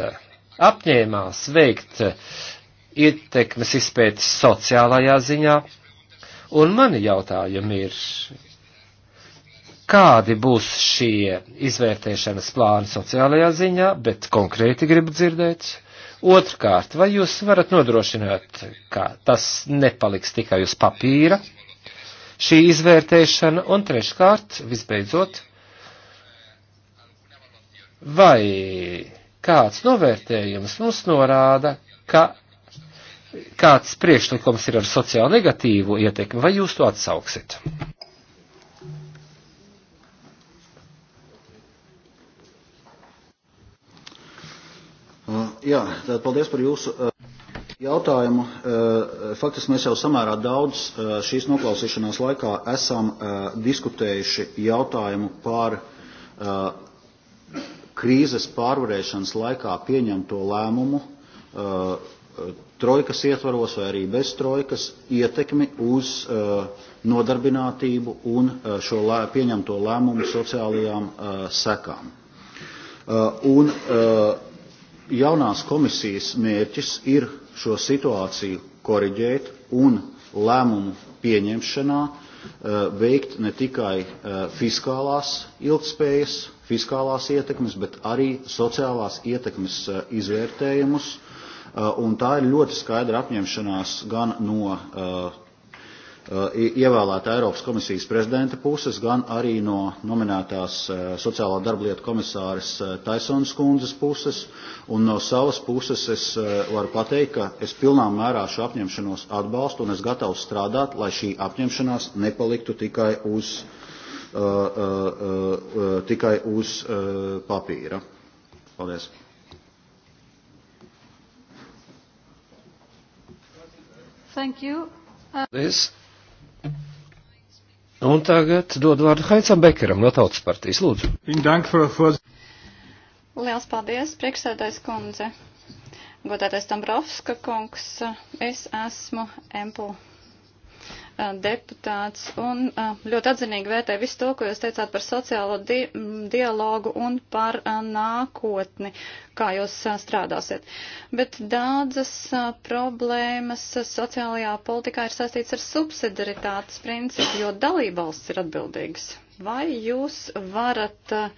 eh, apņēmās veikt eh, ietekmes izpēti sociālajā ziņā, un mani jautājumi ir, kādi būs šie izvērtēšanas plāni sociālajā ziņā, bet konkrēti gribu dzirdēt. Otrkārt, vai jūs varat nodrošināt, ka tas nepaliks tikai uz papīra, šī izvērtēšana, un treškārt, visbeidzot, vai kāds novērtējums mums norāda, ka kāds priekšlikums ir ar sociāli negatīvu ietekmi, vai jūs to atsauksiet? Uh, jā, tad paldies par jūsu uh, jautājumu. Uh, faktiski mēs jau samērā daudz šīs noklausīšanās laikā esam diskutējuši jautājumu par krīzes pārvarēšanas laikā pieņemto lēmumu uh, uh, trojkas ietvaros vai arī bez trojkas ietekmi uz uh, nodarbinātību un šo lē, pieņemto lēmumu sociālajām sekām. Un jaunās komisijas mērķis ir šo situāciju koriģēt un lēmumu pieņemšanā uh, Eh, veikt ne tikai eh, fiskālās ilgspējas, fiskālās ietekmes, bet arī sociālās ietekmes eh, izvērtējumus. Un tā ir ļoti skaidra apņemšanās gan no Uh, ievēlēta Eiropas komisijas prezidenta puses, gan arī no nominētās uh, sociālā darba lietu komisāras uh, Taisonas kundzes puses. Un no savas puses es varu pateikt, ka es pilnā mērā šo apņemšanos atbalstu un es gatavs strādāt, lai šī apņemšanās nepaliktu tikai uz, uh, uh, uh, tikai uz uh, papīra. Paldies. Thank you. Paldies. Un tagad dod vārdu Haicam Bekeram no Tautas partijas. Lūdzu. Liels paldies, priekšsēdājs kundze. Godātais Dombrovska kungs, es esmu Empula deputāts un ļoti atzinīgi vērtēju visu to, ko jūs teicāt par sociālo di dialogu un par nākotni, kā jūs strādāsiet. Bet daudzas problēmas sociālajā politikā ir saistīts ar subsidiaritātes principu, jo dalībvalsts ir atbildīgs. Vai jūs varat uh,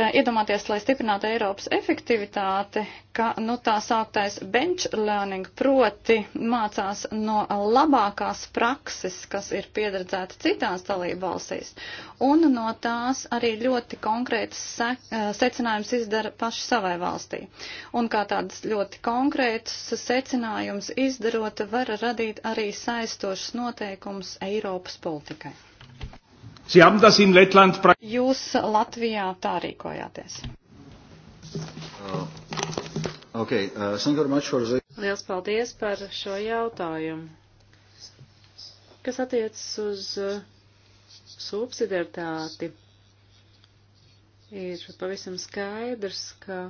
Eh, iedomāties, lai stiprinātu Eiropas efektivitāti, ka nu, tā sauktais bench learning proti mācās no labākās prakses, kas ir pieredzēta citās dalību valstīs, un no tās arī ļoti konkrētas se, eh, secinājums izdara paši savai valstī. Un kā tādas ļoti konkrētas secinājums izdarot, var radīt arī saistošas noteikums Eiropas politikai. Sie haben das in Lettland Jūs Latvijā tā rīkojāties. Uh, okay, uh, the... Liels paldies par šo jautājumu. Kas attiecas uz uh, subsidiaritāti, ir pavisam skaidrs, ka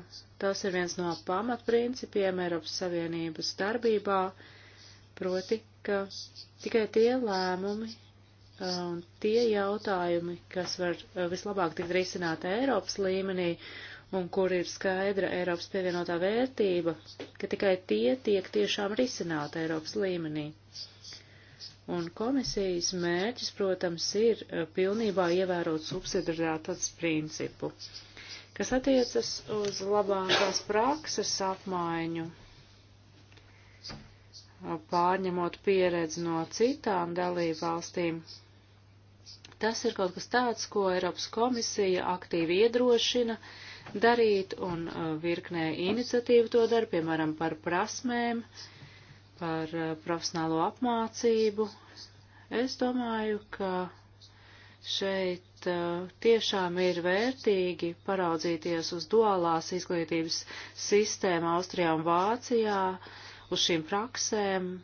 tas ir viens no pamatprincipiem Eiropas Savienības darbībā, proti, ka tikai tie lēmumi, Un tie jautājumi, kas var eh, vislabāk tikt risināt Eiropas līmenī un kur ir skaidra Eiropas pievienotā vērtība, ka tikai tie tiek tiešām risināti Eiropas līmenī. Un komisijas mērķis, protams, ir eh, pilnībā ievērot subsidiarātas principu, kas attiecas uz labākās prakses apmaiņu eh, pārņemot pieredzi no citām dalībvalstīm, Tas ir kaut kas tāds, ko Eiropas komisija aktīvi iedrošina darīt, un uh, virknē iniciatīvu to dara, piemēram, par prasmēm, par uh, profesionālo apmācību. Es domāju, ka šeit uh, tiešām ir vērtīgi paraudzīties uz duālās izglītības sistēmu Austrijā un Vācijā, uz šīm praksēm,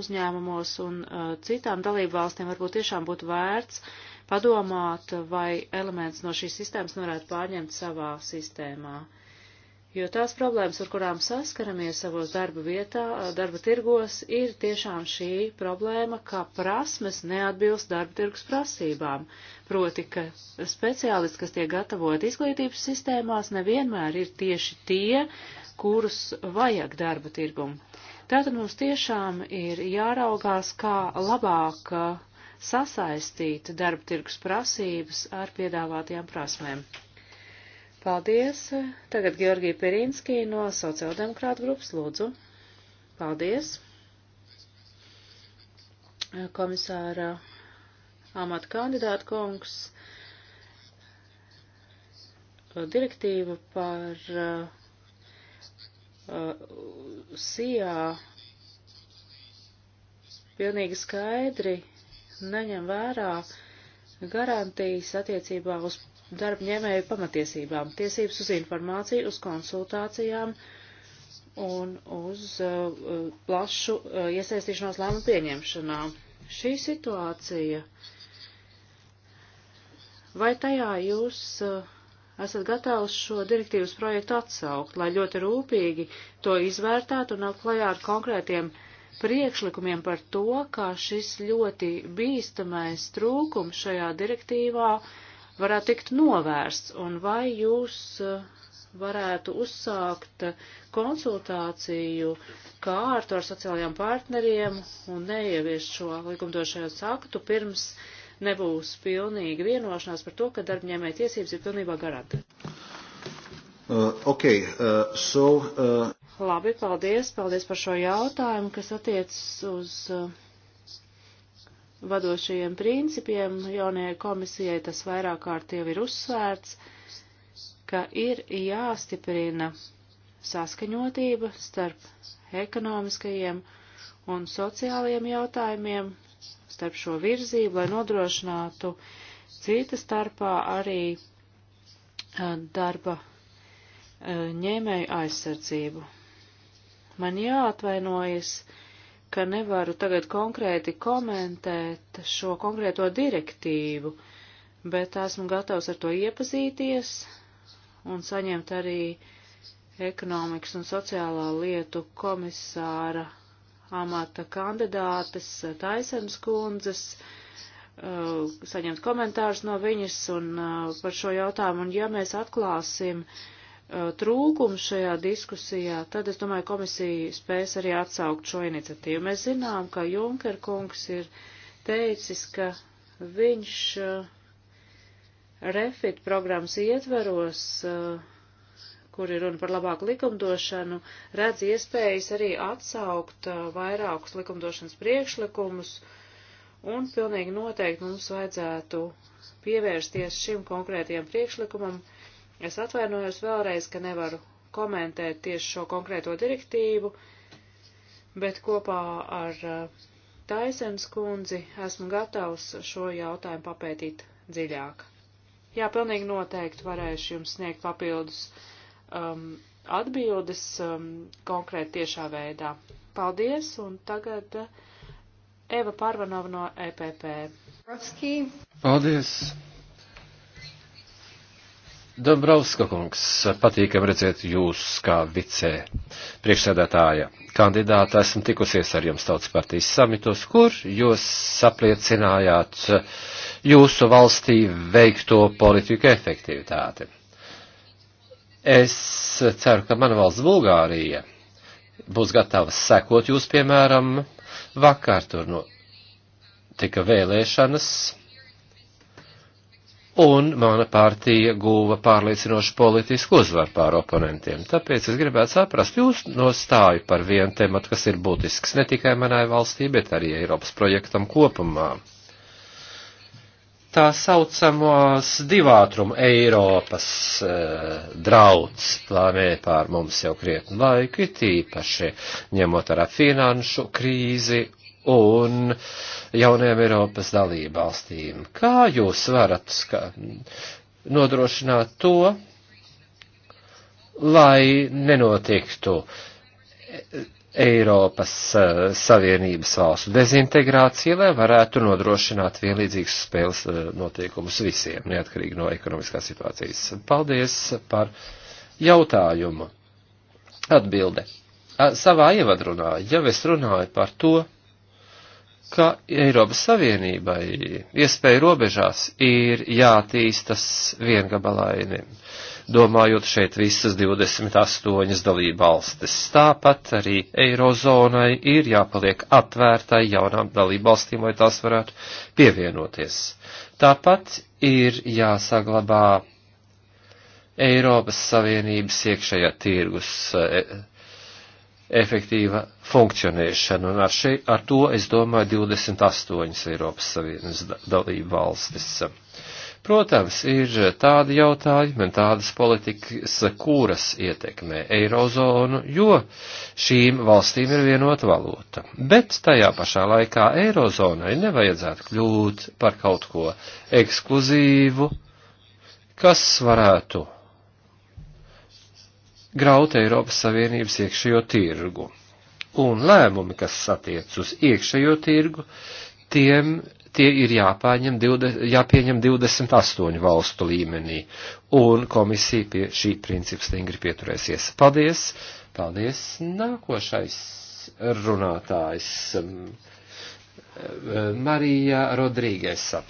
uzņēmumos un uh, citām dalību valstīm varbūt tiešām būtu vērts padomāt, vai elements no šīs sistēmas varētu pārņemt savā sistēmā. Jo tās problēmas, ar kurām saskaramies savos darba vietā, uh, darba tirgos, ir tiešām šī problēma, ka prasmes neatbilst darba tirgus prasībām. Proti, ka speciālisti, kas tiek gatavot izglītības sistēmās, nevienmēr ir tieši tie, kurus vajag darba tirgumu Tātad mums tiešām ir jāraugās, kā labāk uh, sasaistīt darba tirgus prasības ar piedāvātajām prasmēm. Paldies. Tagad Georgija Pirinskī no sociāldemokrāta grupas lūdzu. Paldies. Komisāra amata kandidāta kungs direktīva par uh, Uh, sijā pilnīgi skaidri neņem vērā garantijas attiecībā uz darbņēmēju pamatiesībām, tiesības uz informāciju, uz konsultācijām un uz uh, plašu uh, iesaistīšanos lēmumu pieņemšanā. Šī situācija, vai tajā jūs uh, esat gatavs šo direktīvas projektu atsaukt, lai ļoti rūpīgi to izvērtētu un nāk klajā ar konkrētiem priekšlikumiem par to, kā šis ļoti bīstamais trūkums šajā direktīvā varētu tikt novērsts, un vai jūs eh, varētu uzsākt konsultāciju kārtu ar sociālajiem partneriem un neieviest šo likumdošajos aktu pirms uh, nebūs pilnīga vienošanās par to, ka darbņēmēja tiesības ir pilnībā garantētas. Uh, okay, uh, so, uh... Labi, paldies, paldies par šo jautājumu, kas attiecas uz uh, vadošajiem principiem jaunajai komisijai. Tas vairāk kārt jau ir uzsvērts, ka ir jāstiprina saskaņotība starp ekonomiskajiem un sociālajiem jautājumiem, starp šo virzību, lai nodrošinātu cita starpā arī darba ņēmēju aizsardzību. Man jāatvainojas, ka nevaru tagad konkrēti komentēt šo konkrēto direktīvu, bet esmu gatavs ar to iepazīties un saņemt arī ekonomikas un sociālā lietu komisāra amata kandidātes Taisens kundzes, uh, saņemt komentārus no viņas un uh, par šo jautājumu. Un ja mēs atklāsim uh, trūkumu šajā diskusijā, tad es domāju, komisija spēs arī atsaukt šo iniciatīvu. Mēs zinām, ka Junker kungs ir teicis, ka viņš refit programmas ietveros uh, kur ir runa par labāku likumdošanu, redz iespējas arī atsaukt uh, vairākus likumdošanas priekšlikumus, un pilnīgi noteikti mums vajadzētu pievērsties šim konkrētajam priekšlikumam. Es atvainojos vēlreiz, ka nevaru komentēt tieši šo konkrēto direktīvu, bet kopā ar uh, Taisens kundzi esmu gatavs šo jautājumu papētīt dziļāk. Jā, pilnīgi noteikti varēšu jums sniegt papildus uh, um, atbildes um, konkrēti tiešā veidā. Paldies, un tagad uh, Eva Parvanova no EPP. Paldies! Dombrovska kungs, patīkam redzēt jūs kā vicē priekšsēdētāja kandidāta. Esmu tikusies ar jums tautas partijas samitos, kur jūs apliecinājāt jūsu valstī veikto politiku efektivitāti. Es ceru, ka mana valsts Bulgārija būs gatava sekot jūs, piemēram, vakar tur no tika vēlēšanas, un mana partija guva pārliecinošu politisku uzvaru pār oponentiem. Tāpēc es gribētu saprast jūs nostāju par vienu tematu, kas ir būtisks ne tikai manai valstī, bet arī Eiropas projektam kopumā tā saucamos divātrumu Eiropas uh, drauds plānē pār mums jau krietnu laiku, it īpaši ņemot ar finanšu krīzi un jaunajām Eiropas dalību valstīm. Kā jūs varat ska, nodrošināt to, lai nenotiktu Eiropas eh, Savienības valstu dezintegrācija, lai varētu nodrošināt vienlīdzīgas spēles eh, notiekumus visiem, neatkarīgi no ekonomiskās situācijas. Paldies par jautājumu. Atbilde. Savā ievadrunā jau es runāju par to, ka Eiropas Savienībai iespēju robežās ir jātīstas viengabalaini. Uh, domājot šeit visas 28 dalība valstis. Tāpat arī Eirozonai ir jāpaliek atvērtai jaunām dalība valstīm, lai tās varētu pievienoties. Tāpat ir jāsaglabā Eiropas Savienības iekšējā tirgus e, efektīva funkcionēšana, un ar, še, ar to, es domāju, 28 Eiropas Savienības dalību valstis. Protams, ir tādi jautājumi un tādas politikas, kuras ietekmē eirozonu, jo šīm valstīm ir vienota valūta. Bet tajā pašā laikā eirozonai nevajadzētu kļūt par kaut ko ekskluzīvu, kas varētu graut Eiropas Savienības iekšējo tirgu. Un lēmumi, kas attiec uz iekšējo tirgu, tiem tie ir jāpieņem 20, jāpieņem 28 valstu līmenī, un komisija pie šī principa stingri pieturēsies. Paldies! Paldies! Nākošais runātājs um, uh, Marija Rodrīgesa.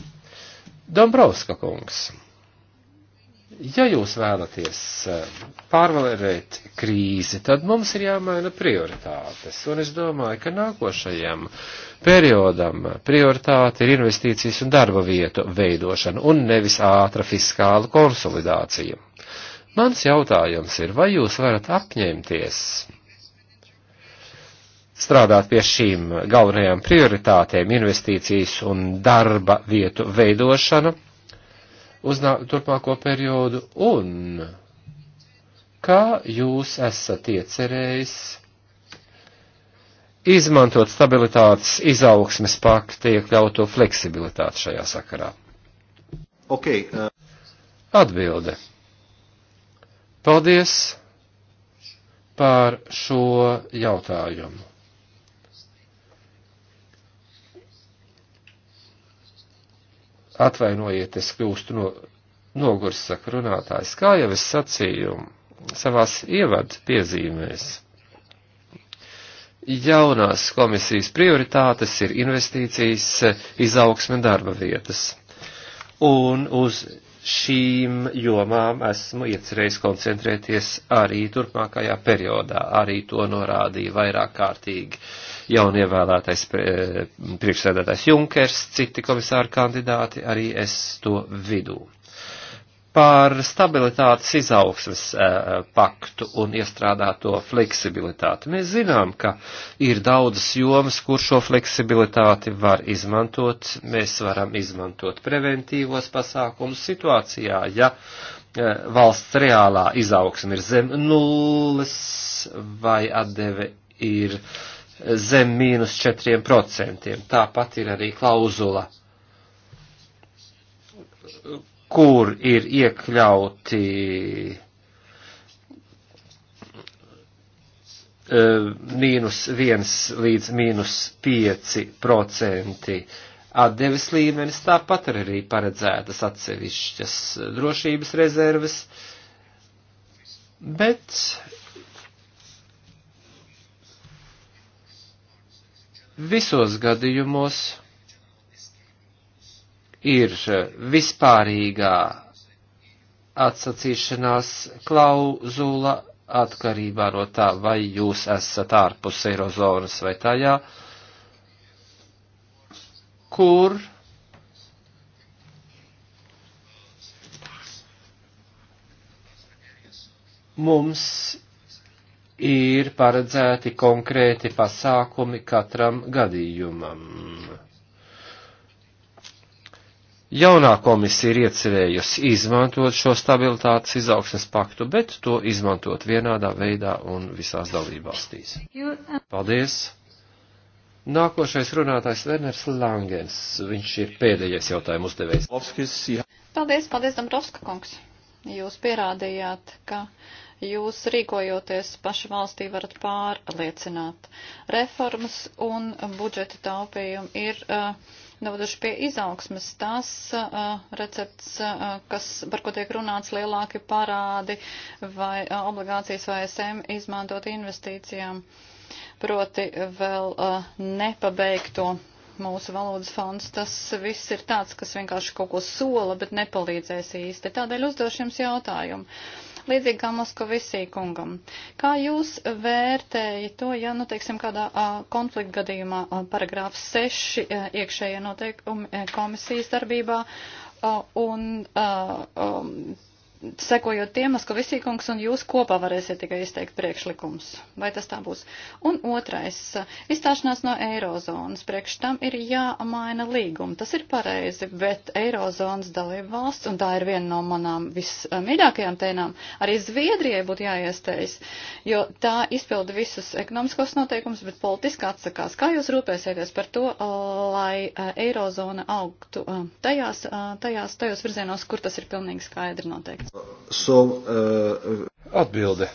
Dombrovska kungs. Ja jūs vēlaties eh, pārvarēt krīzi, tad mums ir jāmaina prioritātes, un es domāju, ka nākošajam periodam prioritāte ir investīcijas un darba vietu veidošana, un nevis ātra fiskāla konsolidācija. Mans jautājums ir, vai jūs varat apņemties strādāt pie šīm galvenajām prioritātēm - investīcijas un darba vietu veidošana? uz turpmāko periodu un kā jūs esat iecerējis izmantot stabilitātes izaugsmes pakti iekļauto fleksibilitāti šajā sakarā? Okay, uh... Atbilde. Paldies par šo jautājumu. Atvainojiet, es kļūstu no, nogurs, saka runātājs. Kā jau es sacīju savās ievadu piezīmēs, jaunās komisijas prioritātes ir investīcijas, izaugsme darba vietas. Un uz šīm jomām esmu iecerējis koncentrēties arī turpmākajā periodā. Arī to norādīja vairāk kārtīgi jaunievēlētais eh, priekšsēdētājs Junkers, citi komisāri kandidāti, arī es to vidū par stabilitātes izaugsmes eh, paktu un iestrādāto fleksibilitāti. Mēs zinām, ka ir daudzas jomas, kur šo fleksibilitāti var izmantot. Mēs varam izmantot preventīvos pasākumus situācijā, ja eh, valsts reālā izaugsme ir zem nulles vai atdeve ir eh, zem mīnus četriem procentiem. Tāpat ir arī klauzula kur ir iekļauti e, mīnus 1 līdz mīnus 5 procenti atdevis līmenis, tāpat ir arī paredzētas atsevišķas drošības rezerves, bet visos gadījumos ir vispārīgā atsacīšanās klauzula atkarībā no tā, vai jūs esat ārpus eirozonas vai tajā, kur mums ir paredzēti konkrēti pasākumi katram gadījumam. Jaunā komisija ir iecerējusi izmantot šo stabilitātes izaugsmes paktu, bet to izmantot vienādā veidā un visās dalībvalstīs. Uh, paldies! Nākošais runātājs Werners Langens, viņš ir pēdējais jautājumu uzdevējs. Paldies, paldies, Dombrovska kungs. Jūs pierādījāt, ka jūs rīkojoties paši valstī varat pārliecināt. Reformas un budžeta taupījumi ir uh, noveduši pie izaugsmes. Tas uh, recepts, uh, kas, par ko tiek runāts lielāki parādi vai uh, obligācijas vai SM izmantot investīcijām, proti vēl uh, nepabeigto mūsu valodas fonds, tas viss ir tāds, kas vienkārši kaut ko sola, bet nepalīdzēs īsti. Tādēļ uzdošu jums jautājumu. Uh, līdzīgi kā Moskovisī kungam. Kā jūs vērtējat to, ja, nu, teiksim, kādā a, konflikta gadījumā a, paragrāfs 6 a, iekšējie noteikumi komisijas darbībā a, un a, a, sekojot tiem, Maskavisīkungs un jūs kopā varēsiet tikai izteikt priekšlikums. Vai tas tā būs? Un otrais, izstāšanās no eirozonas. Priekš tam ir jāmaina līguma. Tas ir pareizi, bet eirozonas dalība valsts, un tā ir viena no manām vismīļākajām tēnām, arī Zviedrijai būtu jāiestējas, jo tā izpilda visus ekonomiskos noteikumus, bet politiski atsakās. Kā jūs rūpēsieties par to, uh, lai uh, eirozona augtu uh, tajās, tajās, tajos virzienos, kur tas ir pilnīgi skaidri noteikts? So, uh, Atbilde.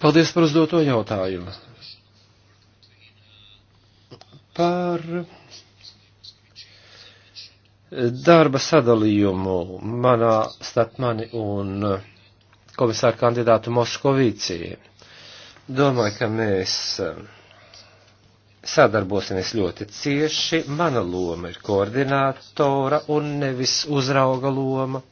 Paldies par uzdoto jautājumu. Par darba sadalījumu manā starp mani un komisāru kandidātu Moškovīciju. Domāju, ka mēs um, sadarbosimies ļoti cieši. Mana loma ir koordinātora un nevis uzrauga loma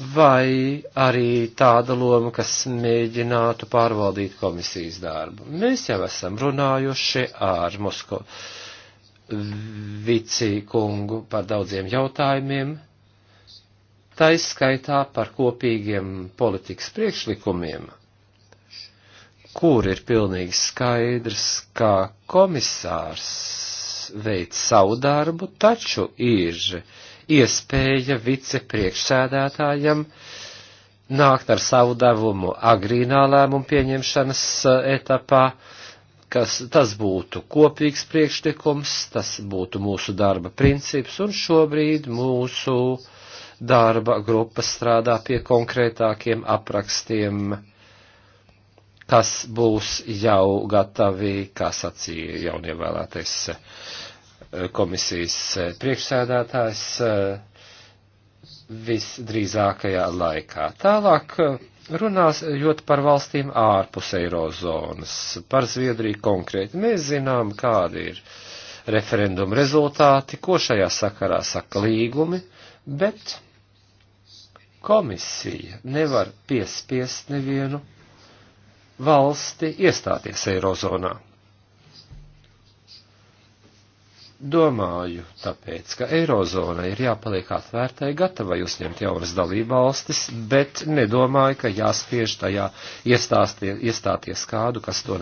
vai arī tāda loma, kas mēģinātu pārvaldīt komisijas darbu. Mēs jau esam runājuši ar Mosko Vici kungu par daudziem jautājumiem, taiskaitā par kopīgiem politikas priekšlikumiem, kur ir pilnīgi skaidrs, ka komisārs veic savu darbu, taču ir uh, iespēja vicepriekšsēdētājam nākt ar savu devumu agrīnā lēmumu pieņemšanas eh, etapā, kas tas būtu kopīgs priekšlikums, tas būtu mūsu darba princips, un šobrīd mūsu darba grupa strādā pie konkrētākiem aprakstiem, kas būs jau gatavi, kā sacīja jaunievēlētais komisijas eh, priekšsēdētājs eh, visdrīzākajā laikā. Tālāk eh, runās ļoti par valstīm ārpus eirozonas, par Zviedriju konkrēti. Mēs zinām, kādi ir referendumu rezultāti, ko šajā sakarā saka līgumi, bet komisija nevar piespiest nevienu valsti iestāties eirozonā. Domāju, tāpēc, ka Eirozona ir jāpaliek atvērtai, gatavai uzņemt jaunas dalībvalstis, bet nedomāju, ka jāspiež tajā iestāties kādu, kas to